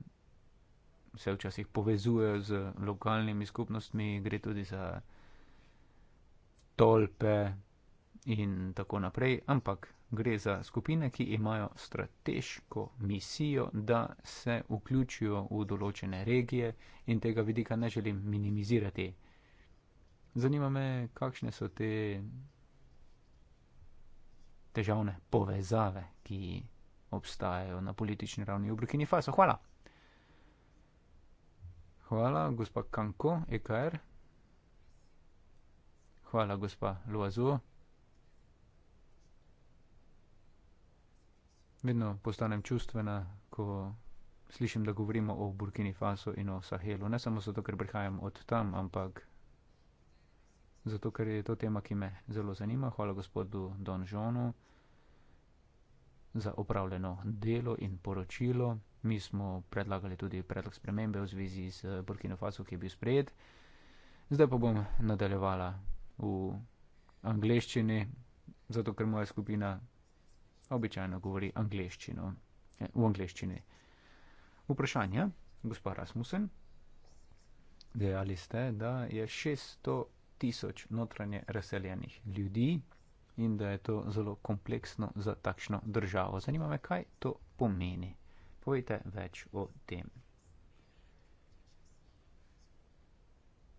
se včasih povezujejo z lokalnimi skupnostmi, gre tudi za tolpe in tako naprej, ampak gre za skupine, ki imajo strateško misijo, da se vključijo v določene regije in tega vidika ne želim minimizirati. Zanima me, kakšne so te težavne povezave, ki obstajajo na politični ravni v Burkini Faso. Hvala. Hvala, gospa Kanko, EKR. Hvala, gospa Luazu. Vedno postanem čustvena, ko slišim, da govorimo o Burkini Faso in o Sahelu. Ne samo zato, ker prihajam od tam, ampak zato, ker je to tema, ki me zelo zanima. Hvala gospodu Donžonu za opravljeno delo in poročilo. Mi smo predlagali tudi predlog spremembe v zvezi z Burkino Faso, ki je bil sprejet. Zdaj pa bom nadaljevala v angleščini, zato ker moja skupina običajno govori angleščino. Eh, v angleščini. Vprašanje, gospa Rasmussen, dejali ste, da je 600 tisoč notranje razseljenih ljudi, in da je to zelo kompleksno za takšno državo. Zanima me, kaj to pomeni. Povejte več o tem.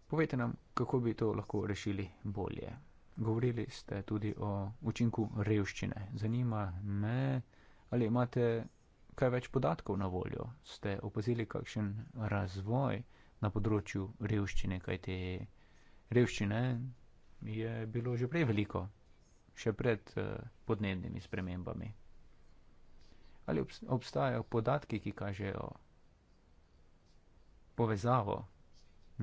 Povejte nam, kako bi to lahko rešili bolje. Govorili ste tudi o učinku revščine. Zanima me, ali imate kaj več podatkov na voljo. Ste opazili kakšen razvoj na področju revščine, kajte revščine je bilo že prej veliko še pred eh, podnebnimi spremembami? Ali obstajajo podatki, ki kažejo povezavo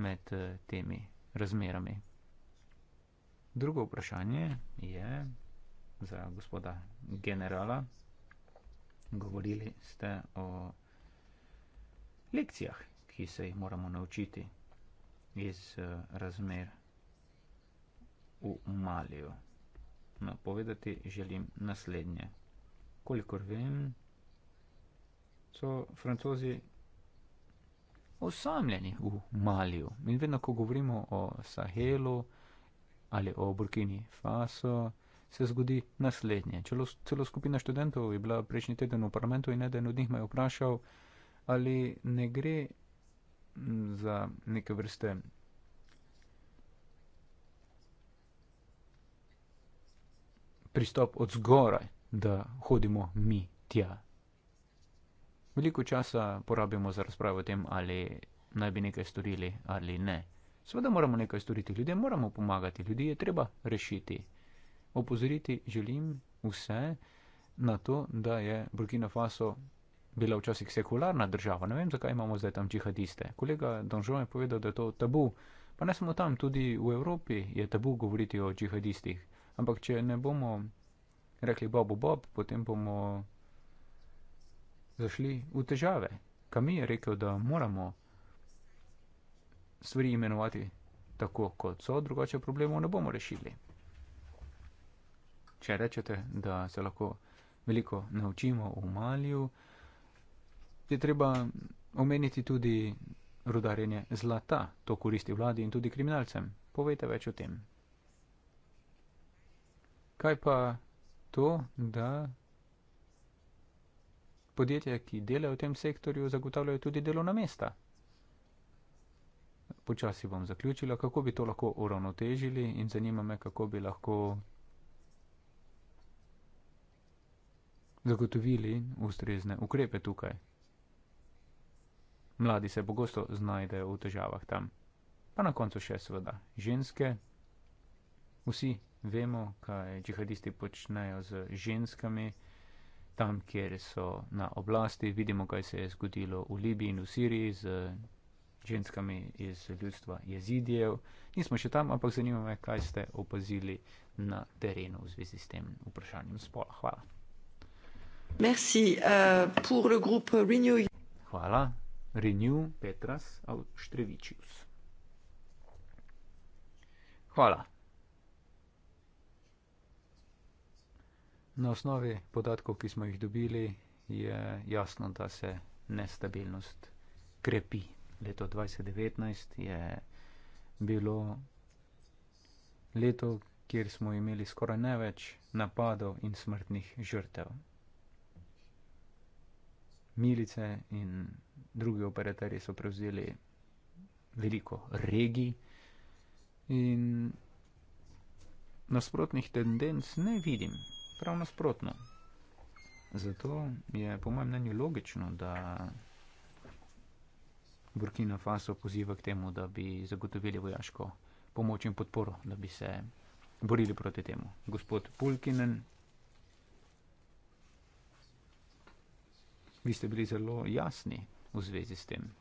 med eh, temi razmerami? Drugo vprašanje je za gospoda generala. Govorili ste o lekcijah, ki se jih moramo naučiti iz eh, razmer v Maliju no, povedati želim naslednje. Kolikor vem, so francozi osamljeni v Maliju. In vedno, ko govorimo o Sahelu ali o Burkini Faso, se zgodi naslednje. Čelo, celo skupina študentov je bila prejšnji teden v parlamentu in eden od njih me je vprašal, ali ne gre za neke vrste pristop od zgoraj, da hodimo mi tja. Veliko časa porabimo za razpravo o tem, ali naj bi nekaj storili ali ne. Seveda moramo nekaj storiti, ljudje moramo pomagati, ljudi je treba rešiti. Opozoriti želim vse na to, da je Burkina Faso bila včasih sekularna država. Ne vem, zakaj imamo zdaj tam džihadiste. Kolega Donžon je povedal, da je to tabu. Pa ne samo tam, tudi v Evropi je tabu govoriti o džihadistih. Ampak, če ne bomo rekli Bob, Bob, potem bomo zašli v težave. Kami je rekel, da moramo stvari imenovati tako, kot so, drugače problemov ne bomo rešili. Če rečete, da se lahko veliko naučimo v Malju, je treba omeniti tudi rudarjenje zlata, to koristi vladi in tudi kriminalcem. Povejte več o tem. Kaj pa to, da podjetja, ki delajo v tem sektorju, zagotavljajo tudi delovna mesta? Počasi bom zaključila, kako bi to lahko uravnotežili in zanima me, kako bi lahko zagotovili ustrezne ukrepe tukaj. Mladi se pogosto znajdejo v težavah tam. Pa na koncu še seveda ženske, vsi Vemo, kaj džihadisti počnejo z ženskami tam, kjer so na oblasti. Vidimo, kaj se je zgodilo v Libiji in v Siriji z ženskami iz ljudstva jezidijev. Nismo še tam, ampak zanima me, kaj ste opazili na terenu v zvezi s tem vprašanjem spola. Hvala. Merci, uh, Renew. Hvala. Renew Petras Avštrevičius. Hvala. Na osnovi podatkov, ki smo jih dobili, je jasno, da se nestabilnost krepi. Leto 2019 je bilo leto, kjer smo imeli skoraj največ napadov in smrtnih žrtev. Milice in drugi operaterji so prevzeli veliko regij in nasprotnih tendenc ne vidim prav nasprotno. Zato je po mojem mnenju logično, da Burkina Faso poziva k temu, da bi zagotovili vojaško pomoč in podporo, da bi se borili proti temu. Gospod Pulkinen, vi ste bili zelo jasni v zvezi s tem.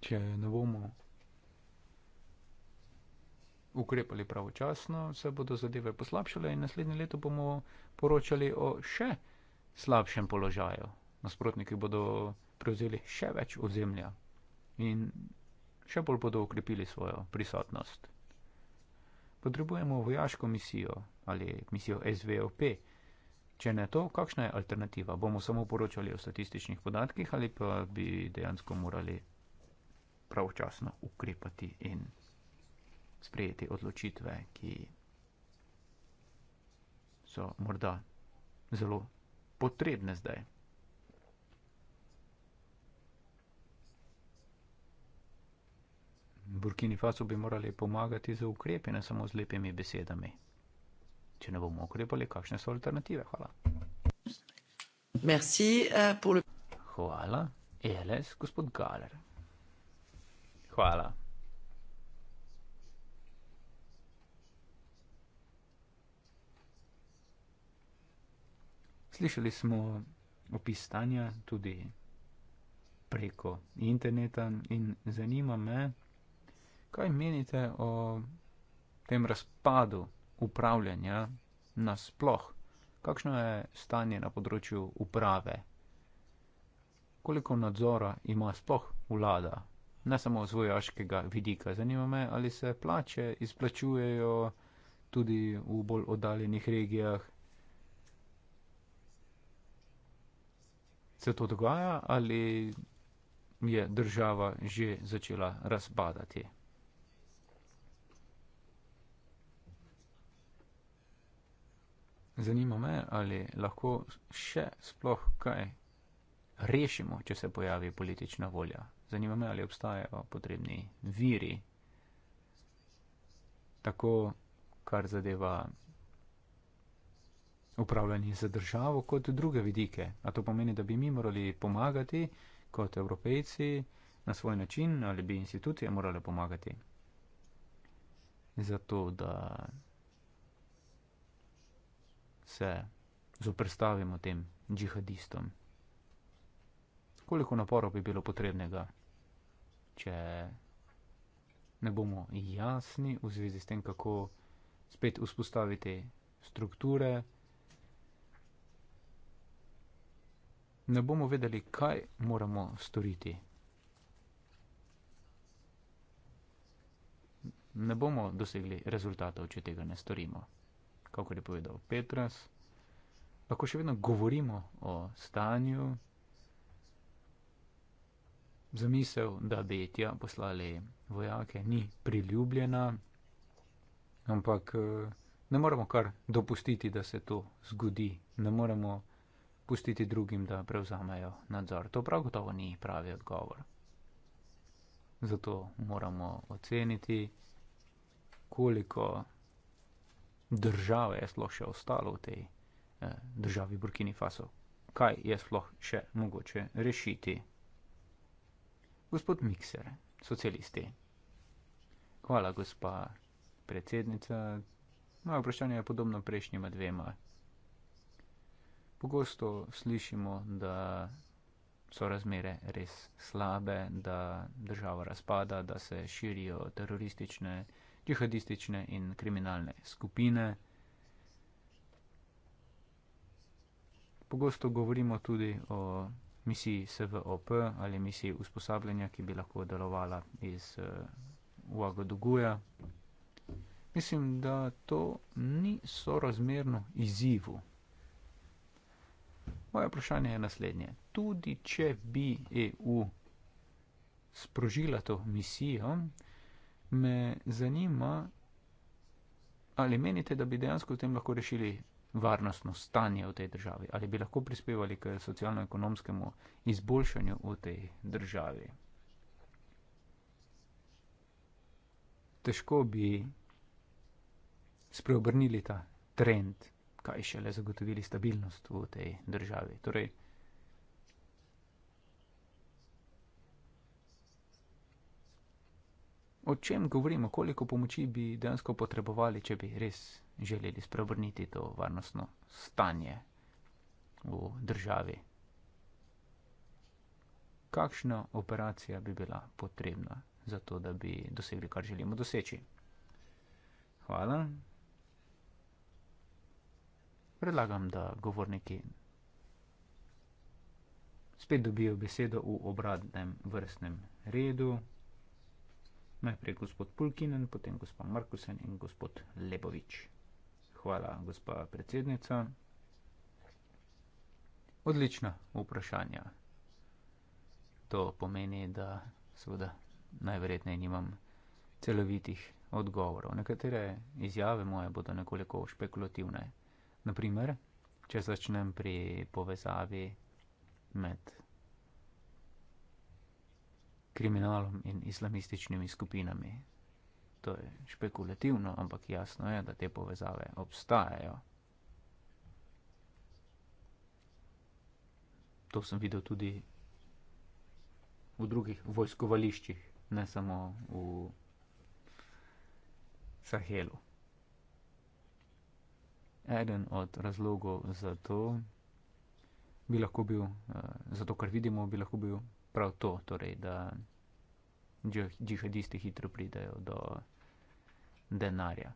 Če ne bomo ukrepali pravočasno, se bodo zadeve poslabšale in naslednje leto bomo poročali o še slabšem položaju. Nasprotniki bodo prevzeli še več ozemlja in še bolj bodo ukrepili svojo prisotnost. Potrebujemo vojaško misijo ali misijo SVOP. Če ne to, kakšna je alternativa? Bomo samo poročali o statističnih podatkih ali pa bi dejansko morali pravočasno ukrepati in sprejeti odločitve, ki so morda zelo potrebne zdaj. Burkini Faso bi morali pomagati za ukrepe, ne samo z lepimi besedami. Če ne bomo ukrepali, kakšne so alternative? Hvala. Merci, uh, Hvala, Eles, gospod Galer. Hvala. Slišali smo opis stanja tudi preko interneta in zanima me, kaj menite o tem razpadu upravljanja nasploh. Kakšno je stanje na področju uprave? Koliko nadzora ima sploh vlada? Ne samo z vojaškega vidika. Zanima me, ali se plače izplačujejo tudi v bolj oddaljenih regijah, se to dogaja ali je država že začela razpadati. Zanima me, ali lahko še sploh kaj rešimo, če se pojavi politična volja. Zanima me, ali obstajajo potrebni viri, tako kar zadeva upravljanje za državo kot druge vidike. A to pomeni, da bi mi morali pomagati kot evropejci na svoj način ali bi institucije morale pomagati za to, da se zoprstavimo tem džihadistom. Koliko naporov bi bilo potrebnega, če ne bomo jasni v zvezi s tem, kako spet vzpostaviti strukture, ne bomo vedeli, kaj moramo storiti. Ne bomo dosegli rezultatov, če tega ne storimo. Kako je povedal Petras, lahko še vedno govorimo o stanju, zamisel, da bi tja poslali vojake, ni priljubljena, ampak eh, ne moramo kar dopustiti, da se to zgodi. Ne moramo pustiti drugim, da prevzamejo nadzor. To prav gotovo ni pravi odgovor. Zato moramo oceniti, koliko države je sploh še ostalo v tej eh, državi Burkini Faso, kaj je sploh še mogoče rešiti. Gospod Mikser, socialisti. Hvala, gospa predsednica. Moje vprašanje je podobno prejšnjima dvema pogosto slišimo, da so razmere res slabe, da država razpada, da se širijo teroristične, džihadistične in kriminalne skupine. Pogosto govorimo tudi o misiji SVOP ali misiji usposabljanja, ki bi lahko delovala iz uh, eh, Uagaduguja. Mislim, da to ni sorazmerno izzivu. Moje vprašanje je naslednje. Tudi če bi EU sprožila to misijo, me zanima, ali menite, da bi dejansko v tem lahko rešili varnostno stanje v tej državi, ali bi lahko prispevali k socialno-ekonomskemu izboljšanju v tej državi. Težko bi spreobrnili ta trend kaj še le zagotovili stabilnost v tej državi. Torej, o čem govorimo, koliko pomoči bi dejansko potrebovali, če bi res želeli spremeniti to varnostno stanje v državi? Kakšna operacija bi bila potrebna za to, da bi dosegli, kar želimo doseči? Hvala predlagam, da govorniki spet dobijo besedo v obradnem vrstnem redu. Najprej gospod Pulkinen, potem gospod Markusen in gospod Lebovič. Hvala, gospa predsednica. Odlična vprašanja. To pomeni, da seveda najverjetneje nimam celovitih odgovorov. Nekatere izjave moje bodo nekoliko špekulativne. Naprimer, če začnem pri povezavi med kriminalom in islamističnimi skupinami. To je špekulativno, ampak jasno je, da te povezave obstajajo. To sem videl tudi v drugih vojskovališčih, ne samo v Sahelu. Eden od razlogov za to bi lahko bil, eh, zato kar vidimo, bi lahko bil prav to, torej, da džihadisti hitro pridajo do denarja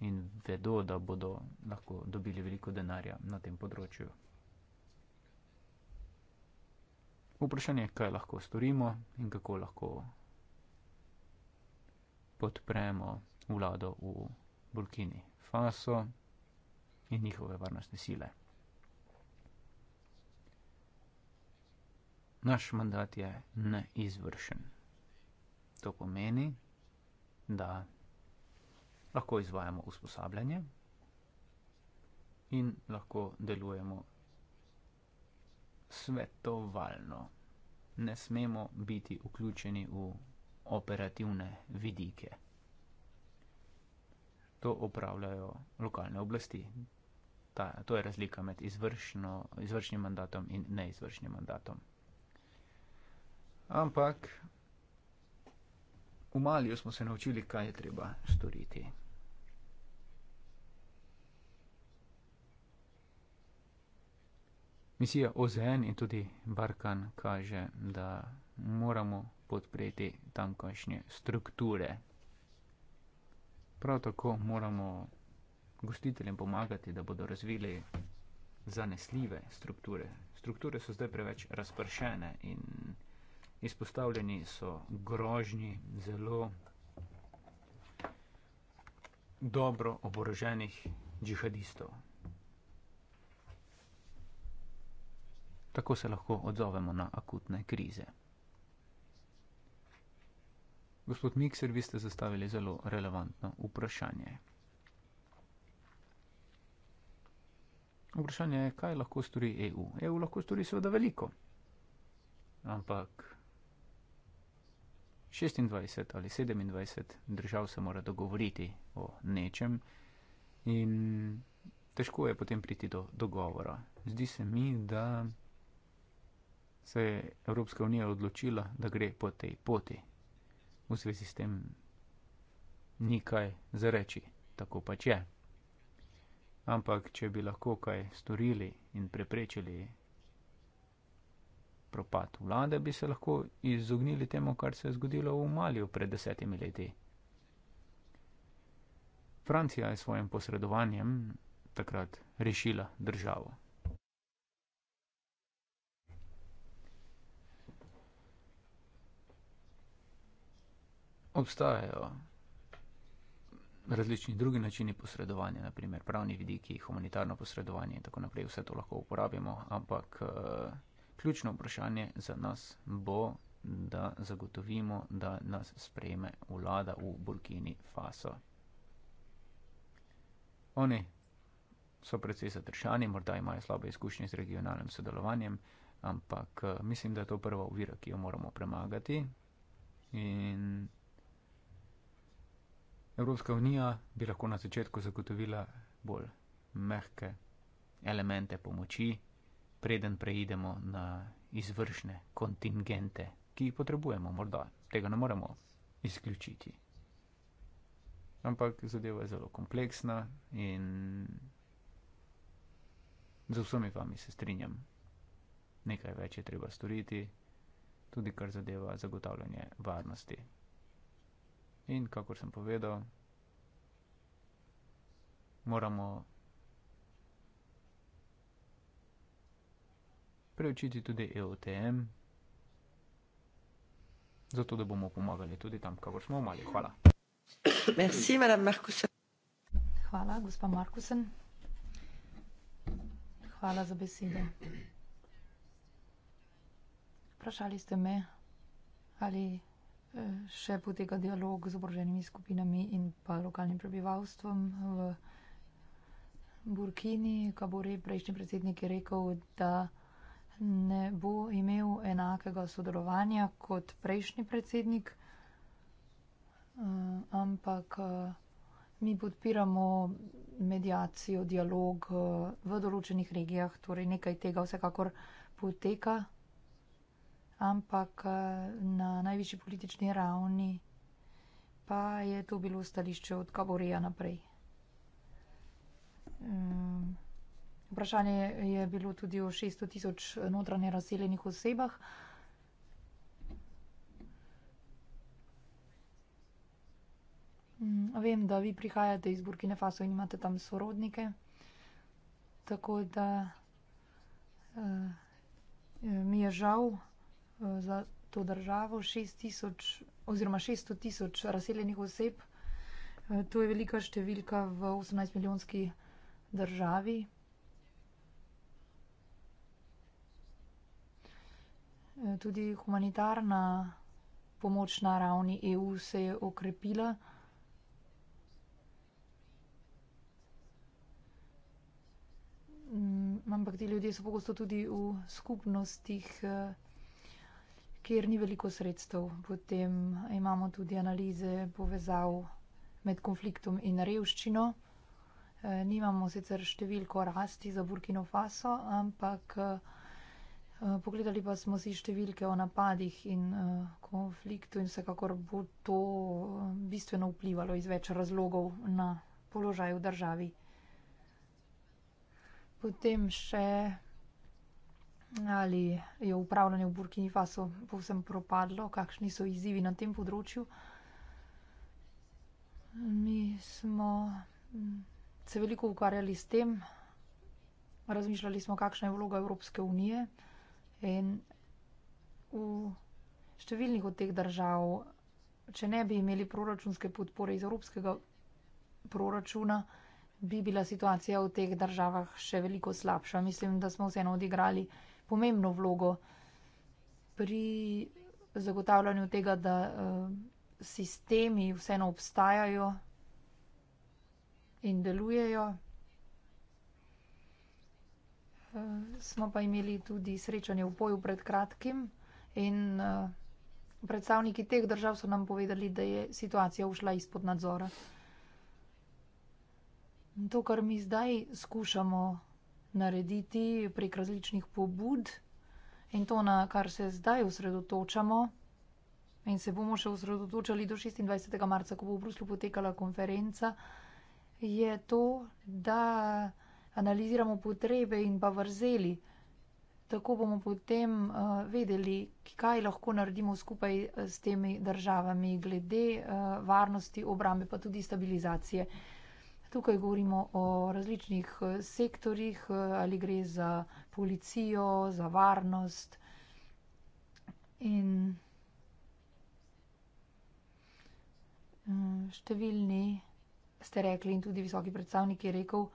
in vedo, da bodo lahko dobili veliko denarja na tem področju. Vprašanje je, kaj lahko storimo in kako lahko podpremo vlado v Burkini Faso in njihove varnostne sile. Naš mandat je neizvršen. To pomeni, da lahko izvajamo usposabljanje in lahko delujemo svetovalno. Ne smemo biti vključeni v operativne vidike. To opravljajo lokalne oblasti, ta, to je razlika med izvršno, izvršnim mandatom in neizvršnim mandatom. Ampak v Maliju smo se naučili, kaj je treba storiti. Misija OZN in tudi Barkan kaže, da moramo podpreti tamkajšnje strukture. Prav tako moramo gostiteljem pomagati, da bodo razvili zanesljive strukture. Strukture so zdaj preveč razpršene in izpostavljeni so grožnji zelo dobro oboroženih džihadistov. Tako se lahko odzovemo na akutne krize. Gospod Mikser, vi ste zastavili zelo relevantno vprašanje. Vprašanje je, kaj lahko stori EU. EU lahko stori seveda veliko, ampak 26 ali 27 držav se mora dogovoriti o nečem in težko je potem priti do dogovora. Zdi se mi, da se je Evropska unija odločila, da gre po tej poti. V zvezi s tem ni kaj zareči, tako pač je ampak če bi lahko kaj storili in preprečili propad vlade, bi se lahko izognili temu, kar se je zgodilo v Maliju pred desetimi leti. Francija je svojim posredovanjem takrat rešila državo. Obstajajo različni drugi načini posredovanja, naprimer pravni vidiki, humanitarno posredovanje in tako naprej, vse to lahko uporabimo, ampak eh, ključno vprašanje za nas bo, da zagotovimo, da nas sprejme vlada v Burkini Faso. Oni so precej zadržani, morda imajo slabe izkušnje z regionalnim sodelovanjem, ampak eh, mislim, da je to prva uvira, ki jo moramo premagati. In Evropska unija bi lahko na začetku zagotovila bolj mehke elemente pomoči, preden preidemo na izvršne kontingente, ki jih potrebujemo, morda tega ne moremo izključiti. Ampak zadeva je zelo kompleksna in z vsemi vami se strinjam. Nekaj več je treba storiti, tudi kar zadeva zagotavljanje varnosti. In kakor sem povedal, moramo preučiti tudi EOTM, zato da bomo pomagali tudi tam, kakor smo mali. Hvala. Merci, madame Markussen. Hvala, gospa Markussen. Hvala za besedo. Vprašali ste me, ali še poteka dialog z oboroženimi skupinami in pa lokalnim prebivalstvom v Burkini. Kabore, prejšnji predsednik je rekel, da ne bo imel enakega sodelovanja kot prejšnji predsednik, eh, ampak eh, mi podpiramo medijacijo, dialog eh, v določenih regijah, torej nekaj tega vsekakor poteka ampak eh, na najvišji politični ravni pa je to bilo stališče od Kaborija naprej. Mm, vprašanje je bilo tudi o 600 tisoč notranje razseljenih osebah. Mm, vem, da vi prihajate iz Burkine Faso in imate tam sorodnike, tako da uh, mi je žal. Eh, za to državo, 6 tisoč oziroma 600 tisoč razseljenih oseb. Eh, to je velika številka v 18-milijonski državi. Eh, tudi humanitarna pomoč na ravni EU se je okrepila. Mm, ampak ti ljudje so pogosto tudi v skupnostih kjer ni veliko sredstev. Potem imamo tudi analize povezav med konfliktom in revščino. Eh, nimamo sicer številko rasti za Burkino Faso, ampak eh, pogledali pa smo si številke o napadih in eh, konfliktu in vsekakor bo to bistveno vplivalo iz več razlogov na položaj v državi. Potem še ali je upravljanje v Burkini Faso povsem propadlo, kakšni so izzivi na tem področju. Mi smo mm, se veliko ukvarjali s tem, razmišljali smo, kakšna je vloga Evropske unije in v številnih od teh držav, če ne bi imeli proračunske podpore iz evropskega proračuna, bi bila situacija v teh državah še veliko slabša. Mislim, da smo vseeno odigrali pomembno vlogo pri zagotavljanju tega, da eh, sistemi vseeno obstajajo in delujejo. Eh, smo pa imeli tudi srečanje v boju pred kratkim in eh, predstavniki teh držav so nam povedali, da je situacija ušla izpod nadzora. To, kar mi zdaj skušamo narediti prek različnih pobud in to, na kar se zdaj osredotočamo. In se bomo še osredotočali do 26. marca, ko bo v Bruslu potekala konferenca, je to, da analiziramo potrebe in pa vrzeli. Tako bomo potem uh, vedeli, kaj lahko naredimo skupaj eh, s temi državami glede uh, varnosti, obrambe pa tudi stabilizacije. Uh, Tukaj govorimo o različnih eh, sektorjih, eh, ali gre za policijo, za varnost. In mm, številni ste rekli, in tudi visoki predstavnik je rekel,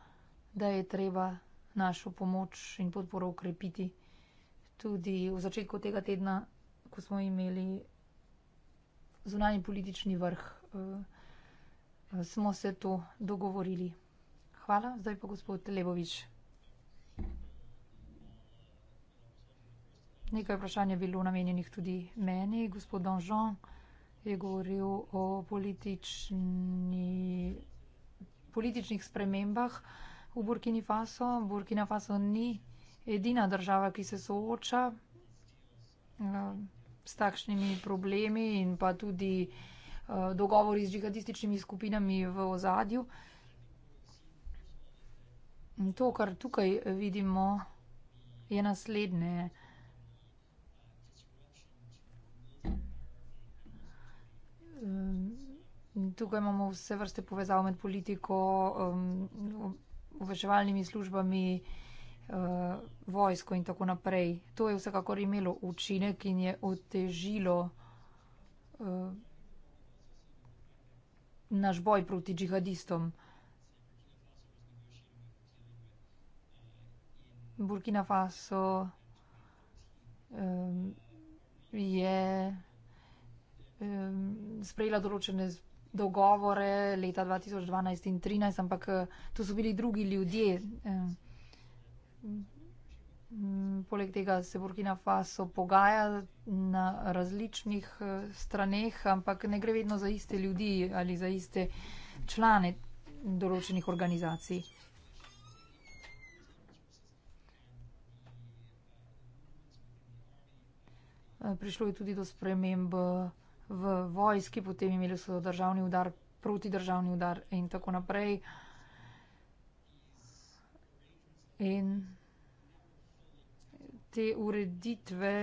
da je treba našo pomoč in podporo ukrepiti. Tudi v začetku tega tedna, ko smo imeli zunanji politični vrh. Eh, smo se to dogovorili. Hvala, zdaj pa gospod Lebovič. Nekaj vprašanj je bilo namenjenih tudi meni. Gospod Donžon je govoril o politični, političnih spremembah v Burkini Faso. Burkina Faso ni edina država, ki se sooča eh, s takšnimi problemi in pa tudi uh, Eh, dogovori z džihadističnimi skupinami v ozadju. In to, kar tukaj vidimo, je naslednje. Ehm, tukaj imamo vse vrste povezav med politiko, ehm, obveševalnimi službami, eh, vojsko in tako naprej. To je vsekakor imelo učinek in je otežilo eh, naš boj proti džihadistom. Burkina Faso je sprejela določene dogovore leta 2012 in 2013, ampak eh, to so bili drugi ljudje. Mm, poleg tega se Burkina Faso pogaja na različnih eh, straneh, ampak ne gre vedno za iste ljudi ali za iste člane določenih organizacij. Eh, prišlo je tudi do sprememb eh, v vojski, potem imeli so državni udar, protidržavni udar in tako naprej. In te ureditve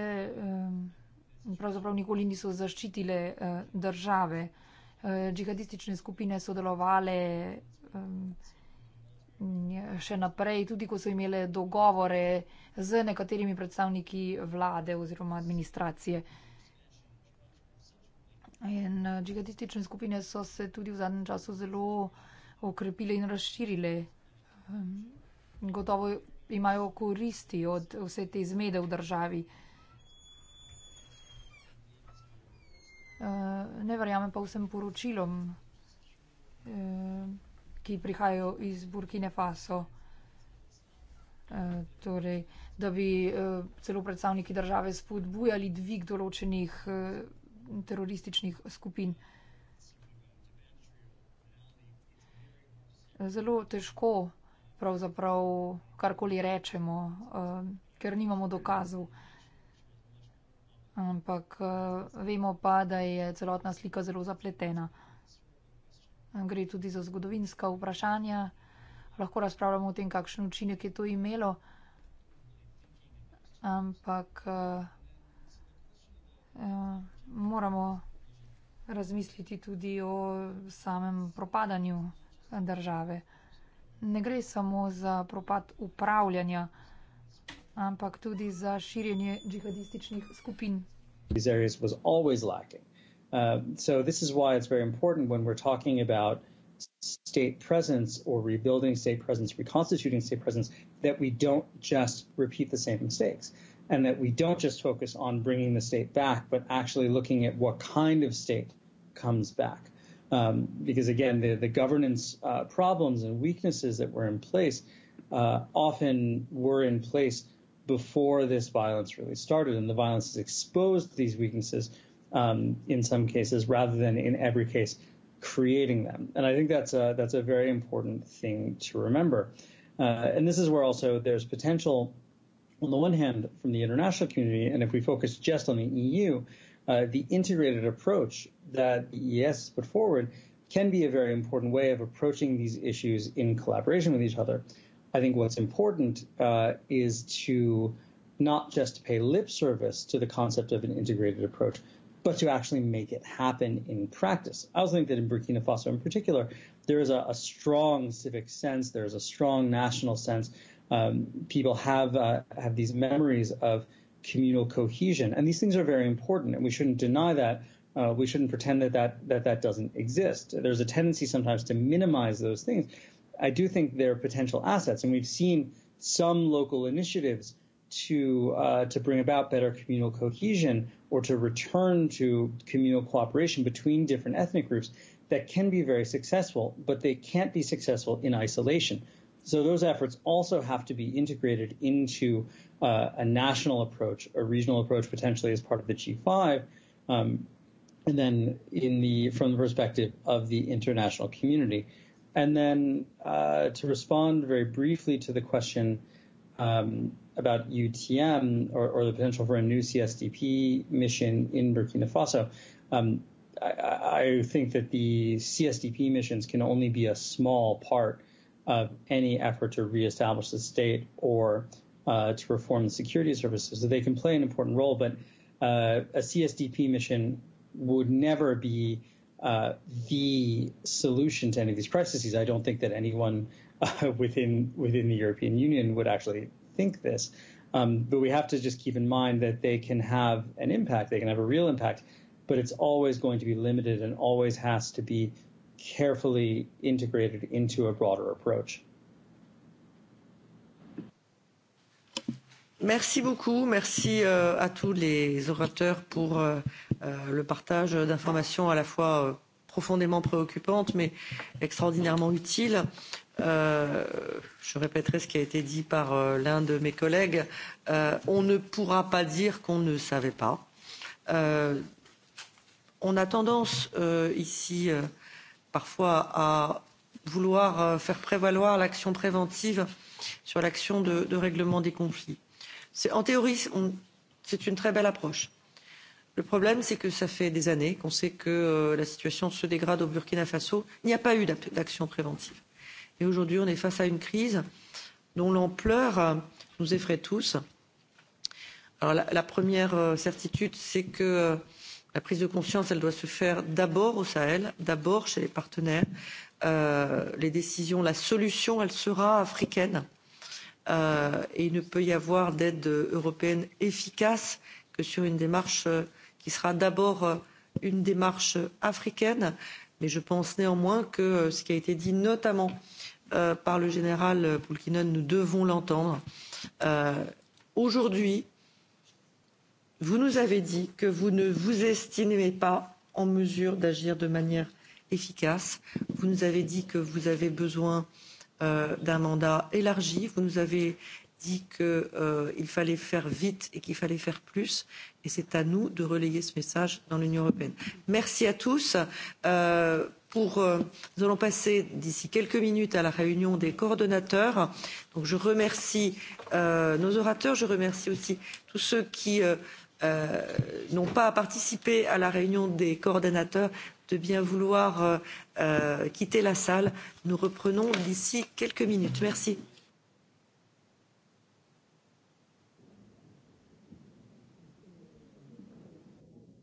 pravzaprav nikoli niso zaščitile eh, države. Eh, džihadistične skupine so delovale še naprej, tudi ko so imele dogovore z nekaterimi predstavniki vlade oziroma administracije. In eh, džihadistične skupine so se tudi v zadnjem času zelo okrepile in razširile. Gotovo imajo koristi od vse te zmede v državi. Eh, ne verjamem pa vsem poročilom, eh, ki prihajajo iz Burkine Faso. Eh, torej, da bi celo predstavniki države spodbujali dvig določenih terorističnih skupin. Zelo težko je pravzaprav karkoli rečemo, uh, ker nimamo dokazov. Ampak uh, vemo pa, da je celotna slika zelo zapletena. Gre tudi za zgodovinska vprašanja, lahko razpravljamo o tem, kakšen učinek je to imelo. Ampak uh, uh, moramo razmisliti tudi o samem propadanju države ne gre samo za propad upravljanja, ampak tudi za širjenje džihadističnih skupin. Uh, so this is why it's very important when we're talking about state presence or rebuilding state presence, reconstituting state presence, that we don't just repeat the same mistakes and that we don't just focus on bringing the state back, but actually looking at what kind of state comes back um, because again, the, the governance uh, problems and weaknesses that were in place uh, often were in place before this violence really started, and the violence has exposed these weaknesses um, in some cases rather than in every case creating them. And I think that's a, that's a very important thing to remember. Uh, and this is where also there's potential, on the one hand, from the international community, and if we focus just on the EU, uh, Uh, the integrated approach that the ES put forward can be a very important way of approaching these issues in collaboration with each other. I think what's important uh, is to not just pay lip service to the concept of an integrated approach, but to actually make it happen in practice. I also think that in Burkina Faso in particular, there is a, a strong civic sense, there is a strong national sense. Um, people have uh, have these memories of uh, communal cohesion. And these things are very important, and we shouldn't deny that. Uh, we shouldn't pretend that that, that that doesn't exist. There's a tendency sometimes to minimize those things. I do think they're potential assets, and we've seen some local initiatives to uh, to bring about better communal cohesion or to return to communal cooperation between different ethnic groups that can be very successful, but they can't be successful in isolation. So those efforts also have to be integrated into uh, a national approach, a regional approach, potentially as part of the G5, um, and then in the from the perspective of the international community, and then uh, to respond very briefly to the question um, about UTM or, or the potential for a new CSDP mission in Burkina Faso. Um, I think that the CSDP missions can only be a small part of any effort to reestablish the state or uh, to reform the security services. So they can play an important role, but uh, a CSDP mission would never be uh, the solution to any of these crises. I don't think that anyone uh, within within the European Union would actually think this. Um, but we have to just keep in mind that they can have an impact. They can have a real impact, but it's always going to be limited and always has to be carefully integrated into a broader approach. Merci beaucoup, merci euh, à tous les orateurs pour euh, euh, le partage d'informations à la fois profondément préoccupantes mais extraordinairement utiles. Je répéterai ce qui a été dit par l'un de mes collègues. On ne pourra pas dire qu'on ne savait pas. On a tendance ici parfois à vouloir faire prévaloir l'action préventive sur l'action de règlement des conflits. C'est, en théorie, on, c'est une très belle approche. Le problème, c'est que ça fait des années qu'on sait que euh, la situation se dégrade au Burkina Faso. Il n'y a pas eu d'action préventive. Et aujourd'hui, on est face à une crise dont l'ampleur euh, nous effraie tous. Alors, la, la première euh, certitude, c'est que euh, la prise de conscience, elle doit se faire d'abord au Sahel, d'abord chez les partenaires. Euh, les décisions, la solution, elle sera africaine. Euh, euh, et il ne peut y avoir d'aide européenne efficace que sur une démarche euh, qui sera d'abord euh, une démarche africaine. Mais je pense néanmoins que euh, ce qui a été dit notamment euh, par le général Poulkinen, nous devons l'entendre. Euh, Aujourd'hui, vous nous avez dit que vous ne vous estimez pas en mesure d'agir de manière efficace. Vous nous avez dit que vous avez besoin euh, Euh, d'un mandat élargi. Vous nous avez dit qu'il euh, fallait faire vite et qu'il fallait faire plus. Et c'est à nous de relayer ce message dans l'Union européenne. Merci à tous. Euh, pour, euh, nous allons passer d'ici quelques minutes à la réunion des coordonnateurs. Donc, je remercie euh, nos orateurs. Je remercie aussi tous ceux qui. Euh, euh, n'ont pas participé à la réunion des coordonnateurs de bien vouloir euh, euh, quitter la salle. Nous reprenons d'ici quelques minutes. Merci.